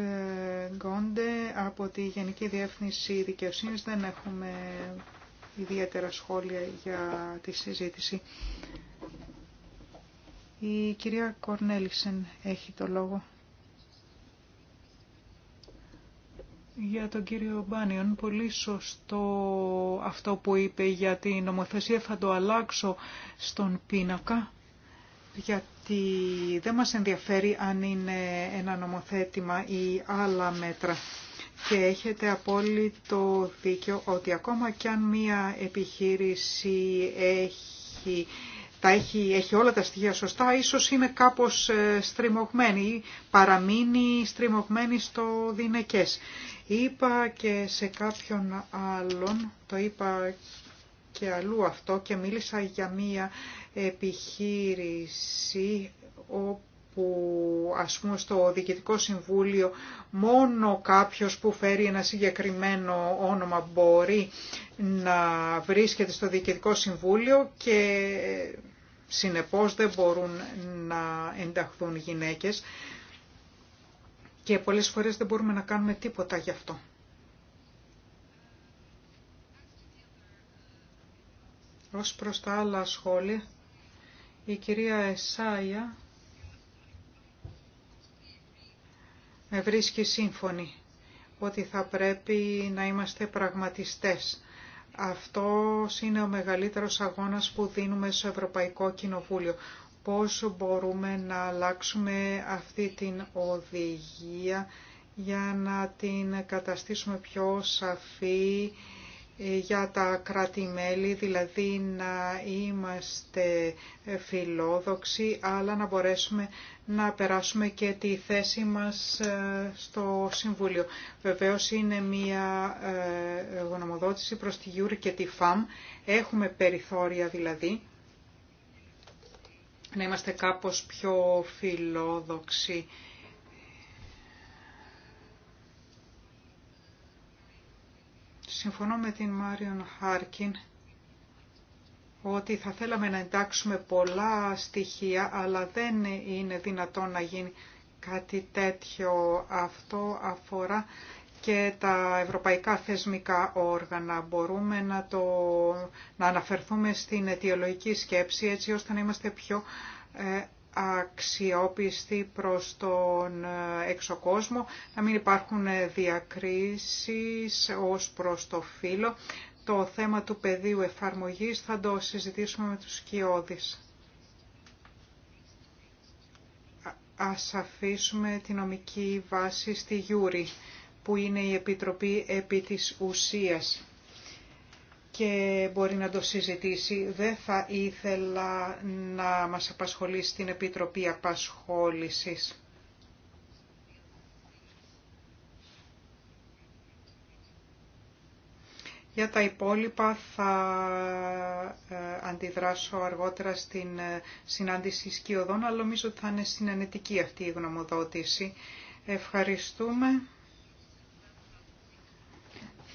Γκόντε από τη Γενική Διεύθυνση Δικαιοσύνης δεν έχουμε ιδιαίτερα σχόλια για τη συζήτηση. Η κυρία Κορνέλισεν έχει το λόγο. για τον κύριο Μπάνιον. Πολύ σωστό αυτό που είπε για την νομοθεσία θα το αλλάξω στον πίνακα γιατί δεν μας ενδιαφέρει αν είναι ένα νομοθέτημα ή άλλα μέτρα. Και έχετε απόλυτο δίκιο ότι ακόμα κι αν μία επιχείρηση έχει, τα έχει, έχει όλα τα στοιχεία σωστά, ίσως είναι κάπως ε, στριμωγμένη ή παραμείνει στριμωγμένη στο δινεκές. Είπα και σε κάποιον άλλον, το είπα και αλλού αυτό και μίλησα για μία επιχείρηση όπου ας πούμε στο Διοικητικό Συμβούλιο μόνο κάποιος που φέρει ένα συγκεκριμένο όνομα μπορεί να βρίσκεται στο Διοικητικό Συμβούλιο και συνεπώς δεν μπορούν να ενταχθούν γυναίκες και πολλές φορές δεν μπορούμε να κάνουμε τίποτα γι' αυτό. Ως προς τα άλλα σχόλια, η κυρία Εσάια με βρίσκει σύμφωνη ότι θα πρέπει να είμαστε πραγματιστές. Αυτό είναι ο μεγαλύτερος αγώνας που δίνουμε στο Ευρωπαϊκό Κοινοβούλιο πώς μπορούμε να αλλάξουμε αυτή την οδηγία για να την καταστήσουμε πιο σαφή ε, για τα κρατη δηλαδή να είμαστε φιλόδοξοι, αλλά να μπορέσουμε να περάσουμε και τη θέση μας ε, στο Συμβούλιο. Βεβαίως είναι μια ε, γνωμοδότηση προς τη Γιούρη και τη ΦΑΜ. Έχουμε περιθώρια δηλαδή να είμαστε κάπως πιο φιλόδοξοι. Συμφωνώ με την Μάριον Χάρκιν ότι θα θέλαμε να εντάξουμε πολλά στοιχεία, αλλά δεν είναι δυνατόν να γίνει κάτι τέτοιο. Αυτό αφορά και τα ευρωπαϊκά θεσμικά όργανα. Μπορούμε να, το, να αναφερθούμε στην αιτιολογική σκέψη έτσι ώστε να είμαστε πιο ε, αξιόπιστοι προς τον ε, εξωκόσμο, να μην υπάρχουν ε, διακρίσεις ως προς το φύλλο. Το θέμα του πεδίου εφαρμογής θα το συζητήσουμε με τους κοιόδης. Ας αφήσουμε τη νομική βάση στη Γιούρη που είναι η Επιτροπή επί της ουσίας και μπορεί να το συζητήσει. Δεν θα ήθελα να μας απασχολεί στην Επιτροπή Απασχόλησης. Για τα υπόλοιπα θα ε, αντιδράσω αργότερα στην ε, συνάντηση σκιωδών, αλλά νομίζω ότι θα είναι συνενετική αυτή η γνωμοδότηση. Ευχαριστούμε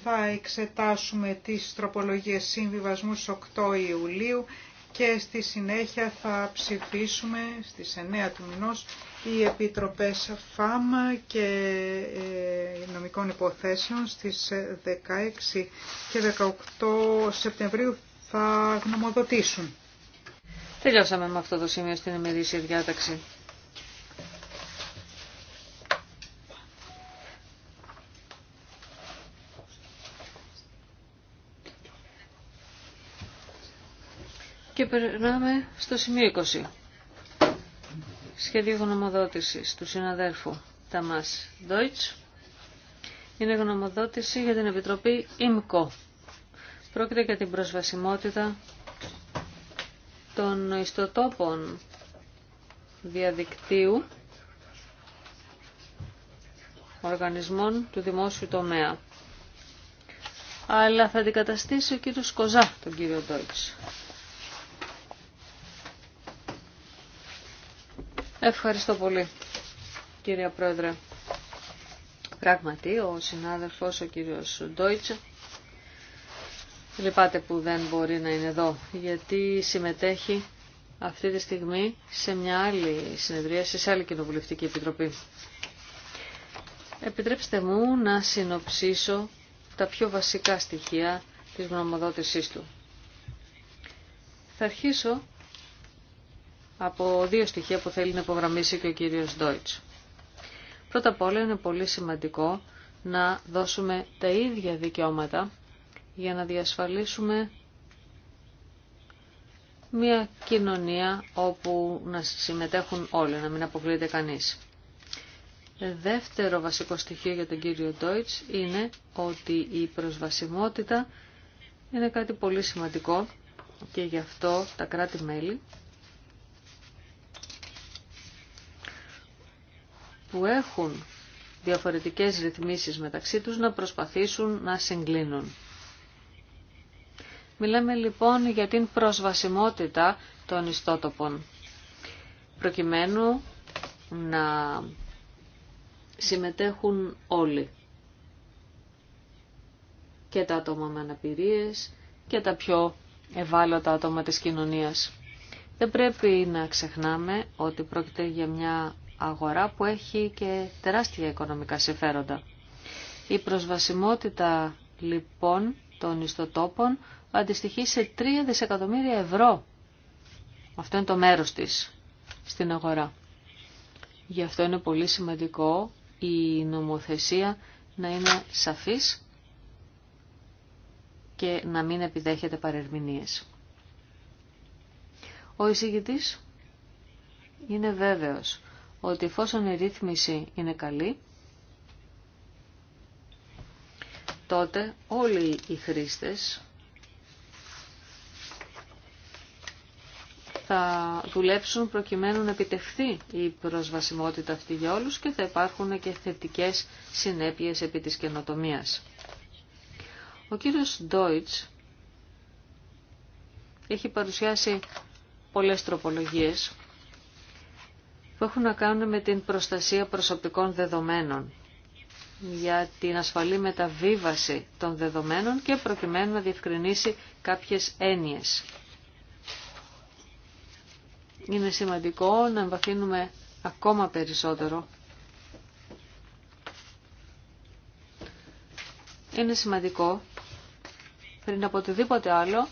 θα εξετάσουμε τις τροπολογίες συμβιβασμού 8 Ιουλίου και στη συνέχεια θα ψηφίσουμε στις 9 του μηνός οι Επιτροπές Φάμα και ε, Νομικών Υποθέσεων στις 16 και 18 Σεπτεμβρίου θα γνωμοδοτήσουν. Τελειώσαμε με αυτό το σημείο στην ημερήσια διάταξη. περνάμε στο σημείο 20. Σχέδιο γνωμοδότηση του συναδέλφου Ταμάς Deutsch Είναι γνωμοδότηση για την Επιτροπή ΙΜΚΟ. Πρόκειται για την προσβασιμότητα των ιστοτόπων διαδικτύου οργανισμών του δημόσιου τομέα. Αλλά θα αντικαταστήσει ο κύριος Κοζά τον κύριο Deutsch. Ευχαριστώ πολύ, κυρία Πρόεδρε. Πράγματι, ο συνάδελφος, ο κύριος Ντόιτσε, λυπάται που δεν μπορεί να είναι εδώ, γιατί συμμετέχει αυτή τη στιγμή σε μια άλλη συνεδρία, σε άλλη κοινοβουλευτική επιτροπή. Επιτρέψτε μου να συνοψίσω τα πιο βασικά στοιχεία της γνωμοδότησής του. Θα αρχίσω από δύο στοιχεία που θέλει να υπογραμμίσει και ο κύριος Ντόιτς. Πρώτα απ' όλα είναι πολύ σημαντικό να δώσουμε τα ίδια δικαιώματα για να διασφαλίσουμε μια κοινωνία όπου να συμμετέχουν όλοι, να μην αποκλείεται κανείς. Δεύτερο βασικό στοιχείο για τον κύριο Ντόιτς είναι ότι η προσβασιμότητα είναι κάτι πολύ σημαντικό και γι' αυτό τα κράτη-μέλη που έχουν διαφορετικές ρυθμίσεις μεταξύ τους να προσπαθήσουν να συγκλίνουν. Μιλάμε λοιπόν για την προσβασιμότητα των ιστότοπων, προκειμένου να συμμετέχουν όλοι και τα άτομα με αναπηρίες και τα πιο ευάλωτα άτομα της κοινωνίας. Δεν πρέπει να ξεχνάμε ότι πρόκειται για μια αγορά που έχει και τεράστια οικονομικά συμφέροντα. Η προσβασιμότητα λοιπόν των ιστοτόπων αντιστοιχεί σε 3 δισεκατομμύρια ευρώ. Αυτό είναι το μέρος της στην αγορά. Γι' αυτό είναι πολύ σημαντικό η νομοθεσία να είναι σαφής και να μην επιδέχεται παρερμηνίες. Ο εισηγητής είναι βέβαιος ότι εφόσον η ρύθμιση είναι καλή, τότε όλοι οι χρήστες θα δουλέψουν προκειμένου να επιτευχθεί η προσβασιμότητα αυτή για όλους και θα υπάρχουν και θετικές συνέπειες επί της καινοτομίας. Ο κύριος Ντόιτς έχει παρουσιάσει πολλές τροπολογίες που έχουν να κάνουν με την προστασία προσωπικών δεδομένων για την ασφαλή μεταβίβαση των δεδομένων και προκειμένου να διευκρινίσει κάποιες έννοιες. Είναι σημαντικό να εμβαθύνουμε ακόμα περισσότερο. Είναι σημαντικό πριν από οτιδήποτε άλλο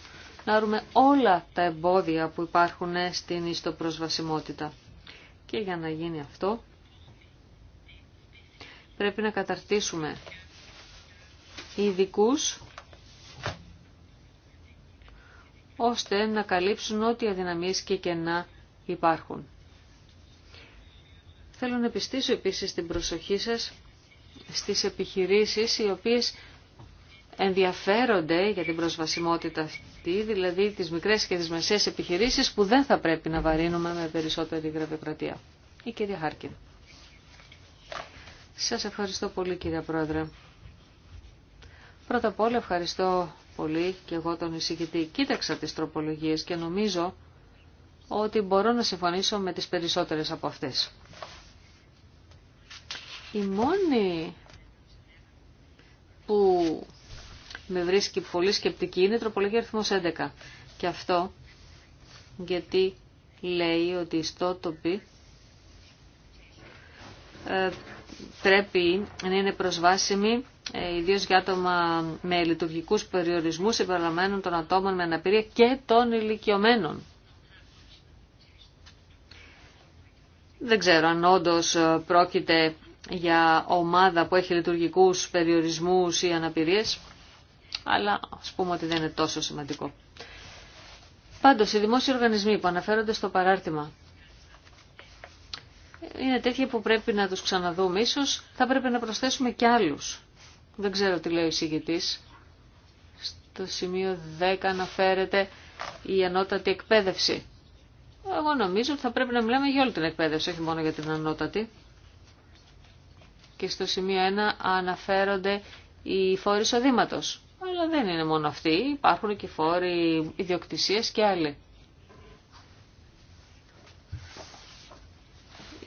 να άρουμε όλα τα εμπόδια που υπάρχουν στην ιστοπροσβασιμότητα. Και για να γίνει αυτό πρέπει να καταρτήσουμε ειδικού ώστε να καλύψουν ό,τι αδυναμίες και κενά υπάρχουν. Θέλω να επιστήσω επίσης την προσοχή σας στις επιχειρήσεις οι οποίες ενδιαφέρονται για την προσβασιμότητα αυτή, δηλαδή τις μικρές και τις μεσαίες επιχειρήσεις που δεν θα πρέπει να βαρύνουμε με περισσότερη γραφειοκρατία. Η κυρία Χάρκιν. Σας ευχαριστώ πολύ κυρία Πρόεδρε. Πρώτα απ' όλα ευχαριστώ πολύ και εγώ τον εισηγητή. Κοίταξα τις τροπολογίες και νομίζω ότι μπορώ να συμφωνήσω με τις περισσότερες από αυτές. Η μόνη που με βρίσκει πολύ σκεπτική είναι η τροπολογία αριθμό 11. Και αυτό γιατί λέει ότι οι ιστότοποι ε, πρέπει να είναι προσβάσιμοι ε, ιδίως για άτομα με λειτουργικούς περιορισμούς συμπεριλαμβάνουν των ατόμων με αναπηρία και των ηλικιωμένων. Δεν ξέρω αν όντω ε, πρόκειται για ομάδα που έχει λειτουργικούς περιορισμούς ή αναπηρίες αλλά ας πούμε ότι δεν είναι τόσο σημαντικό. Πάντως, οι δημόσιοι οργανισμοί που αναφέρονται στο παράρτημα είναι τέτοιοι που πρέπει να τους ξαναδούμε. Ίσως θα πρέπει να προσθέσουμε και άλλους. Δεν ξέρω τι λέει ο εισηγητής. Στο σημείο 10 αναφέρεται η ανώτατη εκπαίδευση. Εγώ νομίζω ότι θα πρέπει να μιλάμε για όλη την εκπαίδευση, όχι μόνο για την ανώτατη. Και στο σημείο 1 αναφέρονται οι φόροι εισοδήματος. Αλλά δεν είναι μόνο αυτοί, υπάρχουν και φόροι ιδιοκτησίας και άλλοι.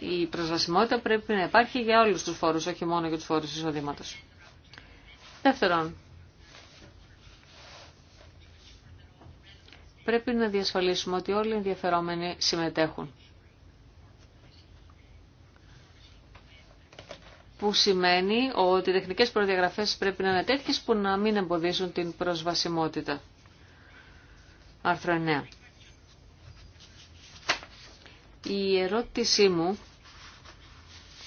Η προσβασιμότητα πρέπει να υπάρχει για όλους τους φόρους, όχι μόνο για τους φόρους εισοδήματος. Δεύτερον, πρέπει να διασφαλίσουμε ότι όλοι οι ενδιαφερόμενοι συμμετέχουν. που σημαίνει ότι οι τεχνικές προδιαγραφές πρέπει να είναι τέτοιες που να μην εμποδίζουν την προσβασιμότητα. Άρθρο 9. Η ερώτησή μου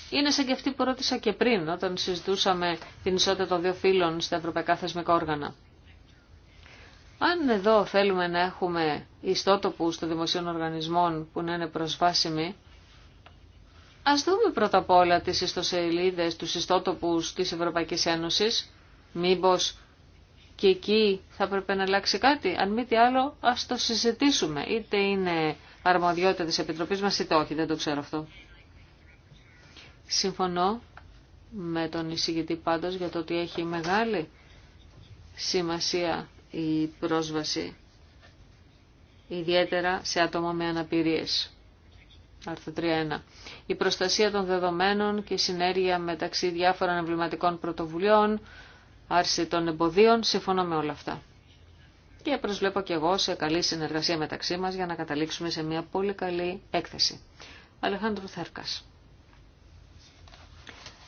είναι σαν και αυτή που ρώτησα και πριν όταν συζητούσαμε την ισότητα των δύο φύλων στα ευρωπαϊκά θεσμικά όργανα. Αν εδώ θέλουμε να έχουμε ιστότοπους των δημοσίων οργανισμών που να είναι προσβάσιμοι, Ας δούμε πρώτα απ' όλα τις ιστοσελίδες, τους ιστότοπους της Ευρωπαϊκής Ένωσης. Μήπως και εκεί θα πρέπει να αλλάξει κάτι. Αν μη τι άλλο, ας το συζητήσουμε. Είτε είναι αρμοδιότητα της Επιτροπής μας, είτε όχι. Δεν το ξέρω αυτό. Συμφωνώ με τον εισηγητή πάντως για το ότι έχει μεγάλη σημασία η πρόσβαση, ιδιαίτερα σε άτομα με αναπηρίες. Η προστασία των δεδομένων και η συνέργεια μεταξύ διάφορων εμβληματικών πρωτοβουλειών, άρση των εμποδίων, συμφωνώ με όλα αυτά. Και προσβλέπω και εγώ σε καλή συνεργασία μεταξύ μας για να καταλήξουμε σε μια πολύ καλή έκθεση. Αλεχάνδρου Θέρκας.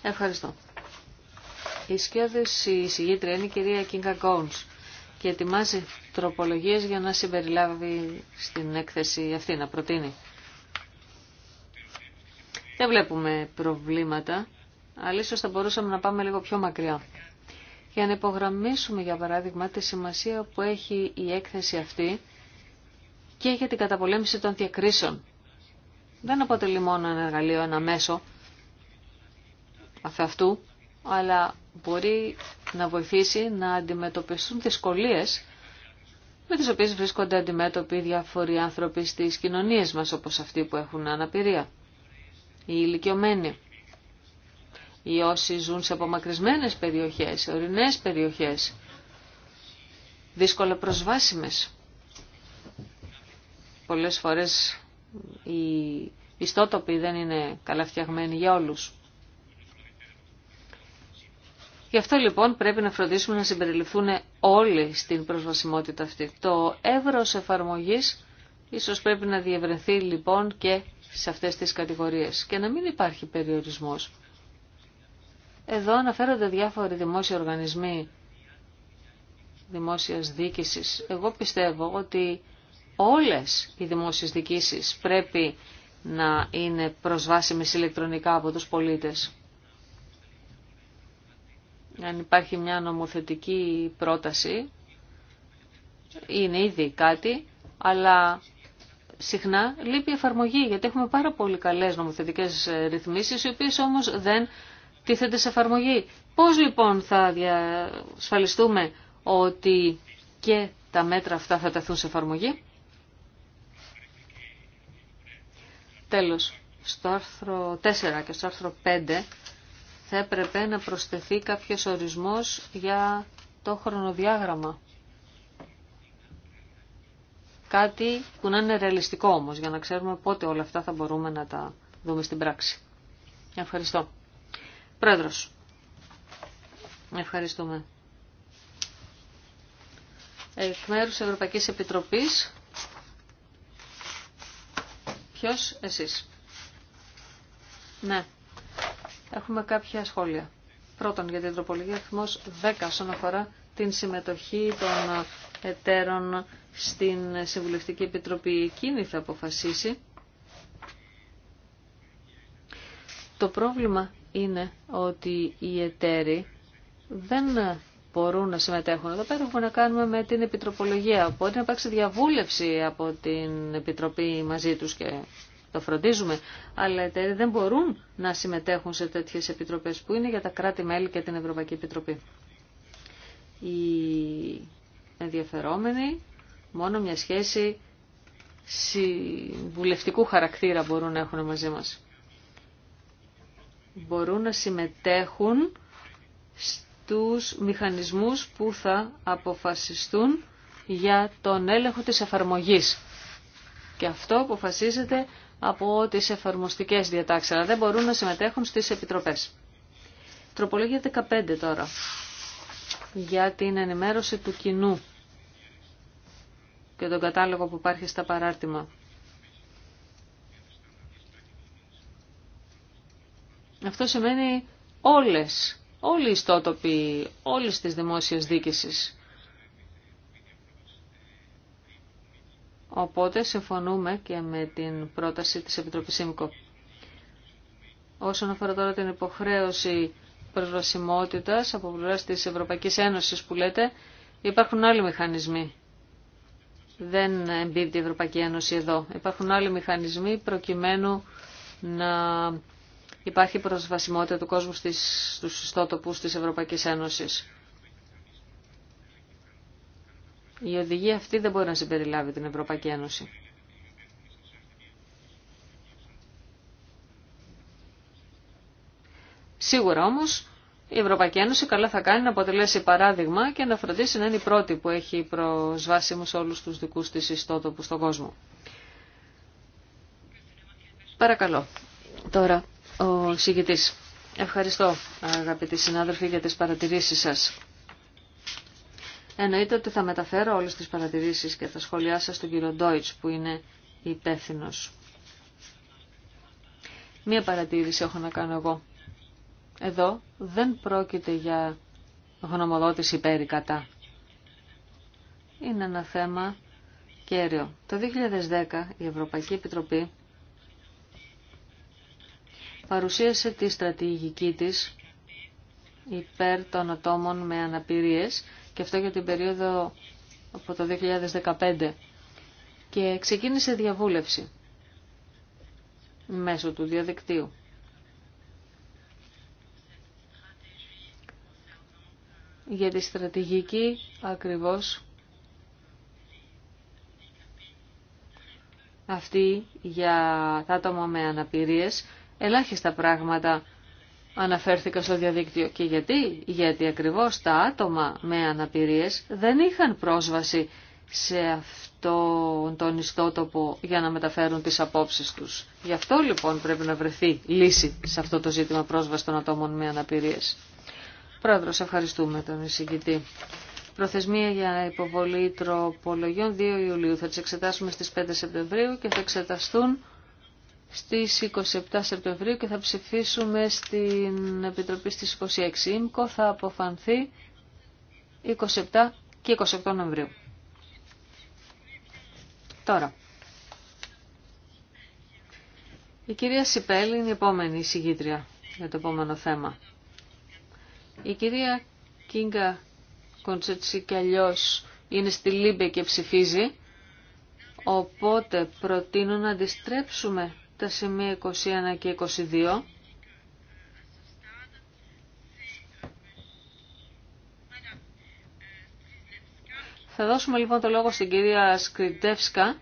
Ευχαριστώ. Η σκιώδης η συγγήτρια είναι η κυρία Κίνκα Γκόνς και ετοιμάζει τροπολογίες για να συμπεριλάβει στην έκθεση αυτή, να προτείνει. Δεν βλέπουμε προβλήματα, αλλά ίσως θα μπορούσαμε να πάμε λίγο πιο μακριά. Για να υπογραμμίσουμε, για παράδειγμα, τη σημασία που έχει η έκθεση αυτή και για την καταπολέμηση των διακρίσεων. Δεν αποτελεί μόνο ένα εργαλείο, ένα μέσο αυτού, αλλά μπορεί να βοηθήσει να αντιμετωπιστούν δυσκολίες με τις οποίες βρίσκονται αντιμέτωποι διάφοροι άνθρωποι στις κοινωνίες μας, όπως αυτοί που έχουν αναπηρία οι ηλικιωμένοι, οι όσοι ζουν σε απομακρυσμένες περιοχές, σε ορεινές περιοχές, δύσκολα προσβάσιμες. Πολλές φορές οι ιστότοποι δεν είναι καλά φτιαγμένοι για όλους. Γι' αυτό λοιπόν πρέπει να φροντίσουμε να συμπεριληφθούν όλοι στην προσβασιμότητα αυτή. Το εύρος εφαρμογής ίσως πρέπει να διευρεθεί λοιπόν και σε αυτές τις κατηγορίες και να μην υπάρχει περιορισμός. Εδώ αναφέρονται διάφοροι δημόσιοι οργανισμοί δημόσιας δίκησης. Εγώ πιστεύω ότι όλες οι δημόσιες δικήσεις πρέπει να είναι προσβάσιμες ηλεκτρονικά από τους πολίτες. Αν υπάρχει μια νομοθετική πρόταση, είναι ήδη κάτι, αλλά συχνά λείπει εφαρμογή, γιατί έχουμε πάρα πολύ καλές νομοθετικές ε, ρυθμίσεις, οι οποίες όμως δεν τίθενται σε εφαρμογή. Πώς λοιπόν θα διασφαλιστούμε ότι και τα μέτρα αυτά θα τεθούν σε εφαρμογή. Τέλος, στο άρθρο 4 και στο άρθρο 5 θα έπρεπε να προσθεθεί κάποιος ορισμός για το χρονοδιάγραμμα Κάτι που να είναι ρεαλιστικό όμως, για να ξέρουμε πότε όλα αυτά θα μπορούμε να τα δούμε στην πράξη. Ευχαριστώ. Πρόεδρος, ευχαριστούμε. Εκ μέρους Ευρωπαϊκής Επιτροπής, ποιος εσείς. Ναι, έχουμε κάποια σχόλια. Πρώτον για την τροπολογία αριθμός 10 όσον αφορά την συμμετοχή των εταίρων στην Συμβουλευτική Επιτροπή. Εκείνη θα αποφασίσει. Το πρόβλημα είναι ότι οι εταίροι δεν μπορούν να συμμετέχουν. Εδώ πέρα έχουμε να κάνουμε με την επιτροπολογία. Μπορεί να υπάρξει διαβούλευση από την Επιτροπή μαζί τους και το φροντίζουμε, αλλά οι εταίροι δεν μπορούν να συμμετέχουν σε τέτοιες επιτροπές που είναι για τα κράτη-μέλη και την Ευρωπαϊκή Επιτροπή ενδιαφερόμενοι, μόνο μια σχέση συμβουλευτικού χαρακτήρα μπορούν να έχουν μαζί μας. Μπορούν να συμμετέχουν στους μηχανισμούς που θα αποφασιστούν για τον έλεγχο της εφαρμογής. Και αυτό αποφασίζεται από τις εφαρμοστικές διατάξεις, αλλά δεν μπορούν να συμμετέχουν στις επιτροπές. Τροπολογία 15 τώρα, για την ενημέρωση του κοινού και τον κατάλογο που υπάρχει στα παράρτημα. Αυτό σημαίνει όλες, όλοι οι ιστότοποι, όλες τις δημόσιες δίκησης. Οπότε συμφωνούμε και με την πρόταση της Επιτροπής ΣΥΜΚΟ. Όσον αφορά τώρα την υποχρέωση προσβασιμότητας από πλευράς της Ευρωπαϊκής Ένωσης που λέτε, υπάρχουν άλλοι μηχανισμοί δεν εμπίπτει η Ευρωπαϊκή Ένωση εδώ. Υπάρχουν άλλοι μηχανισμοί προκειμένου να υπάρχει προσβασιμότητα του κόσμου στις, στους ιστότοπους της Ευρωπαϊκής Ένωσης. Η οδηγία αυτή δεν μπορεί να συμπεριλάβει την Ευρωπαϊκή Ένωση. Σίγουρα όμως η Ευρωπαϊκή Ένωση καλά θα κάνει να αποτελέσει παράδειγμα και να φροντίσει να είναι η πρώτη που έχει προσβάσιμους όλους τους δικούς της ιστότοπους στον κόσμο. Παρακαλώ. Τώρα, ο συγκητής. Ευχαριστώ, αγαπητοί συνάδελφοι, για τις παρατηρήσεις σας. Εννοείται ότι θα μεταφέρω όλες τις παρατηρήσεις και τα σχόλιά σας στον κύριο Ντόιτς, που είναι υπεύθυνο. Μία παρατήρηση έχω να κάνω εγώ. Εδώ δεν πρόκειται για γνωμοδότηση περί κατά. Είναι ένα θέμα κέριο. Το 2010 η Ευρωπαϊκή Επιτροπή παρουσίασε τη στρατηγική της υπέρ των ατόμων με αναπηρίες και αυτό για την περίοδο από το 2015 και ξεκίνησε διαβούλευση μέσω του διαδικτύου. για τη στρατηγική ακριβώς αυτή για τα άτομα με αναπηρίες. Ελάχιστα πράγματα αναφέρθηκαν στο διαδίκτυο. Και γιατί, γιατί ακριβώς τα άτομα με αναπηρίες δεν είχαν πρόσβαση σε αυτόν τον ιστότοπο για να μεταφέρουν τις απόψεις τους. Γι' αυτό λοιπόν πρέπει να βρεθεί λύση σε αυτό το ζήτημα πρόσβαση των ατόμων με αναπηρίες. Πρόεδρο ευχαριστούμε τον εισηγητή. Προθεσμία για υποβολή τροπολογιών 2 Ιουλίου. Θα τι εξετάσουμε στις 5 Σεπτεμβρίου και θα εξεταστούν στις 27 Σεπτεμβρίου και θα ψηφίσουμε στην Επιτροπή στις 26. ΙΜΚΟ θα αποφανθεί 27 και 28 Νοεμβρίου. Τώρα. Η κυρία Σιπέλη είναι η επόμενη εισηγήτρια για το επόμενο θέμα. Η κυρία Κίνγκα Κοντσέτσι κι αλλιώ είναι στη Λίμπε και ψηφίζει, οπότε προτείνω να αντιστρέψουμε τα σημεία 21 και 22. Θα δώσουμε λοιπόν το λόγο στην κυρία Σκριντεύσκα,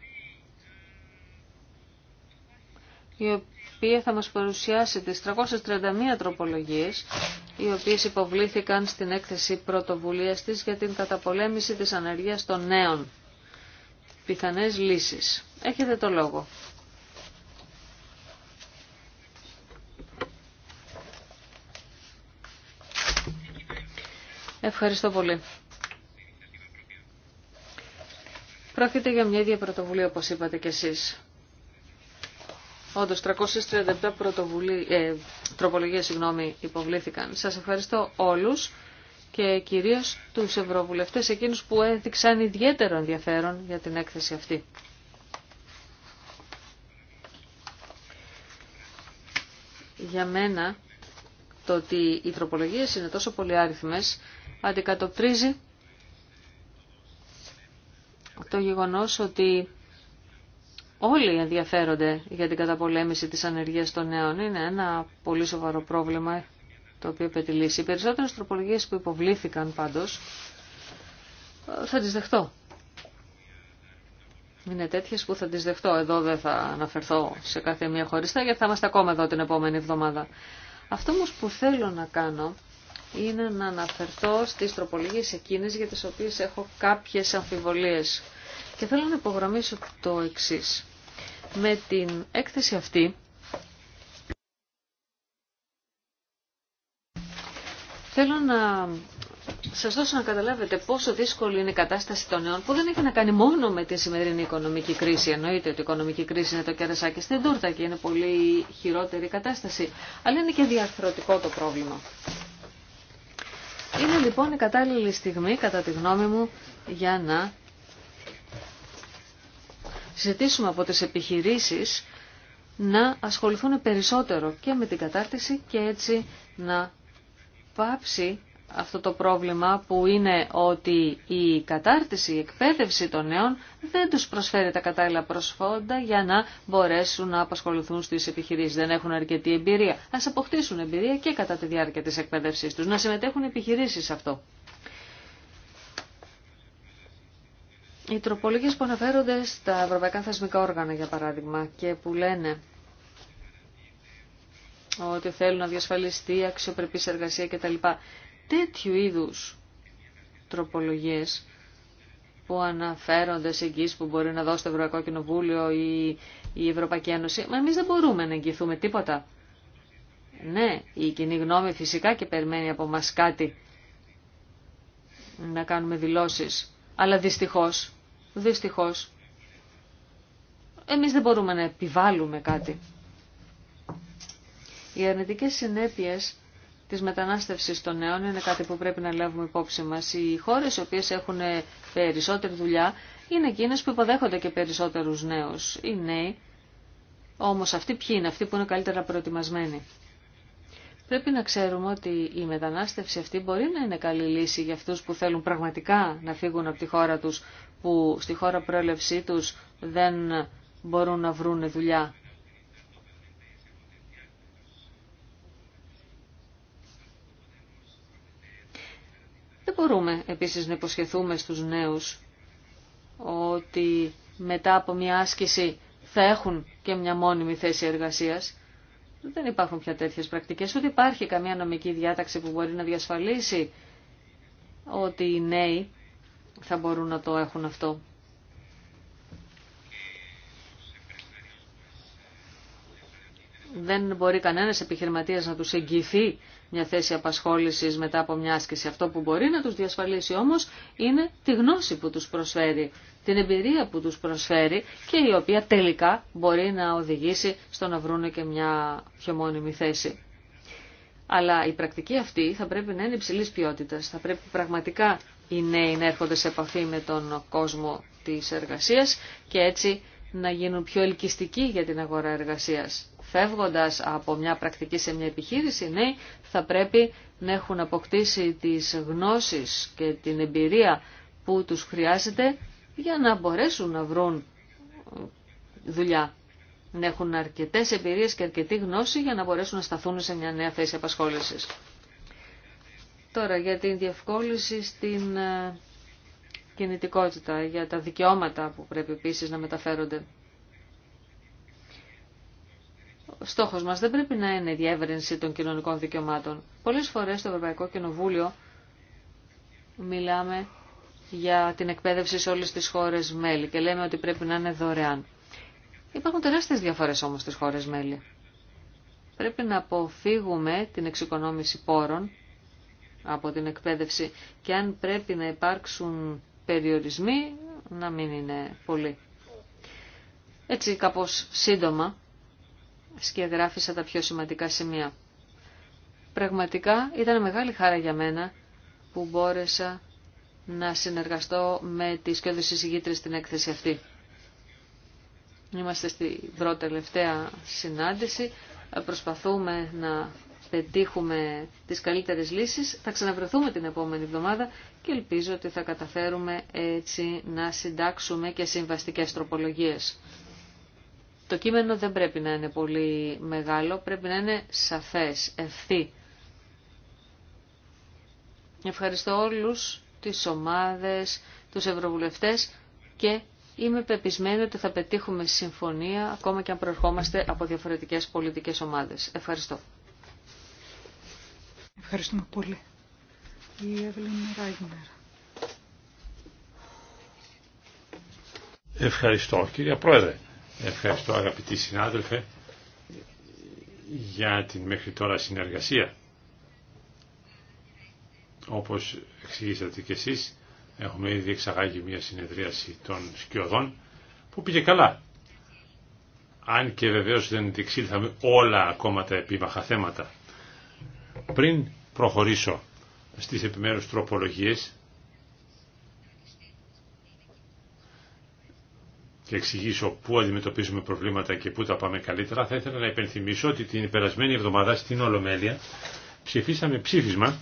οποία θα μας παρουσιάσει τις 331 τροπολογίες, οι οποίες υποβλήθηκαν στην έκθεση πρωτοβουλίας της για την καταπολέμηση της ανεργίας των νέων. Πιθανές λύσεις. Έχετε το λόγο. Ευχαριστώ πολύ. Πρόκειται για μια ίδια πρωτοβουλία, όπως είπατε κι εσείς. Όντω 337 πρωτοβουλί... ε, τροπολογίες υποβλήθηκαν. Σας ευχαριστώ όλους και κυρίως τους ευρωβουλευτές εκείνους που έδειξαν ιδιαίτερο ενδιαφέρον για την έκθεση αυτή. Για μένα το ότι οι τροπολογίες είναι τόσο πολυάριθμες αντικατοπτρίζει το γεγονό ότι Όλοι ενδιαφέρονται για την καταπολέμηση της ανεργίας των νέων. Είναι ένα πολύ σοβαρό πρόβλημα το οποίο λύση. Οι περισσότερες τροπολογίες που υποβλήθηκαν πάντως θα τις δεχτώ. Είναι τέτοιε που θα τις δεχτώ. Εδώ δεν θα αναφερθώ σε κάθε μία χωριστά γιατί θα είμαστε ακόμα εδώ την επόμενη εβδομάδα. Αυτό όμω που θέλω να κάνω είναι να αναφερθώ στις τροπολογίες εκείνες για τις οποίες έχω κάποιες αμφιβολίες. Και θέλω να υπογραμμίσω το εξή. Με την έκθεση αυτή θέλω να σας δώσω να καταλάβετε πόσο δύσκολη είναι η κατάσταση των νέων που δεν έχει να κάνει μόνο με τη σημερινή οικονομική κρίση. Εννοείται ότι η οικονομική κρίση είναι το κερασάκι στην τούρτα και είναι πολύ χειρότερη η κατάσταση. Αλλά είναι και διαρθρωτικό το πρόβλημα. Είναι λοιπόν η κατάλληλη στιγμή, κατά τη γνώμη μου, για να ζητήσουμε από τις επιχειρήσεις να ασχοληθούν περισσότερο και με την κατάρτιση και έτσι να πάψει αυτό το πρόβλημα που είναι ότι η κατάρτιση, η εκπαίδευση των νέων δεν τους προσφέρει τα κατάλληλα προσφόντα για να μπορέσουν να απασχοληθούν στις επιχειρήσεις. Δεν έχουν αρκετή εμπειρία. Ας αποκτήσουν εμπειρία και κατά τη διάρκεια της εκπαίδευσής τους. Να συμμετέχουν επιχειρήσεις σε αυτό. Οι τροπολογίες που αναφέρονται στα ευρωπαϊκά θεσμικά όργανα, για παράδειγμα, και που λένε ότι θέλουν να διασφαλιστεί αξιοπρεπής εργασία κτλ. Τέτοιου είδους τροπολογίες που αναφέρονται σε που μπορεί να δώσει το Ευρωπαϊκό Κοινοβούλιο ή η Ευρωπαϊκή Ένωση. Μα εμείς δεν μπορούμε να εγγυηθούμε τίποτα. Ναι, η κοινή γνώμη φυσικά και περιμένει από μας κάτι να κάνουμε δηλώσεις. Αλλά δυστυχώς, δυστυχώς, εμείς δεν μπορούμε να επιβάλλουμε κάτι. Οι αρνητικές συνέπειες της μετανάστευσης των νέων είναι κάτι που πρέπει να λάβουμε υπόψη μας. Οι χώρες οι οποίες έχουν περισσότερη δουλειά είναι εκείνες που υποδέχονται και περισσότερους νέους. Οι νέοι, όμως αυτοί ποιοι είναι, αυτοί που είναι καλύτερα προετοιμασμένοι. Πρέπει να ξέρουμε ότι η μετανάστευση αυτή μπορεί να είναι καλή λύση για αυτούς που θέλουν πραγματικά να φύγουν από τη χώρα τους, που στη χώρα πρόλευση τους δεν μπορούν να βρουν δουλειά. Δεν μπορούμε επίσης να υποσχεθούμε στους νέους ότι μετά από μια άσκηση θα έχουν και μια μόνιμη θέση εργασίας. Δεν υπάρχουν πια τέτοιες πρακτικές, ούτε υπάρχει καμία νομική διάταξη που μπορεί να διασφαλίσει ότι οι νέοι θα μπορούν να το έχουν αυτό. Δεν μπορεί κανένας επιχειρηματίας να τους εγγυηθεί μια θέση απασχόλησης μετά από μια άσκηση. Αυτό που μπορεί να τους διασφαλίσει όμως είναι τη γνώση που τους προσφέρει, την εμπειρία που τους προσφέρει και η οποία τελικά μπορεί να οδηγήσει στο να βρούνε και μια πιο μόνιμη θέση. Αλλά η πρακτική αυτή θα πρέπει να είναι υψηλής ποιότητας. Θα πρέπει πραγματικά οι νέοι να έρχονται σε επαφή με τον κόσμο της εργασίας και έτσι να γίνουν πιο ελκυστικοί για την αγορά εργασίας φεύγοντας από μια πρακτική σε μια επιχείρηση, ναι, θα πρέπει να έχουν αποκτήσει τις γνώσεις και την εμπειρία που τους χρειάζεται για να μπορέσουν να βρουν ε, δουλειά. Να έχουν αρκετές εμπειρίες και αρκετή γνώση για να μπορέσουν να σταθούν σε μια νέα θέση απασχόλησης. Τώρα για την διευκόλυνση στην ε, κινητικότητα, για τα δικαιώματα που πρέπει επίσης να μεταφέρονται. Στόχο μας δεν πρέπει να είναι η διεύρυνση των κοινωνικών δικαιωμάτων. Πολλές φορές στο Ευρωπαϊκό Κοινοβούλιο μιλάμε για την εκπαίδευση σε όλε τις χώρες μέλη και λέμε ότι πρέπει να είναι δωρεάν. Υπάρχουν τεράστιες διαφορές όμως στις χώρες μέλη. Πρέπει να αποφύγουμε την εξοικονόμηση πόρων από την εκπαίδευση και αν πρέπει να υπάρξουν περιορισμοί να μην είναι πολλοί. Έτσι κάπως σύντομα σκιαγράφησα τα πιο σημαντικά σημεία. Πραγματικά ήταν μεγάλη χάρα για μένα που μπόρεσα να συνεργαστώ με τις κέντρες συζυγήτρες στην έκθεση αυτή. Είμαστε στη πρώτη τελευταία συνάντηση. Προσπαθούμε να πετύχουμε τις καλύτερες λύσεις. Θα ξαναβρεθούμε την επόμενη εβδομάδα και ελπίζω ότι θα καταφέρουμε έτσι να συντάξουμε και συμβαστικές τροπολογίες. Το κείμενο δεν πρέπει να είναι πολύ μεγάλο, πρέπει να είναι σαφές, ευθύ. Ευχαριστώ όλους τις ομάδες, τους ευρωβουλευτές και είμαι πεπισμένη ότι θα πετύχουμε συμφωνία ακόμα και αν προερχόμαστε από διαφορετικές πολιτικές ομάδες. Ευχαριστώ. Ευχαριστούμε πολύ. Η Ευχαριστώ κύριε Πρόεδρε. Ευχαριστώ αγαπητοί συνάδελφε για την μέχρι τώρα συνεργασία. Όπως εξηγήσατε και εσείς, έχουμε ήδη εξαγάγει μια συνεδρίαση των σκιωδών που πήγε καλά. Αν και βεβαίως δεν διεξήλθαμε όλα ακόμα τα επίμαχα θέματα. Πριν προχωρήσω στις επιμέρους τροπολογίες, και εξηγήσω πού αντιμετωπίζουμε προβλήματα και πού τα πάμε καλύτερα, θα ήθελα να υπενθυμίσω ότι την περασμένη εβδομάδα στην Ολομέλεια ψηφίσαμε ψήφισμα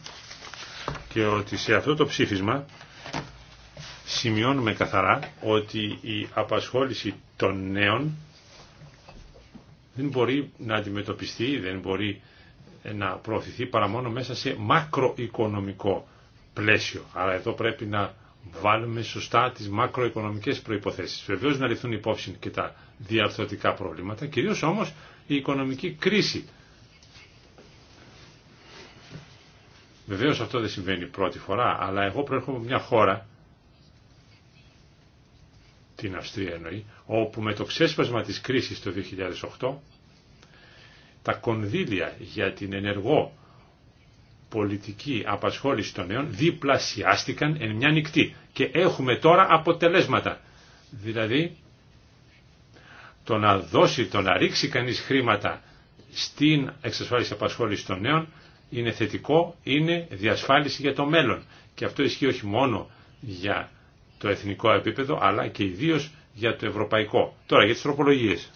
και ότι σε αυτό το ψήφισμα σημειώνουμε καθαρά ότι η απασχόληση των νέων δεν μπορεί να αντιμετωπιστεί, δεν μπορεί να προωθηθεί παρά μόνο μέσα σε μακροοικονομικό πλαίσιο. Άρα εδώ πρέπει να βάλουμε σωστά τι μακροοικονομικές προϋποθέσεις. Βεβαίως να ληφθούν υπόψη και τα διαρθρωτικά προβλήματα, κυρίως όμως η οικονομική κρίση. Βεβαίω αυτό δεν συμβαίνει πρώτη φορά, αλλά εγώ προέρχομαι από μια χώρα, την Αυστρία εννοεί, όπου με το ξέσπασμα της κρίσης το 2008, τα κονδύλια για την ενεργό πολιτική απασχόληση των νέων διπλασιάστηκαν εν μια νυχτή και έχουμε τώρα αποτελέσματα. Δηλαδή το να δώσει, το να ρίξει κανείς χρήματα στην εξασφάλιση απασχόληση των νέων είναι θετικό, είναι διασφάλιση για το μέλλον. Και αυτό ισχύει όχι μόνο για το εθνικό επίπεδο, αλλά και ιδίω για το ευρωπαϊκό. Τώρα για τις τροπολογίες.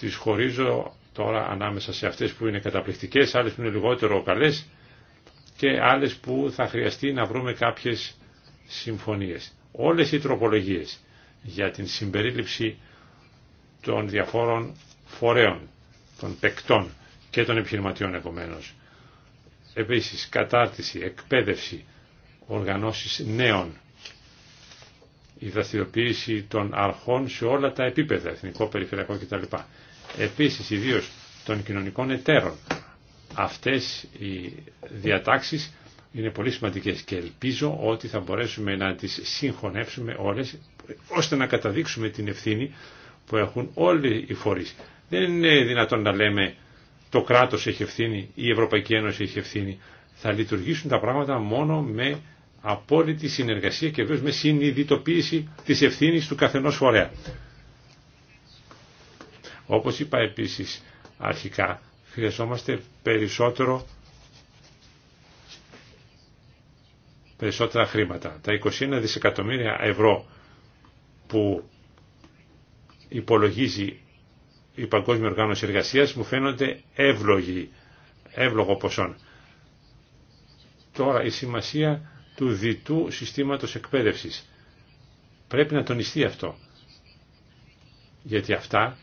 Τις χωρίζω τώρα ανάμεσα σε αυτές που είναι καταπληκτικές, άλλες που είναι λιγότερο καλές και άλλες που θα χρειαστεί να βρούμε κάποιες συμφωνίες. Όλες οι τροπολογίες για την συμπερίληψη των διαφόρων φορέων, των παικτών και των επιχειρηματιών επομένω. Επίσης, κατάρτιση, εκπαίδευση, οργανώσεις νέων, η δραστηριοποίηση των αρχών σε όλα τα επίπεδα, εθνικό, περιφερειακό κτλ επίσης ιδίως των κοινωνικών εταίρων. Αυτές οι διατάξεις είναι πολύ σημαντικές και ελπίζω ότι θα μπορέσουμε να τις συγχωνεύσουμε όλες ώστε να καταδείξουμε την ευθύνη που έχουν όλοι οι φορείς. Δεν είναι δυνατόν να λέμε το κράτος έχει ευθύνη, η Ευρωπαϊκή Ένωση έχει ευθύνη. Θα λειτουργήσουν τα πράγματα μόνο με απόλυτη συνεργασία και βέβαια με συνειδητοποίηση της ευθύνης του καθενός φορέα. Όπως είπα επίσης αρχικά, χρειαζόμαστε περισσότερο περισσότερα χρήματα. Τα 21 δισεκατομμύρια ευρώ που υπολογίζει η Παγκόσμια Οργάνωση Εργασίας μου φαίνονται εύλογοι, εύλογο ποσόν. Τώρα η σημασία του διτού συστήματος εκπαίδευσης. Πρέπει να τονιστεί αυτό. Γιατί αυτά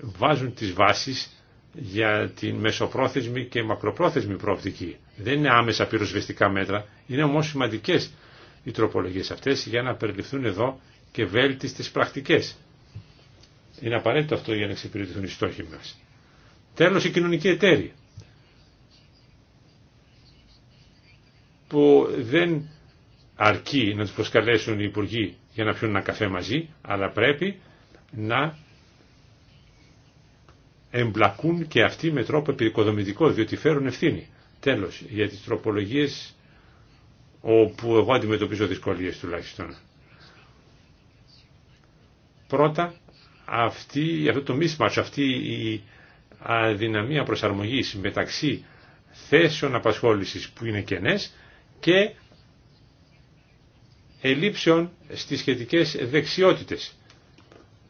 βάζουν τις βάσεις για την μεσοπρόθεσμη και μακροπρόθεσμη προοπτική. Δεν είναι άμεσα πυροσβεστικά μέτρα, είναι όμως σημαντικές οι τροπολογίες αυτές για να περιληφθούν εδώ και βέλτιστες πρακτικές. Είναι απαραίτητο αυτό για να εξυπηρετηθούν οι στόχοι μας. Τέλος, η κοινωνική εταίροι που δεν αρκεί να τους προσκαλέσουν οι υπουργοί για να πιούν ένα καφέ μαζί, αλλά πρέπει να εμπλακούν και αυτοί με τρόπο επικοδομητικό, διότι φέρουν ευθύνη. Τέλος, για τις τροπολογίες όπου εγώ αντιμετωπίζω δυσκολίες τουλάχιστον. Πρώτα, αυτή, αυτό το μίσμα, αυτή η αδυναμία προσαρμογής μεταξύ θέσεων απασχόλησης που είναι κενές και ελλείψεων στις σχετικές δεξιότητες.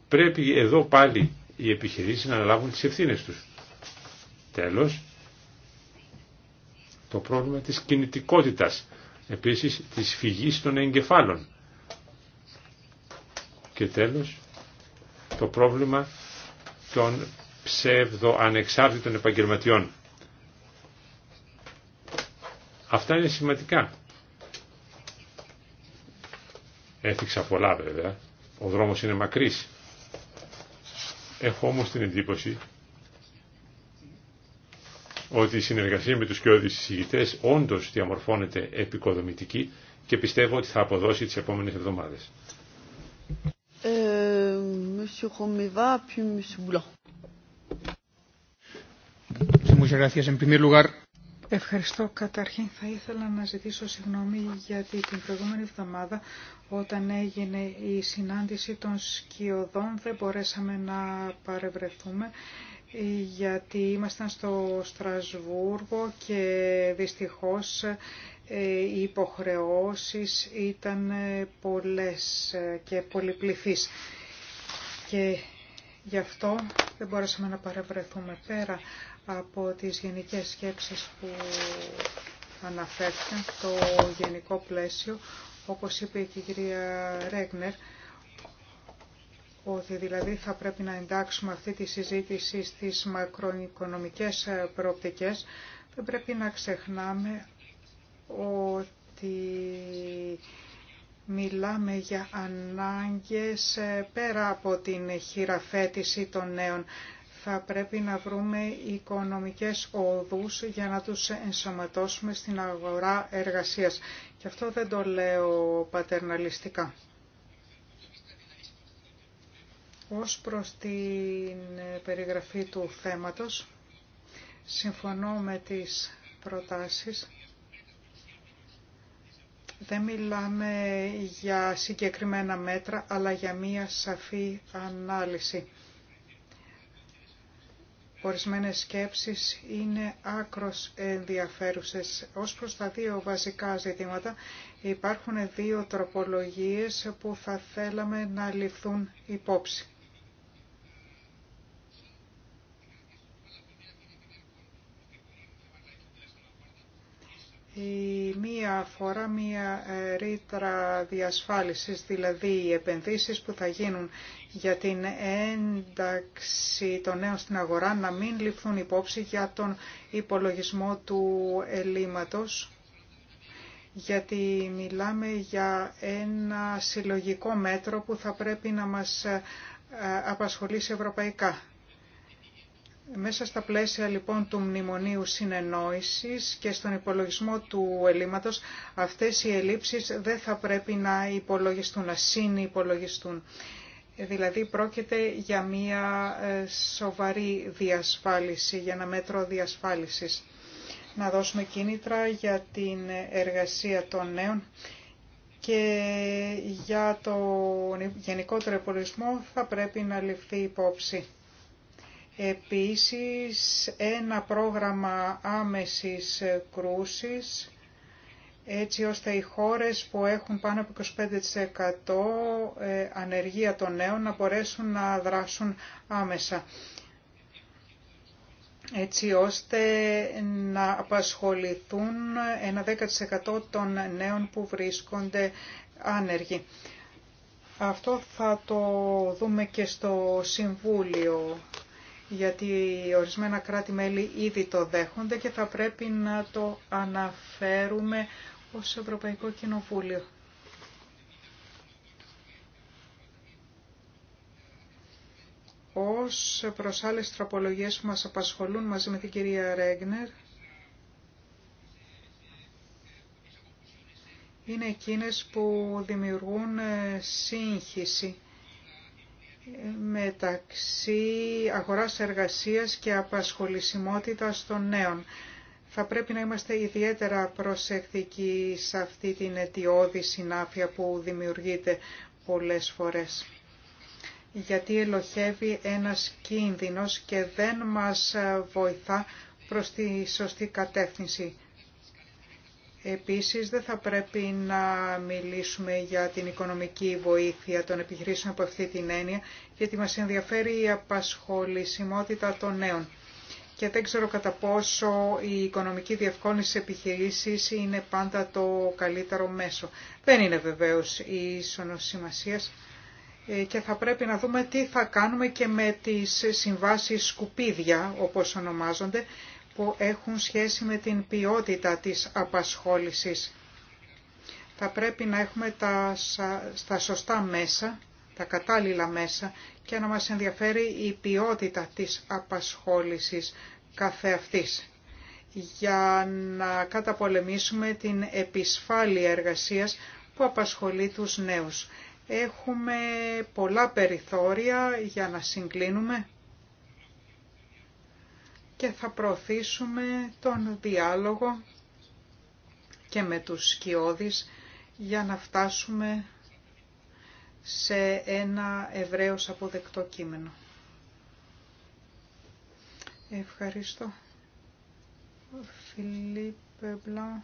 Πρέπει εδώ πάλι οι επιχειρήσει να αναλάβουν τις ευθύνε τους. Τέλος, το πρόβλημα της κινητικότητας, επίσης της φυγής των εγκεφάλων. Και τέλος, το πρόβλημα των ανεξάρτητων επαγγελματιών. Αυτά είναι σημαντικά. Έθιξα πολλά βέβαια. Ο δρόμος είναι μακρύς. Έχω όμως την εντύπωση ότι η συνεργασία με τους κοιόδης συζητητές όντως διαμορφώνεται επικοδομητική και πιστεύω ότι θα αποδώσει τις επόμενες εβδομάδες. Ε, Ευχαριστώ. Καταρχήν θα ήθελα να ζητήσω συγγνώμη γιατί την προηγούμενη εβδομάδα όταν έγινε η συνάντηση των σκιωδών δεν μπορέσαμε να παρευρεθούμε ε, γιατί ήμασταν στο Στρασβούργο και δυστυχώς ε, οι υποχρεώσεις ήταν πολλές και πολυπληθείς. Και γι' αυτό δεν μπορέσαμε να παρευρεθούμε πέρα από τις γενικές σκέψεις που αναφέρθηκαν, το γενικό πλαίσιο, όπως είπε η κυρία Ρέγνερ, ότι δηλαδή θα πρέπει να εντάξουμε αυτή τη συζήτηση στις μακροοικονομικές προοπτικές, δεν πρέπει να ξεχνάμε ότι μιλάμε για ανάγκες πέρα από την χειραφέτηση των νέων θα πρέπει να βρούμε οικονομικές οδούς για να τους ενσωματώσουμε στην αγορά εργασίας. Και αυτό δεν το λέω πατερναλιστικά. Ως προς την περιγραφή του θέματος, συμφωνώ με τις προτάσεις. Δεν μιλάμε για συγκεκριμένα μέτρα, αλλά για μία σαφή ανάλυση. Ορισμένες σκέψεις είναι άκρος ενδιαφέρουσες. Ως προς τα δύο βασικά ζητήματα υπάρχουν δύο τροπολογίες που θα θέλαμε να ληφθούν υπόψη. Η μία φορά μία ε, ρήτρα διασφάλισης, δηλαδή οι επενδύσεις που θα γίνουν για την ένταξη των νέων στην αγορά να μην ληφθούν υπόψη για τον υπολογισμό του ελλείμματος, γιατί μιλάμε για ένα συλλογικό μέτρο που θα πρέπει να μας ε, απασχολήσει ευρωπαϊκά. Μέσα στα πλαίσια λοιπόν του μνημονίου συνεννόησης και στον υπολογισμό του ελλείμματος, αυτές οι ελλείψεις δεν θα πρέπει να υπολογιστούν, να συνυπολογιστούν. Δηλαδή πρόκειται για μία ε, σοβαρή διασφάλιση, για ένα μέτρο διασφάλισης. Να δώσουμε κίνητρα για την εργασία των νέων και για το γενικότερο υπολογισμό θα πρέπει να ληφθεί υπόψη. Επίσης ένα πρόγραμμα άμεσης κρούσης έτσι ώστε οι χώρες που έχουν πάνω από 25% ε, ανεργία των νέων να μπορέσουν να δράσουν άμεσα. Έτσι ώστε να απασχοληθούν ένα 10% των νέων που βρίσκονται άνεργοι. Αυτό θα το δούμε και στο Συμβούλιο γιατί ορισμένα κράτη-μέλη ήδη το δέχονται και θα πρέπει να το αναφέρουμε ως Ευρωπαϊκό Κοινοβούλιο. Ως προς άλλες που μας απασχολούν μαζί με την κυρία Ρέγνερ, είναι εκείνες που δημιουργούν σύγχυση μεταξύ αγοράς εργασίας και απασχολησιμότητας των νέων. Θα πρέπει να είμαστε ιδιαίτερα προσεκτικοί σε αυτή την αιτιώδη συνάφεια που δημιουργείται πολλές φορές. Γιατί ελοχεύει ένας κίνδυνος και δεν μας βοηθά προς τη σωστή κατεύθυνση. Επίσης δεν θα πρέπει να μιλήσουμε για την οικονομική βοήθεια των επιχειρήσεων από αυτή την έννοια, γιατί μας ενδιαφέρει η απασχολησιμότητα των νέων. Και δεν ξέρω κατά πόσο η οικονομική διευκόλυνση επιχειρήσεις είναι πάντα το καλύτερο μέσο. Δεν είναι βεβαίως η ίσονος ε, και θα πρέπει να δούμε τι θα κάνουμε και με τις συμβάσεις σκουπίδια, όπως ονομάζονται, που έχουν σχέση με την ποιότητα της απασχόλησης. Θα πρέπει να έχουμε τα, στα σωστά μέσα, τα κατάλληλα μέσα και να μας ενδιαφέρει η ποιότητα της απασχόλησης καθεαυτής για να καταπολεμήσουμε την επισφάλεια εργασίας που απασχολεί τους νέους. Έχουμε πολλά περιθώρια για να συγκλίνουμε και θα προωθήσουμε τον διάλογο και με τους σκιώδεις για να φτάσουμε σε ένα ευρέως αποδεκτό κείμενο. Ευχαριστώ. Φιλίπ Μπλα,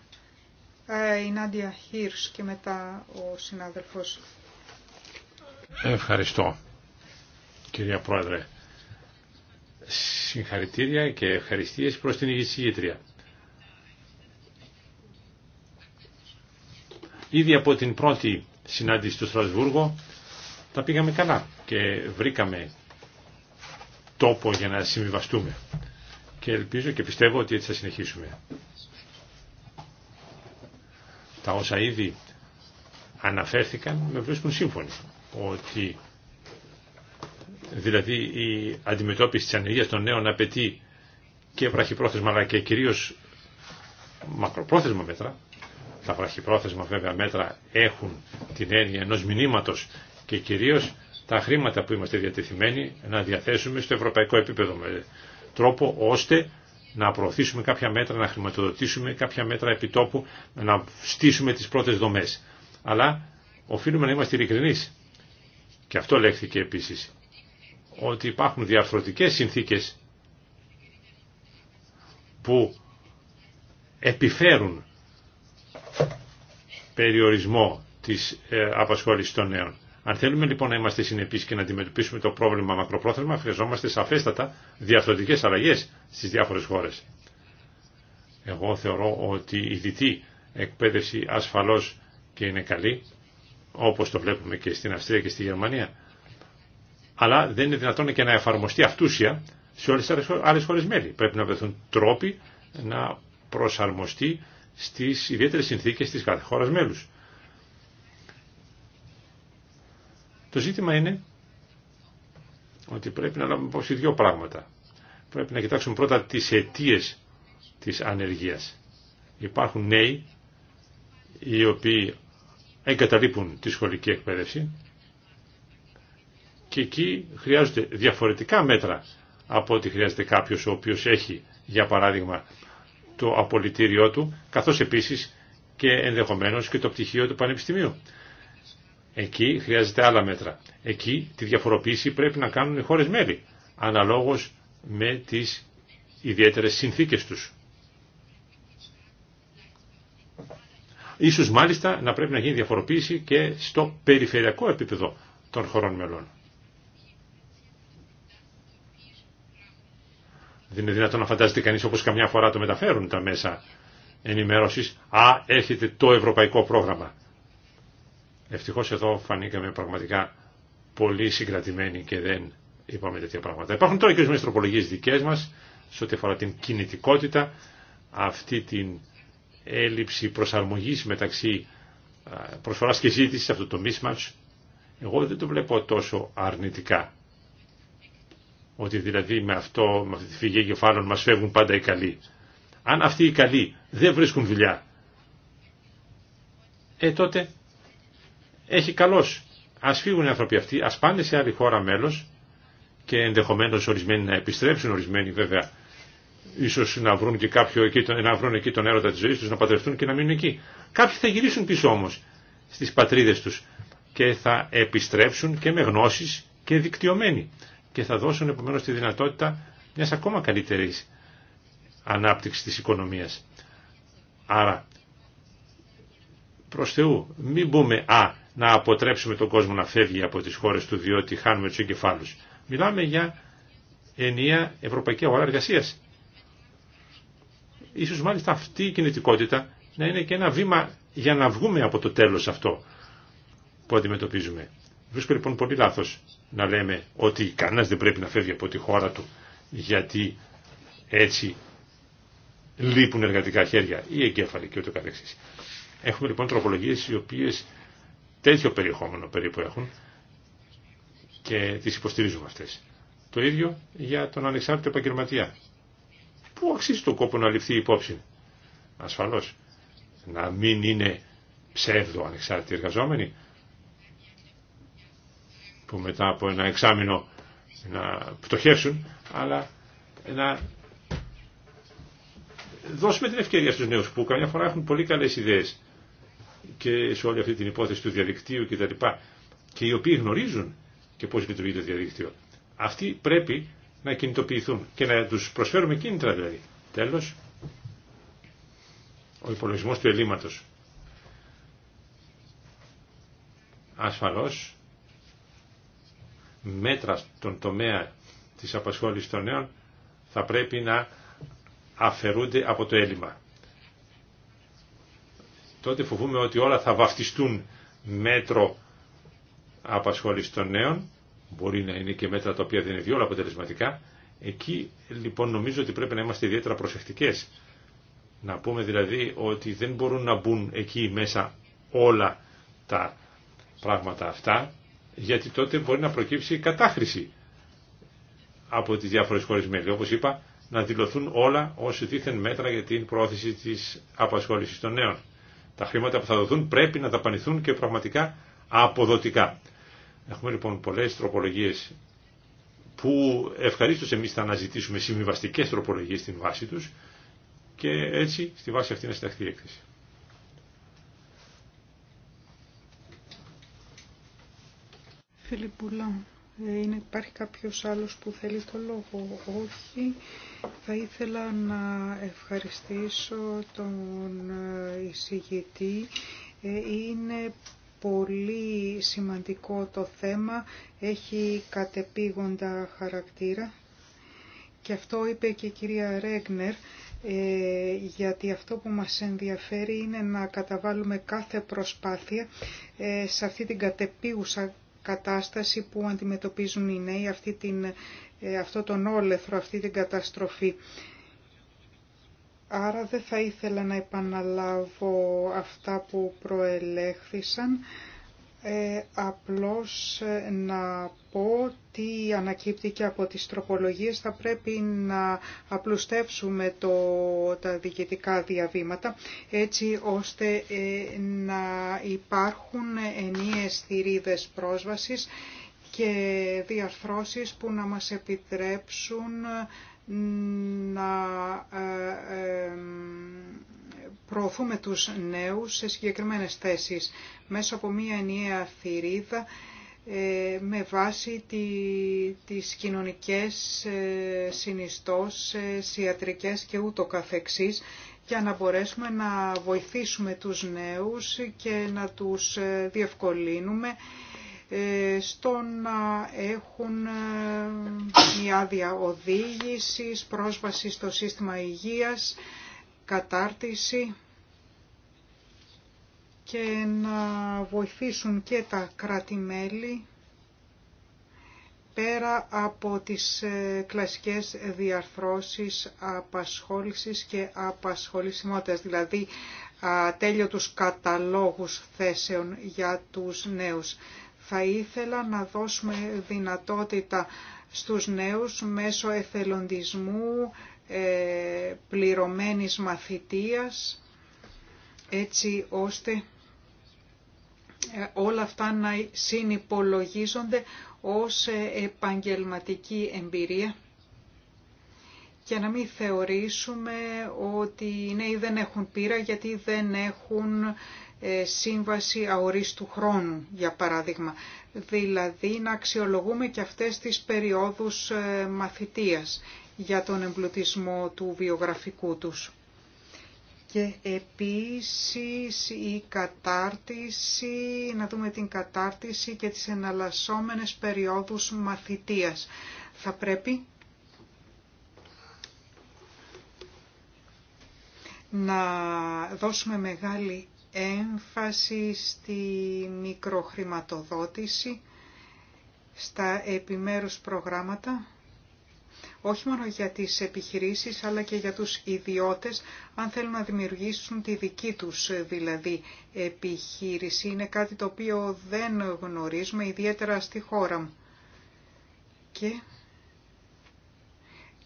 η Νάντια Χίρς και μετά ο συνάδελφος. Ευχαριστώ, κυρία Πρόεδρε συγχαρητήρια και ευχαριστίες προς την ηγεσία. Ήδη από την πρώτη συνάντηση στο Στρασβούργο τα πήγαμε καλά και βρήκαμε τόπο για να συμβιβαστούμε. Και ελπίζω και πιστεύω ότι έτσι θα συνεχίσουμε. Τα όσα ήδη αναφέρθηκαν με βρίσκουν σύμφωνοι ότι δηλαδή η αντιμετώπιση της ανεργίας των νέων απαιτεί και βραχυπρόθεσμα αλλά και κυρίως μακροπρόθεσμα μέτρα. Τα βραχυπρόθεσμα βέβαια μέτρα έχουν την έννοια ενός μηνύματος και κυρίως τα χρήματα που είμαστε διατεθειμένοι να διαθέσουμε στο ευρωπαϊκό επίπεδο με τρόπο ώστε να προωθήσουμε κάποια μέτρα, να χρηματοδοτήσουμε κάποια μέτρα επιτόπου, να στήσουμε τις πρώτες δομές. Αλλά οφείλουμε να είμαστε ειλικρινείς. Και αυτό λέχθηκε επίσης ότι υπάρχουν διαφορετικές συνθήκες που επιφέρουν περιορισμό της ε, απασχόλησης των νέων. Αν θέλουμε λοιπόν να είμαστε συνεπείς και να αντιμετωπίσουμε το πρόβλημα μακροπρόθεσμα, χρειαζόμαστε σαφέστατα διαφορετικές αλλαγές στις διάφορες χώρες. Εγώ θεωρώ ότι η δυτή εκπαίδευση ασφαλώς και είναι καλή, όπως το βλέπουμε και στην Αυστρία και στη Γερμανία, αλλά δεν είναι δυνατόν και να εφαρμοστεί αυτούσια σε όλες τις άλλες χώρες μέλη. Πρέπει να βρεθούν τρόποι να προσαρμοστεί στις ιδιαίτερες συνθήκες της κάθε χώρας μέλους. Το ζήτημα είναι ότι πρέπει να λάβουμε υπόψη δύο πράγματα. Πρέπει να κοιτάξουμε πρώτα τις αιτίε της ανεργίας. Υπάρχουν νέοι οι οποίοι εγκαταλείπουν τη σχολική εκπαίδευση και εκεί χρειάζονται διαφορετικά μέτρα από ό,τι χρειάζεται κάποιος ο οποίος έχει, για παράδειγμα, το απολυτήριό του, καθώς επίσης και ενδεχομένως και το πτυχίο του Πανεπιστημίου. Εκεί χρειάζεται άλλα μέτρα. Εκεί τη διαφοροποίηση πρέπει να κάνουν οι χώρες μέλη, αναλόγως με τις ιδιαίτερες συνθήκες τους. Ίσως μάλιστα να πρέπει να γίνει διαφοροποίηση και στο περιφερειακό επίπεδο των χωρών μελών. Δεν είναι δυνατόν να φαντάζεται κανείς όπως καμιά φορά το μεταφέρουν τα μέσα ενημέρωσης. Α, έχετε το ευρωπαϊκό πρόγραμμα. Ευτυχώς εδώ φανήκαμε πραγματικά πολύ συγκρατημένοι και δεν είπαμε τέτοια πράγματα. Υπάρχουν τώρα και ορισμένε τροπολογίε δικέ μα σε ό,τι αφορά την κινητικότητα, αυτή την έλλειψη προσαρμογή μεταξύ προσφορά και ζήτηση, αυτό το mismatch. Εγώ δεν το βλέπω τόσο αρνητικά. Ότι δηλαδή με, αυτό, με αυτή τη φυγή κεφάλων μας φεύγουν πάντα οι καλοί. Αν αυτοί οι καλοί δεν βρίσκουν δουλειά, ε τότε έχει καλός. Ας φύγουν οι άνθρωποι αυτοί, ας πάνε σε άλλη χώρα μέλος και ενδεχομένως ορισμένοι να επιστρέψουν, ορισμένοι βέβαια ίσως να βρουν, και κάποιο, εκεί, να βρουν εκεί τον έρωτα της ζωής τους, να πατρευτούν και να μείνουν εκεί. Κάποιοι θα γυρίσουν πίσω όμως στις πατρίδες τους και θα επιστρέψουν και με γνώσεις και δικτυωμένοι και θα δώσουν επομένως τη δυνατότητα μιας ακόμα καλύτερης ανάπτυξης της οικονομίας. Άρα, προς Θεού, μην πούμε «Α, να αποτρέψουμε τον κόσμο να φεύγει από τις χώρες του διότι χάνουμε τους εγκεφάλους». Μιλάμε για ενιαία ευρωπαϊκή αγορά εργασία. Ίσως μάλιστα αυτή η κινητικότητα να είναι και ένα βήμα για να βγούμε από το τέλος αυτό που αντιμετωπίζουμε. Βρίσκω λοιπόν πολύ λάθος να λέμε ότι κανένας δεν πρέπει να φεύγει από τη χώρα του γιατί έτσι λείπουν εργατικά χέρια ή εγκέφαλοι και ούτω καθεξής. Έχουμε λοιπόν τροπολογίες οι οποίες τέτοιο περιεχόμενο περίπου έχουν και τις υποστηρίζουμε αυτές. Το ίδιο για τον ανεξάρτητο επαγγελματία. Πού αξίζει τον κόπο να ληφθεί υπόψη. Ασφαλώς. Να μην είναι ψεύδο ανεξάρτητοι εργαζόμενοι, που μετά από ένα εξάμεινο να πτωχεύσουν, αλλά να δώσουμε την ευκαιρία στους νέους που καμιά φορά έχουν πολύ καλές ιδέες και σε όλη αυτή την υπόθεση του διαδικτύου κτλ. Και, και οι οποίοι γνωρίζουν και πώς λειτουργεί το διαδικτύο. Αυτοί πρέπει να κινητοποιηθούν και να τους προσφέρουμε κίνητρα δηλαδή. Τέλος, ο υπολογισμός του ελλείμματος. Ασφαλώς, μέτρα στον τομέα της απασχόλησης των νέων θα πρέπει να αφαιρούνται από το έλλειμμα. Τότε φοβούμε ότι όλα θα βαφτιστούν μέτρο απασχόλησης των νέων, μπορεί να είναι και μέτρα τα οποία δεν είναι διόλα αποτελεσματικά. Εκεί λοιπόν νομίζω ότι πρέπει να είμαστε ιδιαίτερα προσεκτικές. Να πούμε δηλαδή ότι δεν μπορούν να μπουν εκεί μέσα όλα τα πράγματα αυτά γιατί τότε μπορεί να προκύψει κατάχρηση από τις διάφορες χώρες μέλη. Όπως είπα, να δηλωθούν όλα όσοι δίθεν μέτρα για την πρόθεση της απασχόλησης των νέων. Τα χρήματα που θα δοθούν πρέπει να ταπανηθούν και πραγματικά αποδοτικά. Έχουμε λοιπόν πολλές τροπολογίες που ευχαρίστως εμείς θα αναζητήσουμε συμβιβαστικέ τροπολογίες στην βάση τους και έτσι στη βάση αυτή να συνταχθεί η έκθεση. Φιλιππουλά. Ε, είναι, υπάρχει κάποιος άλλος που θέλει το λόγο. Όχι. Θα ήθελα να ευχαριστήσω τον ε, εισηγητή. Ε, είναι πολύ σημαντικό το θέμα. Έχει κατεπίγοντα χαρακτήρα. Και αυτό είπε και η κυρία Ρέγνερ, ε, γιατί αυτό που μας ενδιαφέρει είναι να καταβάλουμε κάθε προσπάθεια ε, σε αυτή την κατεπίγουσα κατάσταση που αντιμετωπίζουν οι νέοι, αυτή την, ε, αυτό τον όλεθρο, αυτή την καταστροφή. Άρα δεν θα ήθελα να επαναλάβω αυτά που προελέχθησαν. Ε, απλώς ε, να πω τι ανακύπτει και από τις τροπολογίες θα πρέπει να απλουστεύσουμε το, τα διοικητικά διαβήματα έτσι ώστε ε, να υπάρχουν ενίες θηρίδες πρόσβασης και διαρθρώσεις που να μας επιτρέψουν ε, να προωθούμε τους νέους σε συγκεκριμένες θέσεις μέσα από μία ενιαία θηρίδα ε, με βάση τη, τις κοινωνικές ε, συνιστώσεις, ιατρικές και ούτω καθεξής για να μπορέσουμε να βοηθήσουμε τους νέους και να τους ε, διευκολύνουμε στο να έχουν μια άδεια οδήγησης, πρόσβαση στο σύστημα υγείας, κατάρτιση και να βοηθήσουν και τα κρατη πέρα από τις ε, κλασικές διαρθρώσεις απασχόλησης και απασχολησιμότητας, δηλαδή τέλειο τους καταλόγους θέσεων για τους νέους. Θα ήθελα να δώσουμε δυνατότητα στους νέους μέσω εθελοντισμού, ε, πληρωμένης μαθητείας έτσι ώστε ε, όλα αυτά να συνυπολογίζονται ως ε, επαγγελματική εμπειρία και να μην θεωρήσουμε ότι οι ναι, νέοι δεν έχουν πείρα γιατί δεν έχουν σύμβαση αορίστου χρόνου, για παράδειγμα. Δηλαδή να αξιολογούμε και αυτές τις περιόδους μαθητείας για τον εμπλουτισμό του βιογραφικού τους. Και επίσης η κατάρτιση, να δούμε την κατάρτιση και τις εναλλασσόμενες περιόδους μαθητείας. Θα πρέπει να δώσουμε μεγάλη έμφαση στη μικροχρηματοδότηση, στα επιμέρους προγράμματα όχι μόνο για τις επιχειρήσεις αλλά και για τους ιδιώτες αν θέλουν να δημιουργήσουν τη δική τους ε, δηλαδή επιχείρηση. Είναι κάτι το οποίο δεν γνωρίζουμε ιδιαίτερα στη χώρα μου. Και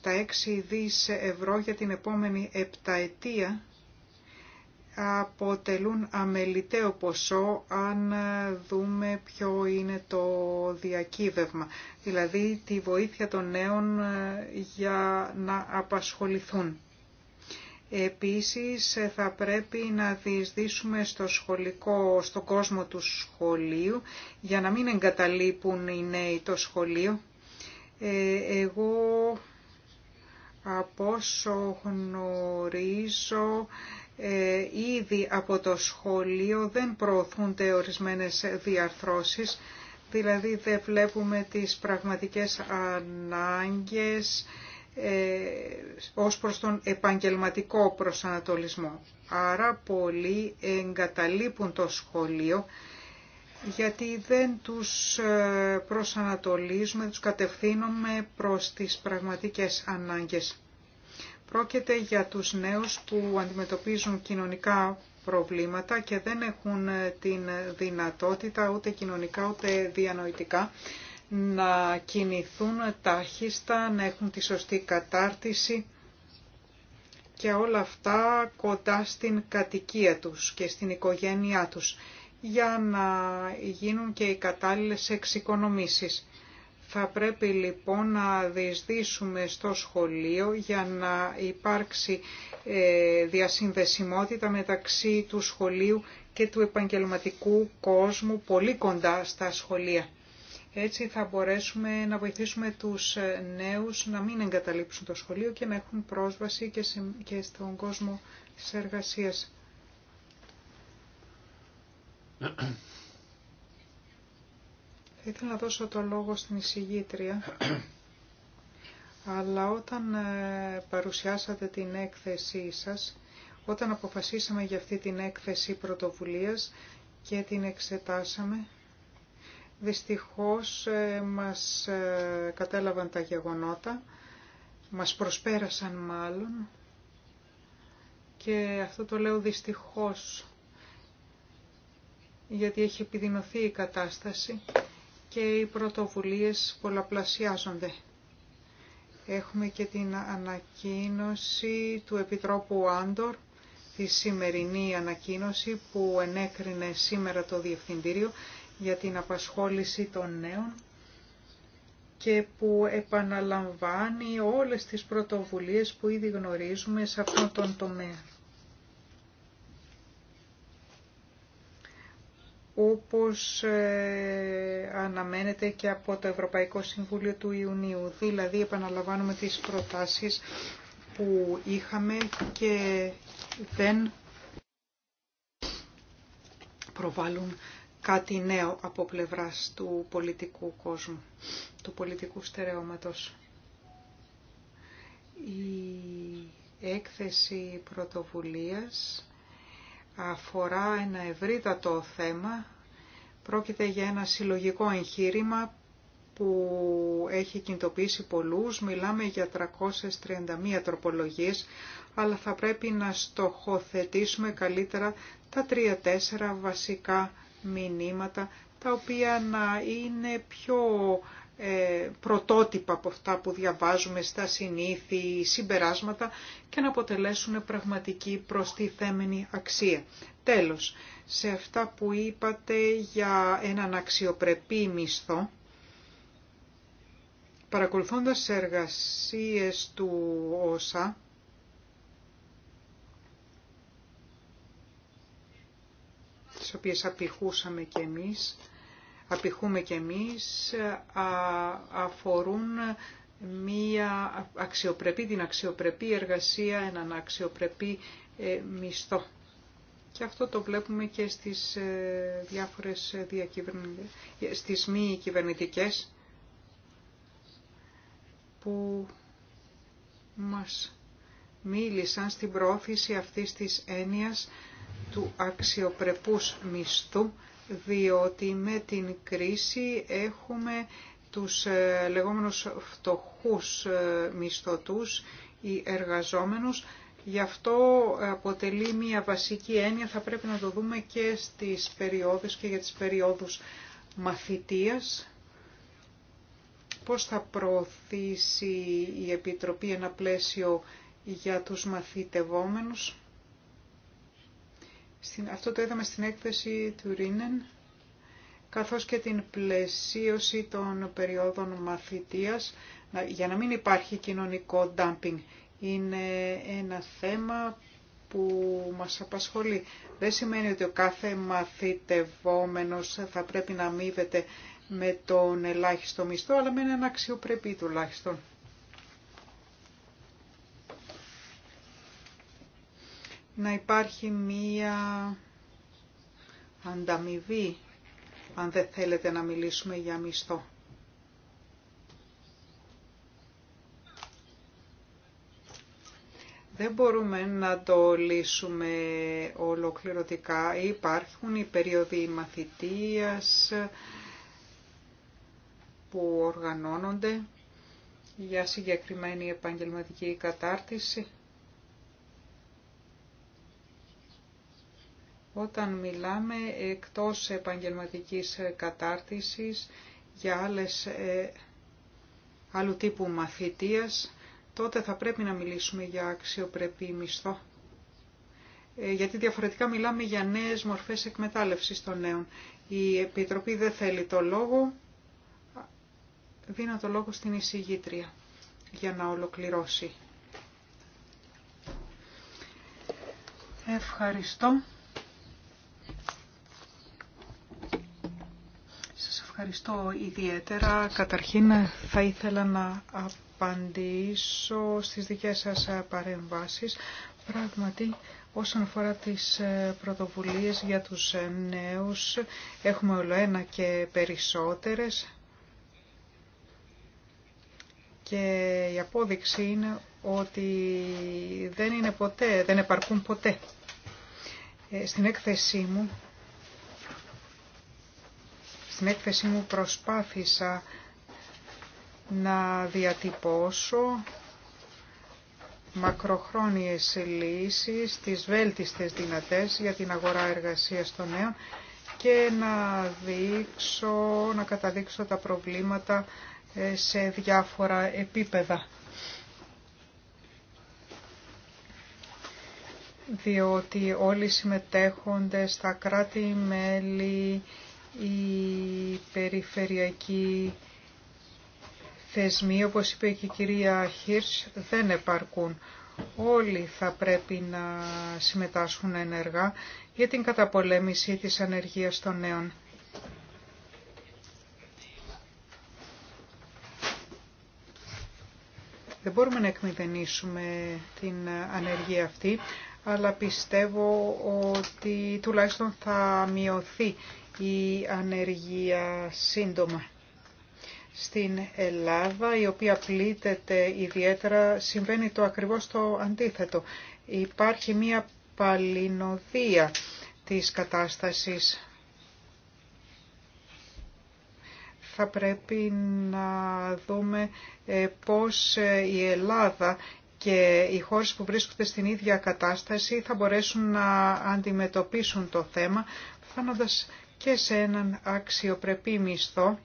τα 6 δις ευρώ για την επόμενη επταετία αποτελούν αμεληταίο ποσό αν δούμε ποιο είναι το διακύβευμα, δηλαδή τη βοήθεια των νέων ε, για να απασχοληθούν. Επίσης ε, θα πρέπει να διεισδύσουμε στο σχολικό, στον κόσμο του σχολείου για να μην εγκαταλείπουν οι νέοι το σχολείο. Ε, εγώ από όσο γνωρίζω ε, ήδη από το σχολείο δεν προωθούνται ορισμένες διαρθρώσεις, δηλαδή δεν βλέπουμε τις πραγματικές ανάγκες ε, ως προς τον επαγγελματικό προσανατολισμό. Άρα πολλοί εγκαταλείπουν το σχολείο γιατί δεν τους ε, προσανατολίζουμε, τους κατευθύνουμε προς τις πραγματικές ανάγκες. Πρόκειται για τους νέους που αντιμετωπίζουν κοινωνικά προβλήματα και δεν έχουν ε, την δυνατότητα ούτε κοινωνικά ούτε διανοητικά να κινηθούν τάχιστα, να έχουν τη σωστή κατάρτιση και όλα αυτά κοντά στην κατοικία τους και στην οικογένειά τους για να γίνουν και οι κατάλληλες εξοικονομήσεις. Θα πρέπει λοιπόν να διεισδύσουμε στο σχολείο για να υπάρξει ε, διασυνδεσιμότητα μεταξύ του σχολείου και του επαγγελματικού κόσμου πολύ κοντά στα σχολεία. Έτσι θα μπορέσουμε να βοηθήσουμε τους ε, νέους να μην εγκαταλείψουν το σχολείο και να έχουν πρόσβαση και στον κόσμο της εργασίας. ήθελα να δώσω το λόγο στην εισηγήτρια, αλλά όταν ε, παρουσιάσατε την έκθεσή σας, όταν αποφασίσαμε για αυτή την έκθεση πρωτοβουλίας και την εξετάσαμε, δυστυχώς ε, μας ε, κατέλαβαν τα γεγονότα, μας προσπέρασαν μάλλον και αυτό το λέω δυστυχώς γιατί έχει επιδεινωθεί η κατάσταση και οι πρωτοβουλίες πολλαπλασιάζονται. Έχουμε και την ανακοίνωση του Επιτρόπου Άντορ, τη σημερινή ανακοίνωση που ενέκρινε σήμερα το Διευθυντήριο για την απασχόληση των νέων και που επαναλαμβάνει όλες τις πρωτοβουλίες που ήδη γνωρίζουμε σε αυτόν τον τομέα. όπως ε, αναμένεται και από το Ευρωπαϊκό Συμβούλιο του Ιουνίου. Δηλαδή επαναλαμβάνουμε τις προτάσεις που είχαμε και δεν προβάλλουν κάτι νέο από πλευράς του πολιτικού κόσμου, του πολιτικού στερεώματος. Η έκθεση πρωτοβουλίας αφορά ένα ευρύτατο θέμα. Πρόκειται για ένα συλλογικό εγχείρημα που έχει κινητοποιήσει πολλούς. Μιλάμε για 331 τροπολογίες, αλλά θα πρέπει να στοχοθετήσουμε καλύτερα τα 3-4 βασικά μηνύματα, τα οποία να είναι πιο ε, πρωτότυπα από αυτά που διαβάζουμε στα συνήθη συμπεράσματα και να αποτελέσουν πραγματική προστιθέμενη αξία. Τέλος, σε αυτά που είπατε για έναν αξιοπρεπή μισθό, παρακολουθώντας εργασίες του ΩΣΑ, τις οποίες απηχούσαμε και εμείς, απηχούμε και εμείς αφορούν μία αξιοπρεπή, την αξιοπρεπή εργασία, έναν αξιοπρεπή ε, μισθό. Και αυτό το βλέπουμε και στις ε, διάφορες διακυβερνητικές, στις μη κυβερνητικές που μας μίλησαν στην πρόθεση αυτής της έννοιας του αξιοπρεπούς μισθού διότι με την κρίση έχουμε τους ε, λεγόμενους φτωχούς ε, μισθωτούς ή εργαζόμενους. Γι' αυτό αποτελεί μια βασική έννοια, θα πρέπει να το δούμε και στις περιόδους και για τις περιόδους μαθητείας. Πώς θα προωθήσει η Επιτροπή ένα πλαίσιο για τους μαθητευόμενους αυτό το είδαμε στην έκθεση του Ρίνεν, καθώς και την πλαισίωση των περιόδων μαθητείας, για να μην υπάρχει κοινωνικό ντάμπινγκ. Είναι ένα θέμα που μας απασχολεί. Δεν σημαίνει ότι ο κάθε μαθητευόμενος θα πρέπει να αμείβεται με τον ελάχιστο μισθό, αλλά με έναν αξιοπρεπή τουλάχιστον. να υπάρχει μία ανταμοιβή, αν δεν θέλετε να μιλήσουμε για μισθό. Δεν μπορούμε να το λύσουμε ολοκληρωτικά. Υπάρχουν οι περίοδοι μαθητείας που οργανώνονται για συγκεκριμένη επαγγελματική κατάρτιση. όταν μιλάμε εκτός επαγγελματικής κατάρτισης για άλλες, ε, άλλου τύπου μαθητίας, τότε θα πρέπει να μιλήσουμε για αξιοπρεπή μισθό. Ε, γιατί διαφορετικά μιλάμε για νέες μορφές εκμετάλλευσης των νέων. Η Επιτροπή δεν θέλει το λόγο, δίνω το λόγο στην εισηγήτρια για να ολοκληρώσει. Ευχαριστώ. ευχαριστώ ιδιαίτερα. Καταρχήν θα ήθελα να απαντήσω στις δικές σας παρεμβάσεις. Πράγματι, όσον αφορά τις ε, πρωτοβουλίες για τους ε, νέους, έχουμε όλο ένα και περισσότερες. Και η απόδειξη είναι ότι δεν, είναι ποτέ, δεν επαρκούν ποτέ. Ε, στην έκθεσή μου στην έκθεση μου προσπάθησα να διατυπώσω μακροχρόνιες λύσεις, τις βέλτιστες δυνατές για την αγορά εργασίας των νέων και να δείξω, να καταδείξω τα προβλήματα ε, σε διάφορα επίπεδα. διότι όλοι συμμετέχονται στα κράτη-μέλη η περιφερειακή θεσμοί, όπως είπε και η κυρία Χίρς, δεν επαρκούν. Όλοι θα πρέπει να συμμετάσχουν ενεργά για την καταπολέμηση της ανεργίας των νέων. Δεν μπορούμε να εκμηδενήσουμε την ανεργία αυτή, αλλά πιστεύω ότι τουλάχιστον θα μειωθεί η ανεργία σύντομα. Στην Ελλάδα, η οποία πλήττεται ιδιαίτερα, συμβαίνει το ακριβώς το αντίθετο. Υπάρχει μία παλινοδία της κατάστασης. Θα πρέπει να δούμε ε, πώς ε, η Ελλάδα και οι χώρες που βρίσκονται στην ίδια κατάσταση θα μπορέσουν να αντιμετωπίσουν το θέμα, φάνοντας και σε έναν αξιοπρεπή μισθό,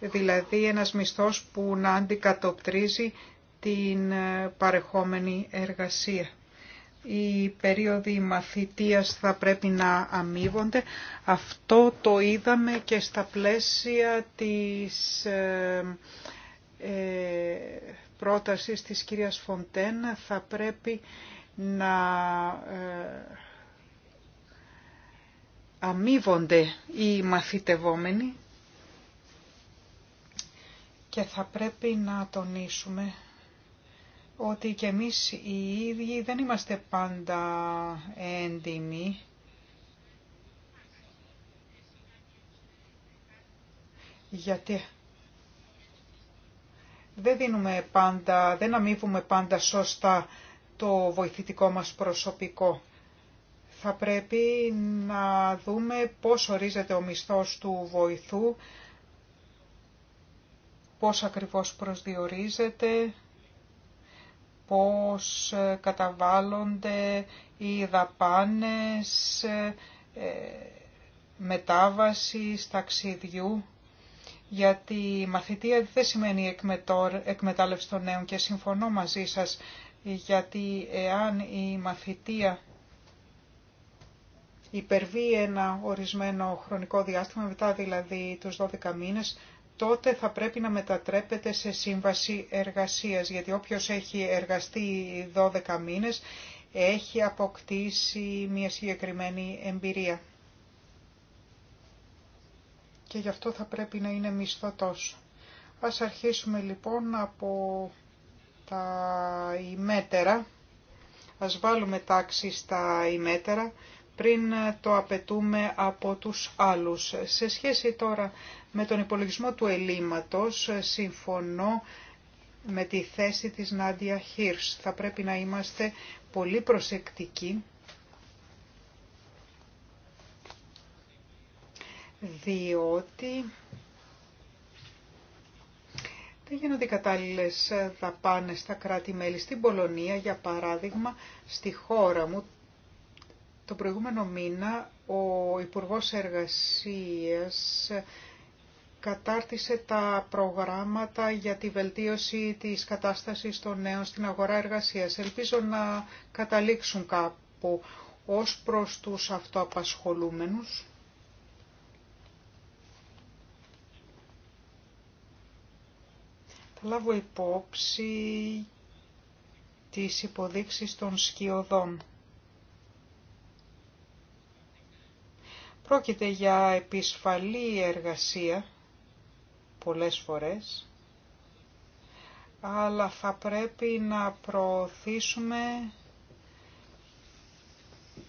δηλαδή ένας μισθός που να αντικατοπτρίζει την ε, παρεχόμενη εργασία. Οι περίοδοι μαθητείας θα πρέπει να αμείβονται. Αυτό το είδαμε και στα πλαίσια της ε, ε, πρότασης της κυρίας Φοντένα. Θα πρέπει να αμείβονται οι μαθητευόμενοι και θα πρέπει να τονίσουμε ότι και εμείς οι ίδιοι δεν είμαστε πάντα έντιμοι γιατί δεν δίνουμε πάντα, δεν αμείβουμε πάντα σωστά το βοηθητικό μας προσωπικό θα πρέπει να δούμε πώς ορίζεται ο μισθός του βοηθού, πώς ακριβώς προσδιορίζεται, πώς ε, καταβάλλονται οι δαπάνες ε, ε, μετάβασης ταξιδιού, γιατί η μαθητεία δεν σημαίνει εκμετάλλευση των νέων και συμφωνώ μαζί σας, γιατί εάν η μαθητεία υπερβεί ένα ορισμένο χρονικό διάστημα, μετά δηλαδή τους 12 μήνες, τότε θα πρέπει να μετατρέπεται σε σύμβαση εργασίας, γιατί όποιος έχει εργαστεί 12 μήνες έχει αποκτήσει μια συγκεκριμένη εμπειρία. Και γι' αυτό θα πρέπει να είναι μισθωτός. Ας αρχίσουμε λοιπόν από τα ημέτερα. Ας βάλουμε τάξη στα ημέτερα πριν ε, το απαιτούμε από τους άλλους. Σε σχέση τώρα με τον υπολογισμό του ελίματος, ε, συμφωνώ με τη θέση της Νάντια Χίρς. Θα πρέπει να είμαστε πολύ προσεκτικοί, διότι δεν γίνονται κατάλληλε ε, δαπάνε στα κράτη-μέλη. Στην Πολωνία, για παράδειγμα, στη χώρα μου, το προηγούμενο μήνα ο Υπουργός Εργασίας κατάρτισε τα προγράμματα για τη βελτίωση της κατάστασης των νέων στην αγορά εργασίας. Ελπίζω να καταλήξουν κάπου ως προς τους αυτοαπασχολούμενους. Θα λάβω υπόψη της υποδείξεις των σκιωδών. Πρόκειται για επισφαλή εργασία πολλές φορές, αλλά θα πρέπει να προωθήσουμε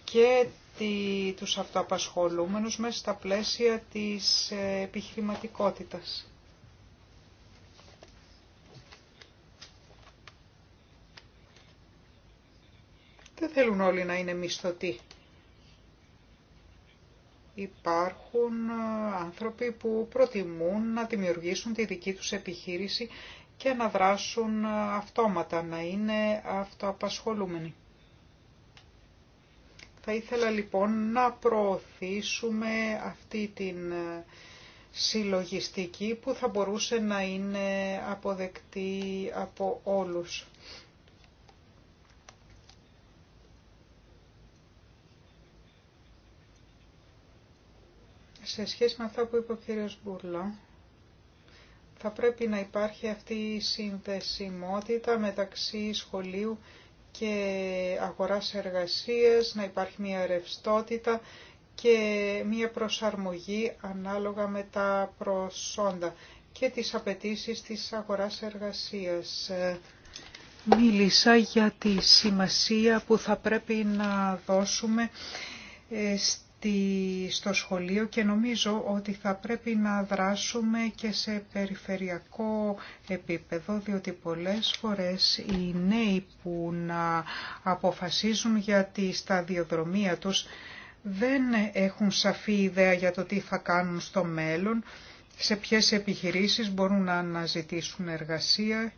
και τη, τους αυτοαπασχολούμενους μέσα στα πλαίσια της ε, επιχειρηματικότητας. Δεν θέλουν όλοι να είναι μισθωτοί υπάρχουν ε, άνθρωποι που προτιμούν να δημιουργήσουν τη δική τους επιχείρηση και να δράσουν ε, αυτόματα, να είναι αυτοαπασχολούμενοι. Θα ήθελα λοιπόν να προωθήσουμε αυτή την ε, συλλογιστική που θα μπορούσε να είναι αποδεκτή από όλους. σε σχέση με αυτά που είπε ο κύριος θα πρέπει να υπάρχει αυτή η συνδεσιμότητα μεταξύ σχολείου και αγοράς εργασίας, να υπάρχει μια ρευστότητα και μια προσαρμογή ανάλογα με τα προσόντα και τις απαιτήσεις της αγοράς εργασίας. Μίλησα για τη σημασία που θα πρέπει να δώσουμε ε, στο σχολείο και νομίζω ότι θα πρέπει να δράσουμε και σε περιφερειακό επίπεδο, διότι πολλές φορές οι νέοι που να αποφασίζουν για τη σταδιοδρομία τους δεν έχουν σαφή ιδέα για το τι θα κάνουν στο μέλλον, σε ποιες επιχειρήσεις μπορούν να αναζητήσουν εργασία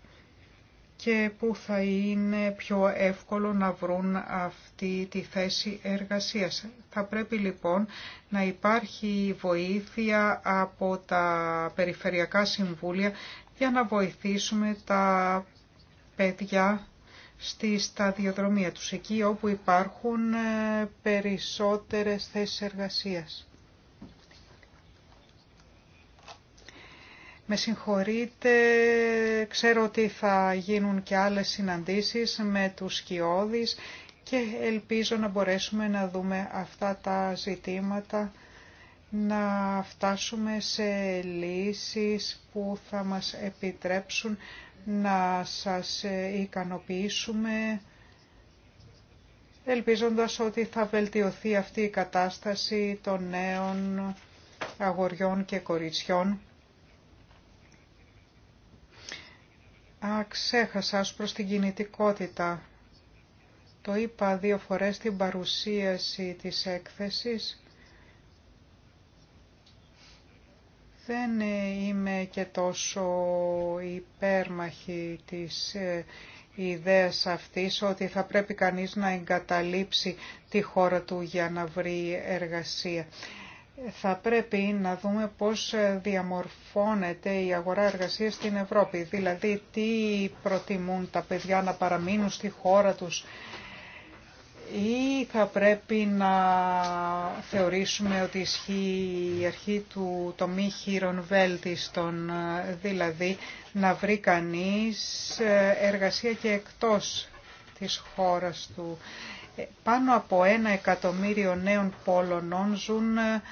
και που θα είναι πιο εύκολο να βρουν αυτή τη θέση εργασίας. Θα πρέπει λοιπόν να υπάρχει βοήθεια από τα περιφερειακά συμβούλια για να βοηθήσουμε τα παιδιά στη σταδιοδρομία τους, εκεί όπου υπάρχουν ε, περισσότερες θέσεις εργασίας. Με συγχωρείτε, ξέρω ότι θα γίνουν και άλλες συναντήσεις με τους σκιώδεις και ελπίζω να μπορέσουμε να δούμε αυτά τα ζητήματα, να φτάσουμε σε λύσεις που θα μας επιτρέψουν να σας ικανοποιήσουμε, ελπίζοντας ότι θα βελτιωθεί αυτή η κατάσταση των νέων αγοριών και κοριτσιών Α, ξέχασα ως προς την κινητικότητα. Το είπα δύο φορές στην παρουσίαση της έκθεσης. Δεν είμαι και τόσο υπέρμαχη της ε, ιδέας αυτής ότι θα πρέπει κανείς να εγκαταλείψει τη χώρα του για να βρει εργασία θα πρέπει να δούμε πώς διαμορφώνεται η αγορά εργασίας στην Ευρώπη. Δηλαδή τι προτιμούν τα παιδιά να παραμείνουν στη χώρα τους ή θα πρέπει να θεωρήσουμε ότι ισχύει η αρχή του το μη βέλτιστον, δηλαδή να βρει κανείς ε, εργασία και εκτός της χώρας του. Ε, πάνω από ένα εκατομμύριο νέων Πολωνών ζουν ε,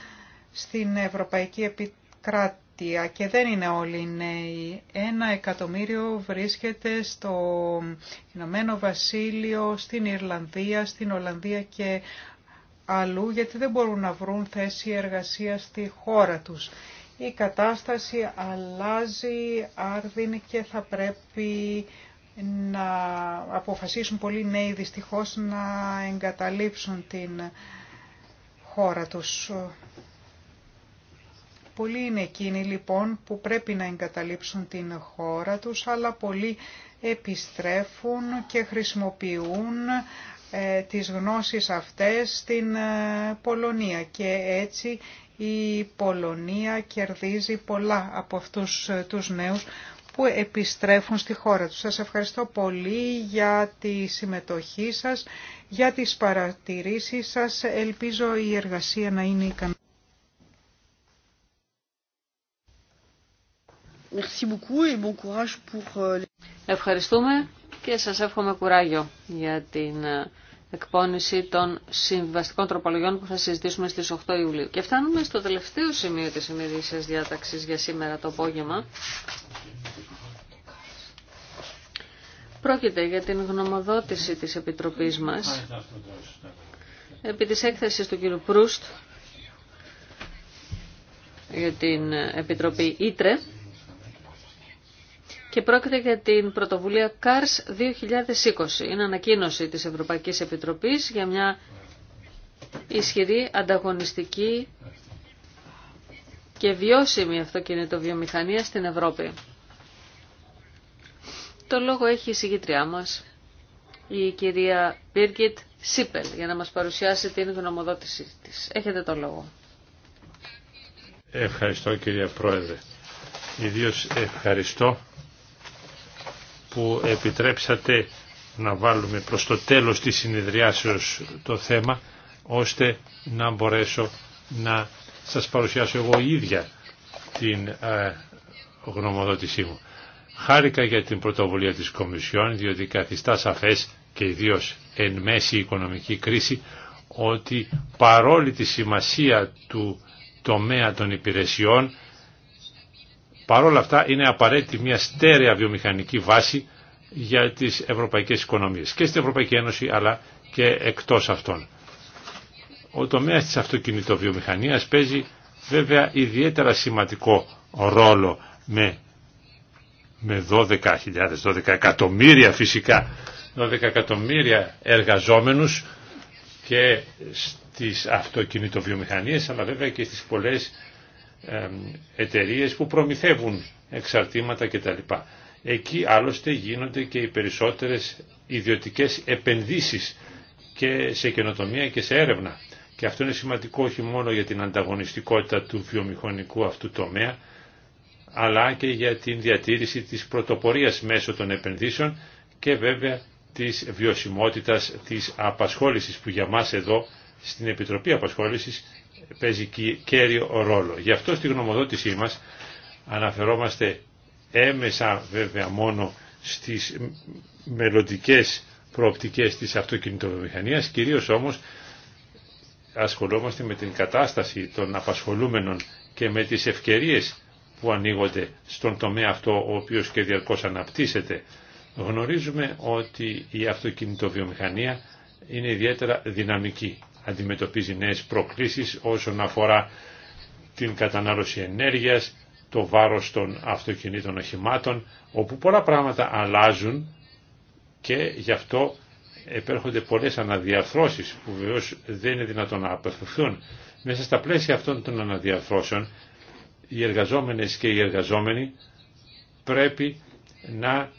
στην Ευρωπαϊκή Επικράτεια και δεν είναι όλοι νέοι. Ένα εκατομμύριο βρίσκεται στο Ηνωμένο Βασίλειο, στην Ιρλανδία, στην Ολλανδία και αλλού γιατί δεν μπορούν να βρουν θέση εργασίας στη χώρα τους. Η κατάσταση αλλάζει άρδιν και θα πρέπει να αποφασίσουν πολλοί νέοι δυστυχώς να εγκαταλείψουν την χώρα τους. Πολλοί είναι εκείνοι λοιπόν που πρέπει να εγκαταλείψουν την χώρα τους, αλλά πολλοί επιστρέφουν και χρησιμοποιούν ε, τις γνώσεις αυτές στην ε, Πολωνία και έτσι η Πολωνία κερδίζει πολλά από αυτούς ε, τους νέους που επιστρέφουν στη χώρα τους. Σας ευχαριστώ πολύ για τη συμμετοχή σας, για τις παρατηρήσεις σας. Ελπίζω η εργασία να είναι ικανή. Euh, Ευχαριστούμε και σας εύχομαι κουράγιο για την ε, εκπόνηση των συμβαστικών τροπολογιών που θα συζητήσουμε στις 8 Ιουλίου. Και φτάνουμε στο τελευταίο σημείο της ημερήσιας διάταξης για σήμερα το απόγευμα. Πρόκειται για την γνωμοδότηση της Επιτροπής μας επί της έκθεσης του κ. Προύστ για την Επιτροπή Ήτρε και πρόκειται για την πρωτοβουλία CARS 2020. Είναι ανακοίνωση της Ευρωπαϊκής Επιτροπής για μια ισχυρή, ανταγωνιστική και βιώσιμη αυτοκινητοβιομηχανία στην Ευρώπη. Το λόγο έχει η συγγητριά μας, η κυρία Birgit Σίπελ, για να μας παρουσιάσει την γνωμοδότησή της. Έχετε το λόγο. Ευχαριστώ κυρία Πρόεδρε. Ιδίως ευχαριστώ που επιτρέψατε να βάλουμε προς το τέλος της συνεδριάσεως το θέμα ώστε να μπορέσω να σας παρουσιάσω εγώ ίδια την ε, γνωμοδότησή μου. Χάρηκα για την πρωτοβουλία της Κομισιόν διότι καθιστά σαφές και ιδίως εν μέση οικονομική κρίση ότι παρόλη τη σημασία του τομέα των υπηρεσιών Παρ' όλα αυτά είναι απαραίτητη μια στέρεα βιομηχανική βάση για τις ευρωπαϊκές οικονομίες και στην Ευρωπαϊκή Ένωση αλλά και εκτός αυτών. Ο τομέας της αυτοκινητοβιομηχανίας παίζει βέβαια ιδιαίτερα σημαντικό ρόλο με, με 12.000, 12 εκατομμύρια φυσικά, 12 εκατομμύρια εργαζόμενους και στις αυτοκινητοβιομηχανίες αλλά βέβαια και στις πολλές εταιρείες που προμηθεύουν εξαρτήματα κτλ. Εκεί άλλωστε γίνονται και οι περισσότερες ιδιωτικές επενδύσεις και σε καινοτομία και σε έρευνα. Και αυτό είναι σημαντικό όχι μόνο για την ανταγωνιστικότητα του βιομηχανικού αυτού τομέα, αλλά και για την διατήρηση της πρωτοπορίας μέσω των επενδύσεων και βέβαια της βιωσιμότητας της απασχόλησης που για μας εδώ στην Επιτροπή Απασχόλησης παίζει κέριο ρόλο. Γι' αυτό στη γνωμοδότησή μας αναφερόμαστε έμεσα βέβαια μόνο στις μελλοντικέ προοπτικές της αυτοκινητοβιομηχανίας, κυρίως όμως ασχολούμαστε με την κατάσταση των απασχολούμενων και με τις ευκαιρίες που ανοίγονται στον τομέα αυτό ο οποίος και διαρκώς αναπτύσσεται. Γνωρίζουμε ότι η αυτοκινητοβιομηχανία είναι ιδιαίτερα δυναμική αντιμετωπίζει νέες προκλήσεις όσον αφορά την κατανάλωση ενέργειας, το βάρος των αυτοκινήτων οχημάτων, όπου πολλά πράγματα αλλάζουν και γι' αυτό επέρχονται πολλές αναδιαρθρώσεις που βεβαίω δεν είναι δυνατόν να απευθυνθούν. Μέσα στα πλαίσια αυτών των αναδιαρθρώσεων οι εργαζόμενες και οι εργαζόμενοι πρέπει να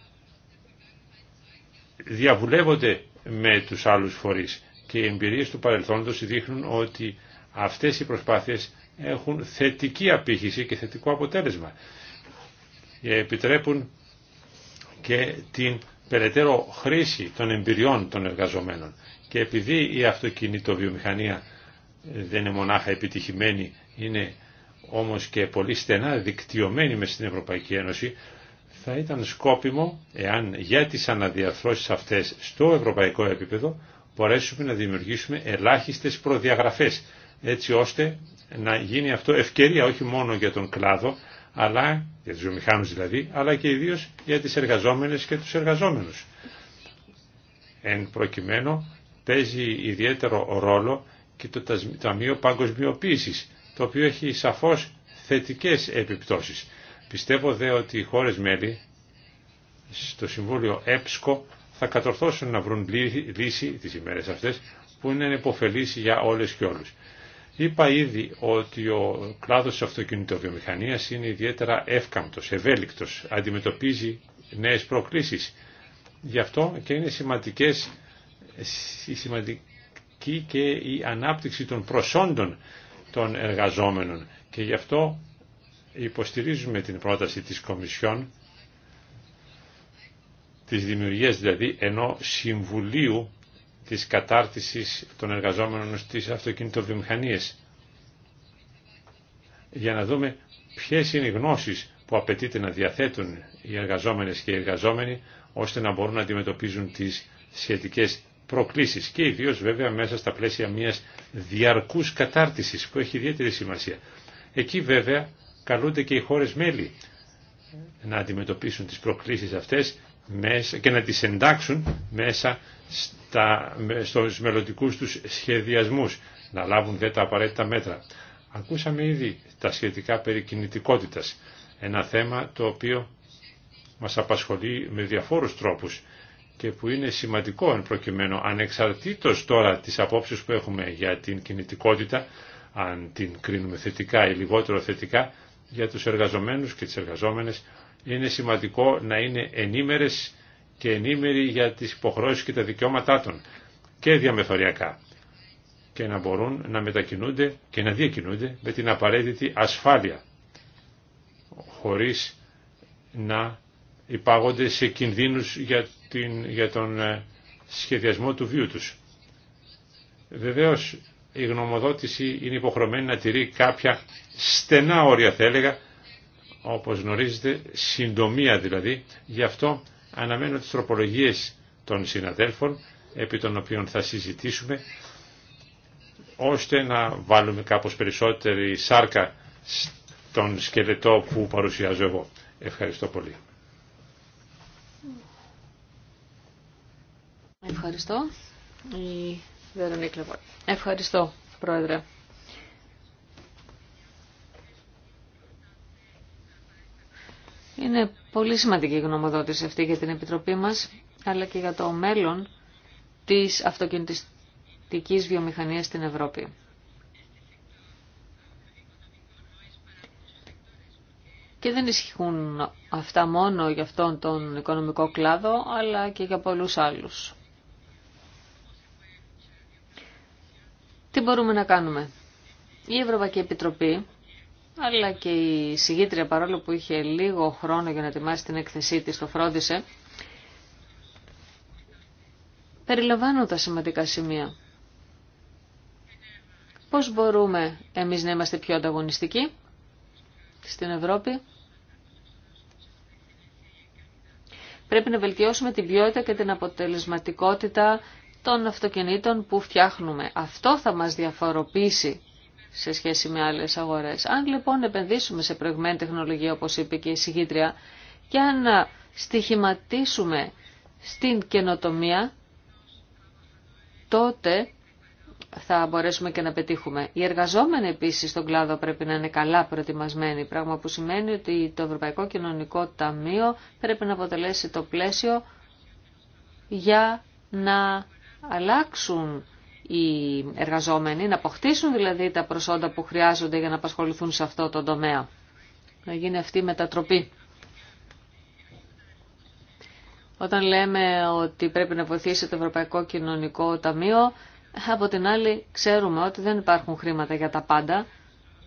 διαβουλεύονται με τους άλλους φορείς και οι εμπειρίες του παρελθόντος δείχνουν ότι αυτές οι προσπάθειες έχουν θετική απήχηση και θετικό αποτέλεσμα. Ε, επιτρέπουν και την περαιτέρω χρήση των εμπειριών των εργαζομένων. Και επειδή η αυτοκινητοβιομηχανία δεν είναι μονάχα επιτυχημένη, είναι όμως και πολύ στενά δικτυωμένη με στην Ευρωπαϊκή Ένωση, θα ήταν σκόπιμο εάν για τις αναδιαρθρώσεις αυτές στο ευρωπαϊκό επίπεδο μπορέσουμε να δημιουργήσουμε ελάχιστες προδιαγραφές, έτσι ώστε να γίνει αυτό ευκαιρία όχι μόνο για τον κλάδο, αλλά για τους βιομηχάνους δηλαδή, αλλά και ιδίως για τις εργαζόμενες και τους εργαζόμενους. Εν προκειμένου παίζει ιδιαίτερο ρόλο και το Ταμείο Παγκοσμιοποίησης, το οποίο έχει σαφώς θετικές επιπτώσεις. Πιστεύω δε ότι οι χώρες μέλη στο Συμβούλιο ΕΠΣΚΟ θα κατορθώσουν να βρουν λύση τις ημέρες αυτές που είναι εποφελής για όλες και όλους. Είπα ήδη ότι ο κλάδος της αυτοκινητοβιομηχανίας είναι ιδιαίτερα εύκαμπτος, ευέλικτος, αντιμετωπίζει νέες προκλήσεις. Γι' αυτό και είναι σημαντικές, σημαντική και η ανάπτυξη των προσόντων των εργαζόμενων. Και γι' αυτό υποστηρίζουμε την πρόταση της Κομισιόν της δημιουργίας δηλαδή ενώ συμβουλίου της κατάρτισης των εργαζόμενων στις αυτοκινητοβιομηχανίες για να δούμε ποιες είναι οι γνώσεις που απαιτείται να διαθέτουν οι εργαζόμενες και οι εργαζόμενοι ώστε να μπορούν να αντιμετωπίζουν τις σχετικές προκλήσεις και ιδίω βέβαια μέσα στα πλαίσια μιας διαρκούς κατάρτισης που έχει ιδιαίτερη σημασία. Εκεί βέβαια καλούνται και οι χώρες μέλη να αντιμετωπίσουν τις προκλήσεις αυτές και να τις εντάξουν μέσα στα, στους μελλοντικούς τους σχεδιασμούς, να λάβουν δε τα απαραίτητα μέτρα. Ακούσαμε ήδη τα σχετικά περί κινητικότητας, ένα θέμα το οποίο μας απασχολεί με διαφόρους τρόπους και που είναι σημαντικό εν προκειμένου ανεξαρτήτως τώρα της απόψεως που έχουμε για την κινητικότητα αν την κρίνουμε θετικά ή λιγότερο θετικά για τους εργαζομένους και τις εργαζόμενες είναι σημαντικό να είναι ενήμερες και ενήμεροι για τις υποχρεώσεις και τα δικαιώματά των και διαμεθοριακά και να μπορούν να μετακινούνται και να διακινούνται με την απαραίτητη ασφάλεια χωρίς να υπάγονται σε κινδύνους για, την, για τον ε, σχεδιασμό του βίου τους. Βεβαίως η γνωμοδότηση είναι υποχρεωμένη να τηρεί κάποια στενά όρια θα έλεγα όπως γνωρίζετε, συντομία δηλαδή. Γι' αυτό αναμένω τις τροπολογίες των συναδέλφων, επί των οποίων θα συζητήσουμε, ώστε να βάλουμε κάπως περισσότερη σάρκα στον σκελετό που παρουσιάζω εγώ. Ευχαριστώ πολύ. Ευχαριστώ. Η Ευχαριστώ, Πρόεδρε. Είναι πολύ σημαντική η γνωμοδότηση αυτή για την Επιτροπή μας, αλλά και για το μέλλον της αυτοκινητιστικής βιομηχανίας στην Ευρώπη. Και δεν ισχύουν αυτά μόνο για αυτόν τον οικονομικό κλάδο, αλλά και για πολλούς άλλους. Τι μπορούμε να κάνουμε. Η Ευρωπαϊκή Επιτροπή αλλά και η συγγήτρια παρόλο που είχε λίγο χρόνο για να ετοιμάσει την έκθεσή της, το φρόντισε, περιλαμβάνουν τα σημαντικά σημεία. Πώς μπορούμε εμείς να είμαστε πιο ανταγωνιστικοί στην Ευρώπη. Πρέπει να βελτιώσουμε την ποιότητα και την αποτελεσματικότητα των αυτοκινήτων που φτιάχνουμε. Αυτό θα μας διαφοροποιήσει σε σχέση με άλλες αγορές. Αν λοιπόν επενδύσουμε σε προηγμένη τεχνολογία, όπως είπε και η συγκήτρια, και αν στοιχηματίσουμε στην καινοτομία, τότε θα μπορέσουμε και να πετύχουμε. Οι εργαζόμενοι επίσης στον κλάδο πρέπει να είναι καλά προετοιμασμένοι, πράγμα που σημαίνει ότι το Ευρωπαϊκό Κοινωνικό Ταμείο πρέπει να αποτελέσει το πλαίσιο για να αλλάξουν οι εργαζόμενοι, να αποκτήσουν δηλαδή τα προσόντα που χρειάζονται για να απασχοληθούν σε αυτό το τομέα. Να γίνει αυτή η μετατροπή. Όταν λέμε ότι πρέπει να βοηθήσει το Ευρωπαϊκό Κοινωνικό Ταμείο, από την άλλη ξέρουμε ότι δεν υπάρχουν χρήματα για τα πάντα.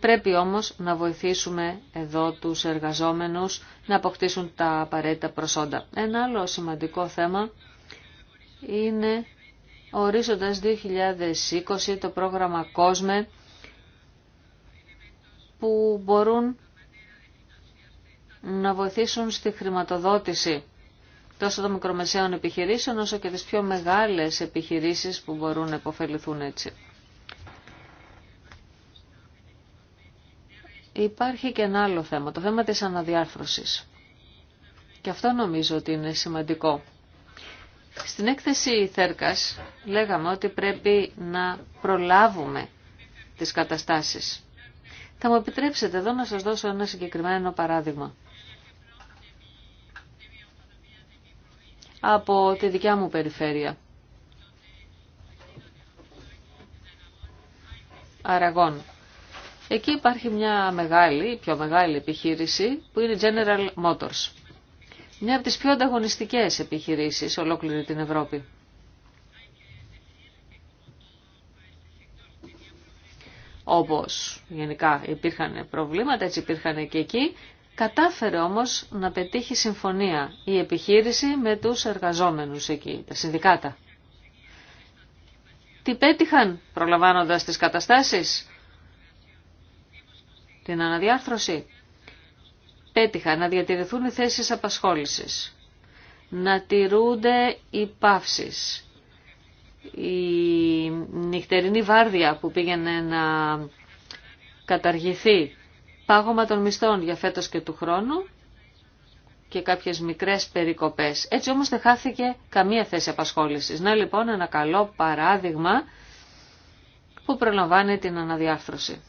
Πρέπει όμως να βοηθήσουμε εδώ τους εργαζόμενους να αποκτήσουν τα απαραίτητα προσόντα. Ένα άλλο σημαντικό θέμα είναι ορίζοντας 2020 το πρόγραμμα COSME που μπορούν να βοηθήσουν στη χρηματοδότηση τόσο των μικρομεσαίων επιχειρήσεων όσο και τις πιο μεγάλες επιχειρήσεις που μπορούν να υποφεληθούν έτσι. Υπάρχει και ένα άλλο θέμα, το θέμα της αναδιάρθρωσης. Και αυτό νομίζω ότι είναι σημαντικό. Στην έκθεση Θέρκας λέγαμε ότι πρέπει να προλάβουμε τις καταστάσεις. Θα μου επιτρέψετε εδώ να σας δώσω ένα συγκεκριμένο παράδειγμα. Από τη δικιά μου περιφέρεια. Αραγών. Εκεί υπάρχει μια μεγάλη, πιο μεγάλη επιχείρηση που είναι General Motors. Μια από τις πιο ανταγωνιστικές επιχειρήσεις ολόκληρη την Ευρώπη. Όπως γενικά υπήρχαν προβλήματα, έτσι υπήρχαν και εκεί, κατάφερε όμως να πετύχει συμφωνία η επιχείρηση με τους εργαζόμενους εκεί, τα συνδικάτα. Τι πέτυχαν προλαμβάνοντας τις καταστάσεις, την αναδιάρθρωση να διατηρηθούν οι θέσεις απασχόλησης, να τηρούνται οι παύσεις, η νυχτερινή βάρδια που πήγαινε να καταργηθεί, πάγωμα των μισθών για φέτος και του χρόνου και κάποιες μικρές περικοπές. Έτσι όμως δεν χάθηκε καμία θέση απασχόλησης. Να λοιπόν ένα καλό παράδειγμα που προλαμβάνει την αναδιάρθρωση.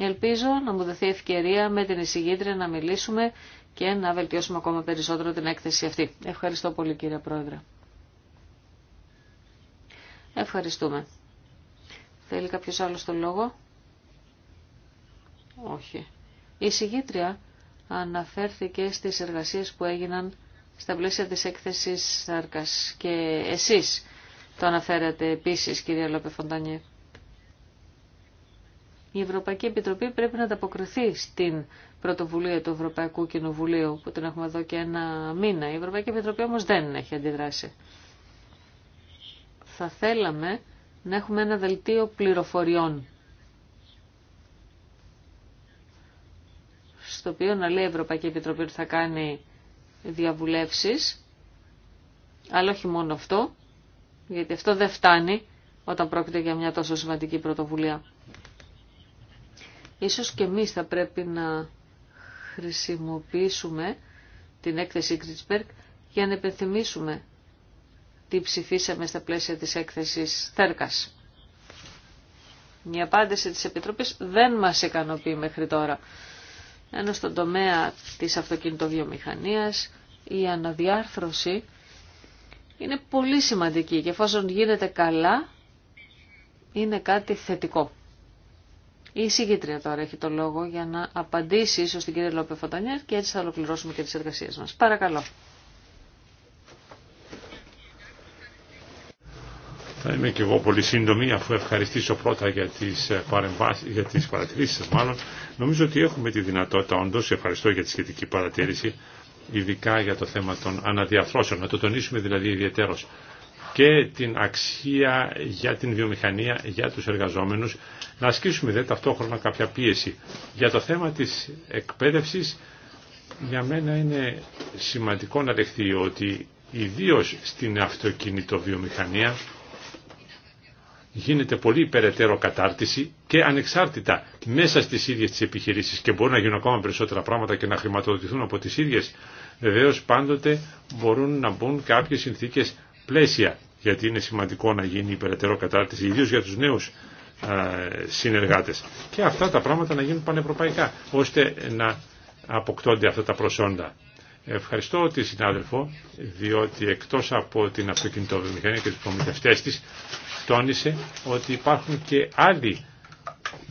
Ελπίζω να μου δοθεί ευκαιρία με την εισηγήτρια να μιλήσουμε και να βελτιώσουμε ακόμα περισσότερο την έκθεση αυτή. Ευχαριστώ πολύ κύριε Πρόεδρε. Ευχαριστούμε. Θέλει κάποιος άλλος το λόγο. Όχι. Η εισηγήτρια αναφέρθηκε στις εργασίες που έγιναν στα πλαίσια της έκθεσης Σάρκας και εσείς το αναφέρατε επίσης κυρία Λόπε Φοντανιέ η Ευρωπαϊκή Επιτροπή πρέπει να ανταποκριθεί στην πρωτοβουλία του Ευρωπαϊκού Κοινοβουλίου που την έχουμε εδώ και ένα μήνα. Η Ευρωπαϊκή Επιτροπή όμως δεν έχει αντιδράσει. Θα θέλαμε να έχουμε ένα δελτίο πληροφοριών στο οποίο να λέει η Ευρωπαϊκή Επιτροπή ότι θα κάνει διαβουλεύσεις αλλά όχι μόνο αυτό γιατί αυτό δεν φτάνει όταν πρόκειται για μια τόσο σημαντική πρωτοβουλία. Ίσως και εμείς θα πρέπει να χρησιμοποιήσουμε την έκθεση Κριτσπέρκ για να επενθυμίσουμε τι ψηφίσαμε στα πλαίσια της έκθεσης Θέρκας. Η απάντηση της Επιτροπής δεν μας ικανοποιεί μέχρι τώρα. Ενώ στον τομέα της αυτοκινητοβιομηχανίας η αναδιάρθρωση είναι πολύ σημαντική και εφόσον γίνεται καλά είναι κάτι θετικό. Η συγκήτρια τώρα έχει το λόγο για να απαντήσει ίσως την κυρία Λόπε Φωτανιέρ και έτσι θα ολοκληρώσουμε και τις εργασίες μας. Παρακαλώ. Θα είμαι και εγώ πολύ σύντομη αφού ευχαριστήσω πρώτα για τις, ε, για τις παρατηρήσεις σας Νομίζω ότι έχουμε τη δυνατότητα όντως, ευχαριστώ για τη σχετική παρατήρηση, ειδικά για το θέμα των αναδιαρθρώσεων, να το τονίσουμε δηλαδή ιδιαίτερος και την αξία για την βιομηχανία, για τους εργαζόμενους να ασκήσουμε δε ταυτόχρονα κάποια πίεση. Για το θέμα της εκπαίδευσης για μένα είναι σημαντικό να δεχθεί ότι ιδίω στην αυτοκινητοβιομηχανία γίνεται πολύ υπεραιτέρω κατάρτιση και ανεξάρτητα μέσα στις ίδιες τις επιχειρήσεις και μπορούν να γίνουν ακόμα περισσότερα πράγματα και να χρηματοδοτηθούν από τις ίδιες. Βεβαίω πάντοτε μπορούν να μπουν κάποιες συνθήκες πλαίσια γιατί είναι σημαντικό να γίνει υπεραιτέρω κατάρτιση ιδίω για τους νέους ε, συνεργάτες. Και αυτά τα πράγματα να γίνουν πανευρωπαϊκά, ώστε να αποκτώνται αυτά τα προσόντα. Ευχαριστώ τη συνάδελφο, διότι εκτός από την αυτοκινητοβιομηχανία και τους προμηθευτές της, τόνισε ότι υπάρχουν και άλλοι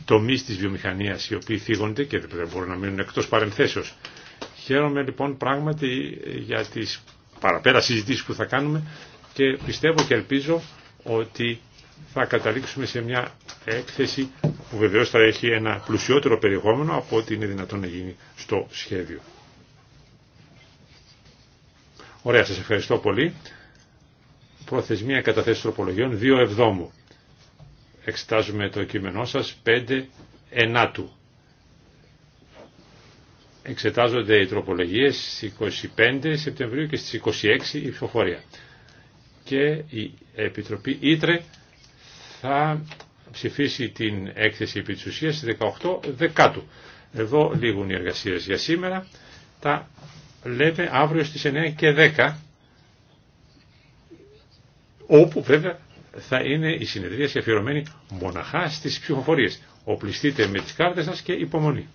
τομείς της βιομηχανίας οι οποίοι θίγονται και δεν μπορούν να μείνουν εκτός παρενθέσεως. Χαίρομαι λοιπόν πράγματι για τις παραπέρα συζητήσεις που θα κάνουμε και πιστεύω και ελπίζω ότι θα καταλήξουμε σε μια έκθεση που βεβαίως θα έχει ένα πλουσιότερο περιεχόμενο από ό,τι είναι δυνατόν να γίνει στο σχέδιο. Ωραία, σας ευχαριστώ πολύ. Προθεσμία καταθέσεις τροπολογιών 2 Εβδόμου. Εξετάζουμε το κείμενό σας 5 Ενάτου. Εξετάζονται οι τροπολογίες στις 25 Σεπτεμβρίου και στις 26 η ψηφοφορία. Και η Επιτροπή Ήτρε θα ψηφίσει την έκθεση επί της ουσίας στις 18 Δεκάτου. Εδώ λήγουν οι εργασίες για σήμερα. Τα λέμε αύριο στις 9 και 10 όπου βέβαια θα είναι η συνεδρίαση αφιερωμένη μοναχά στις ψηφοφορίες. Οπλιστείτε με τις κάρτες σας και υπομονή.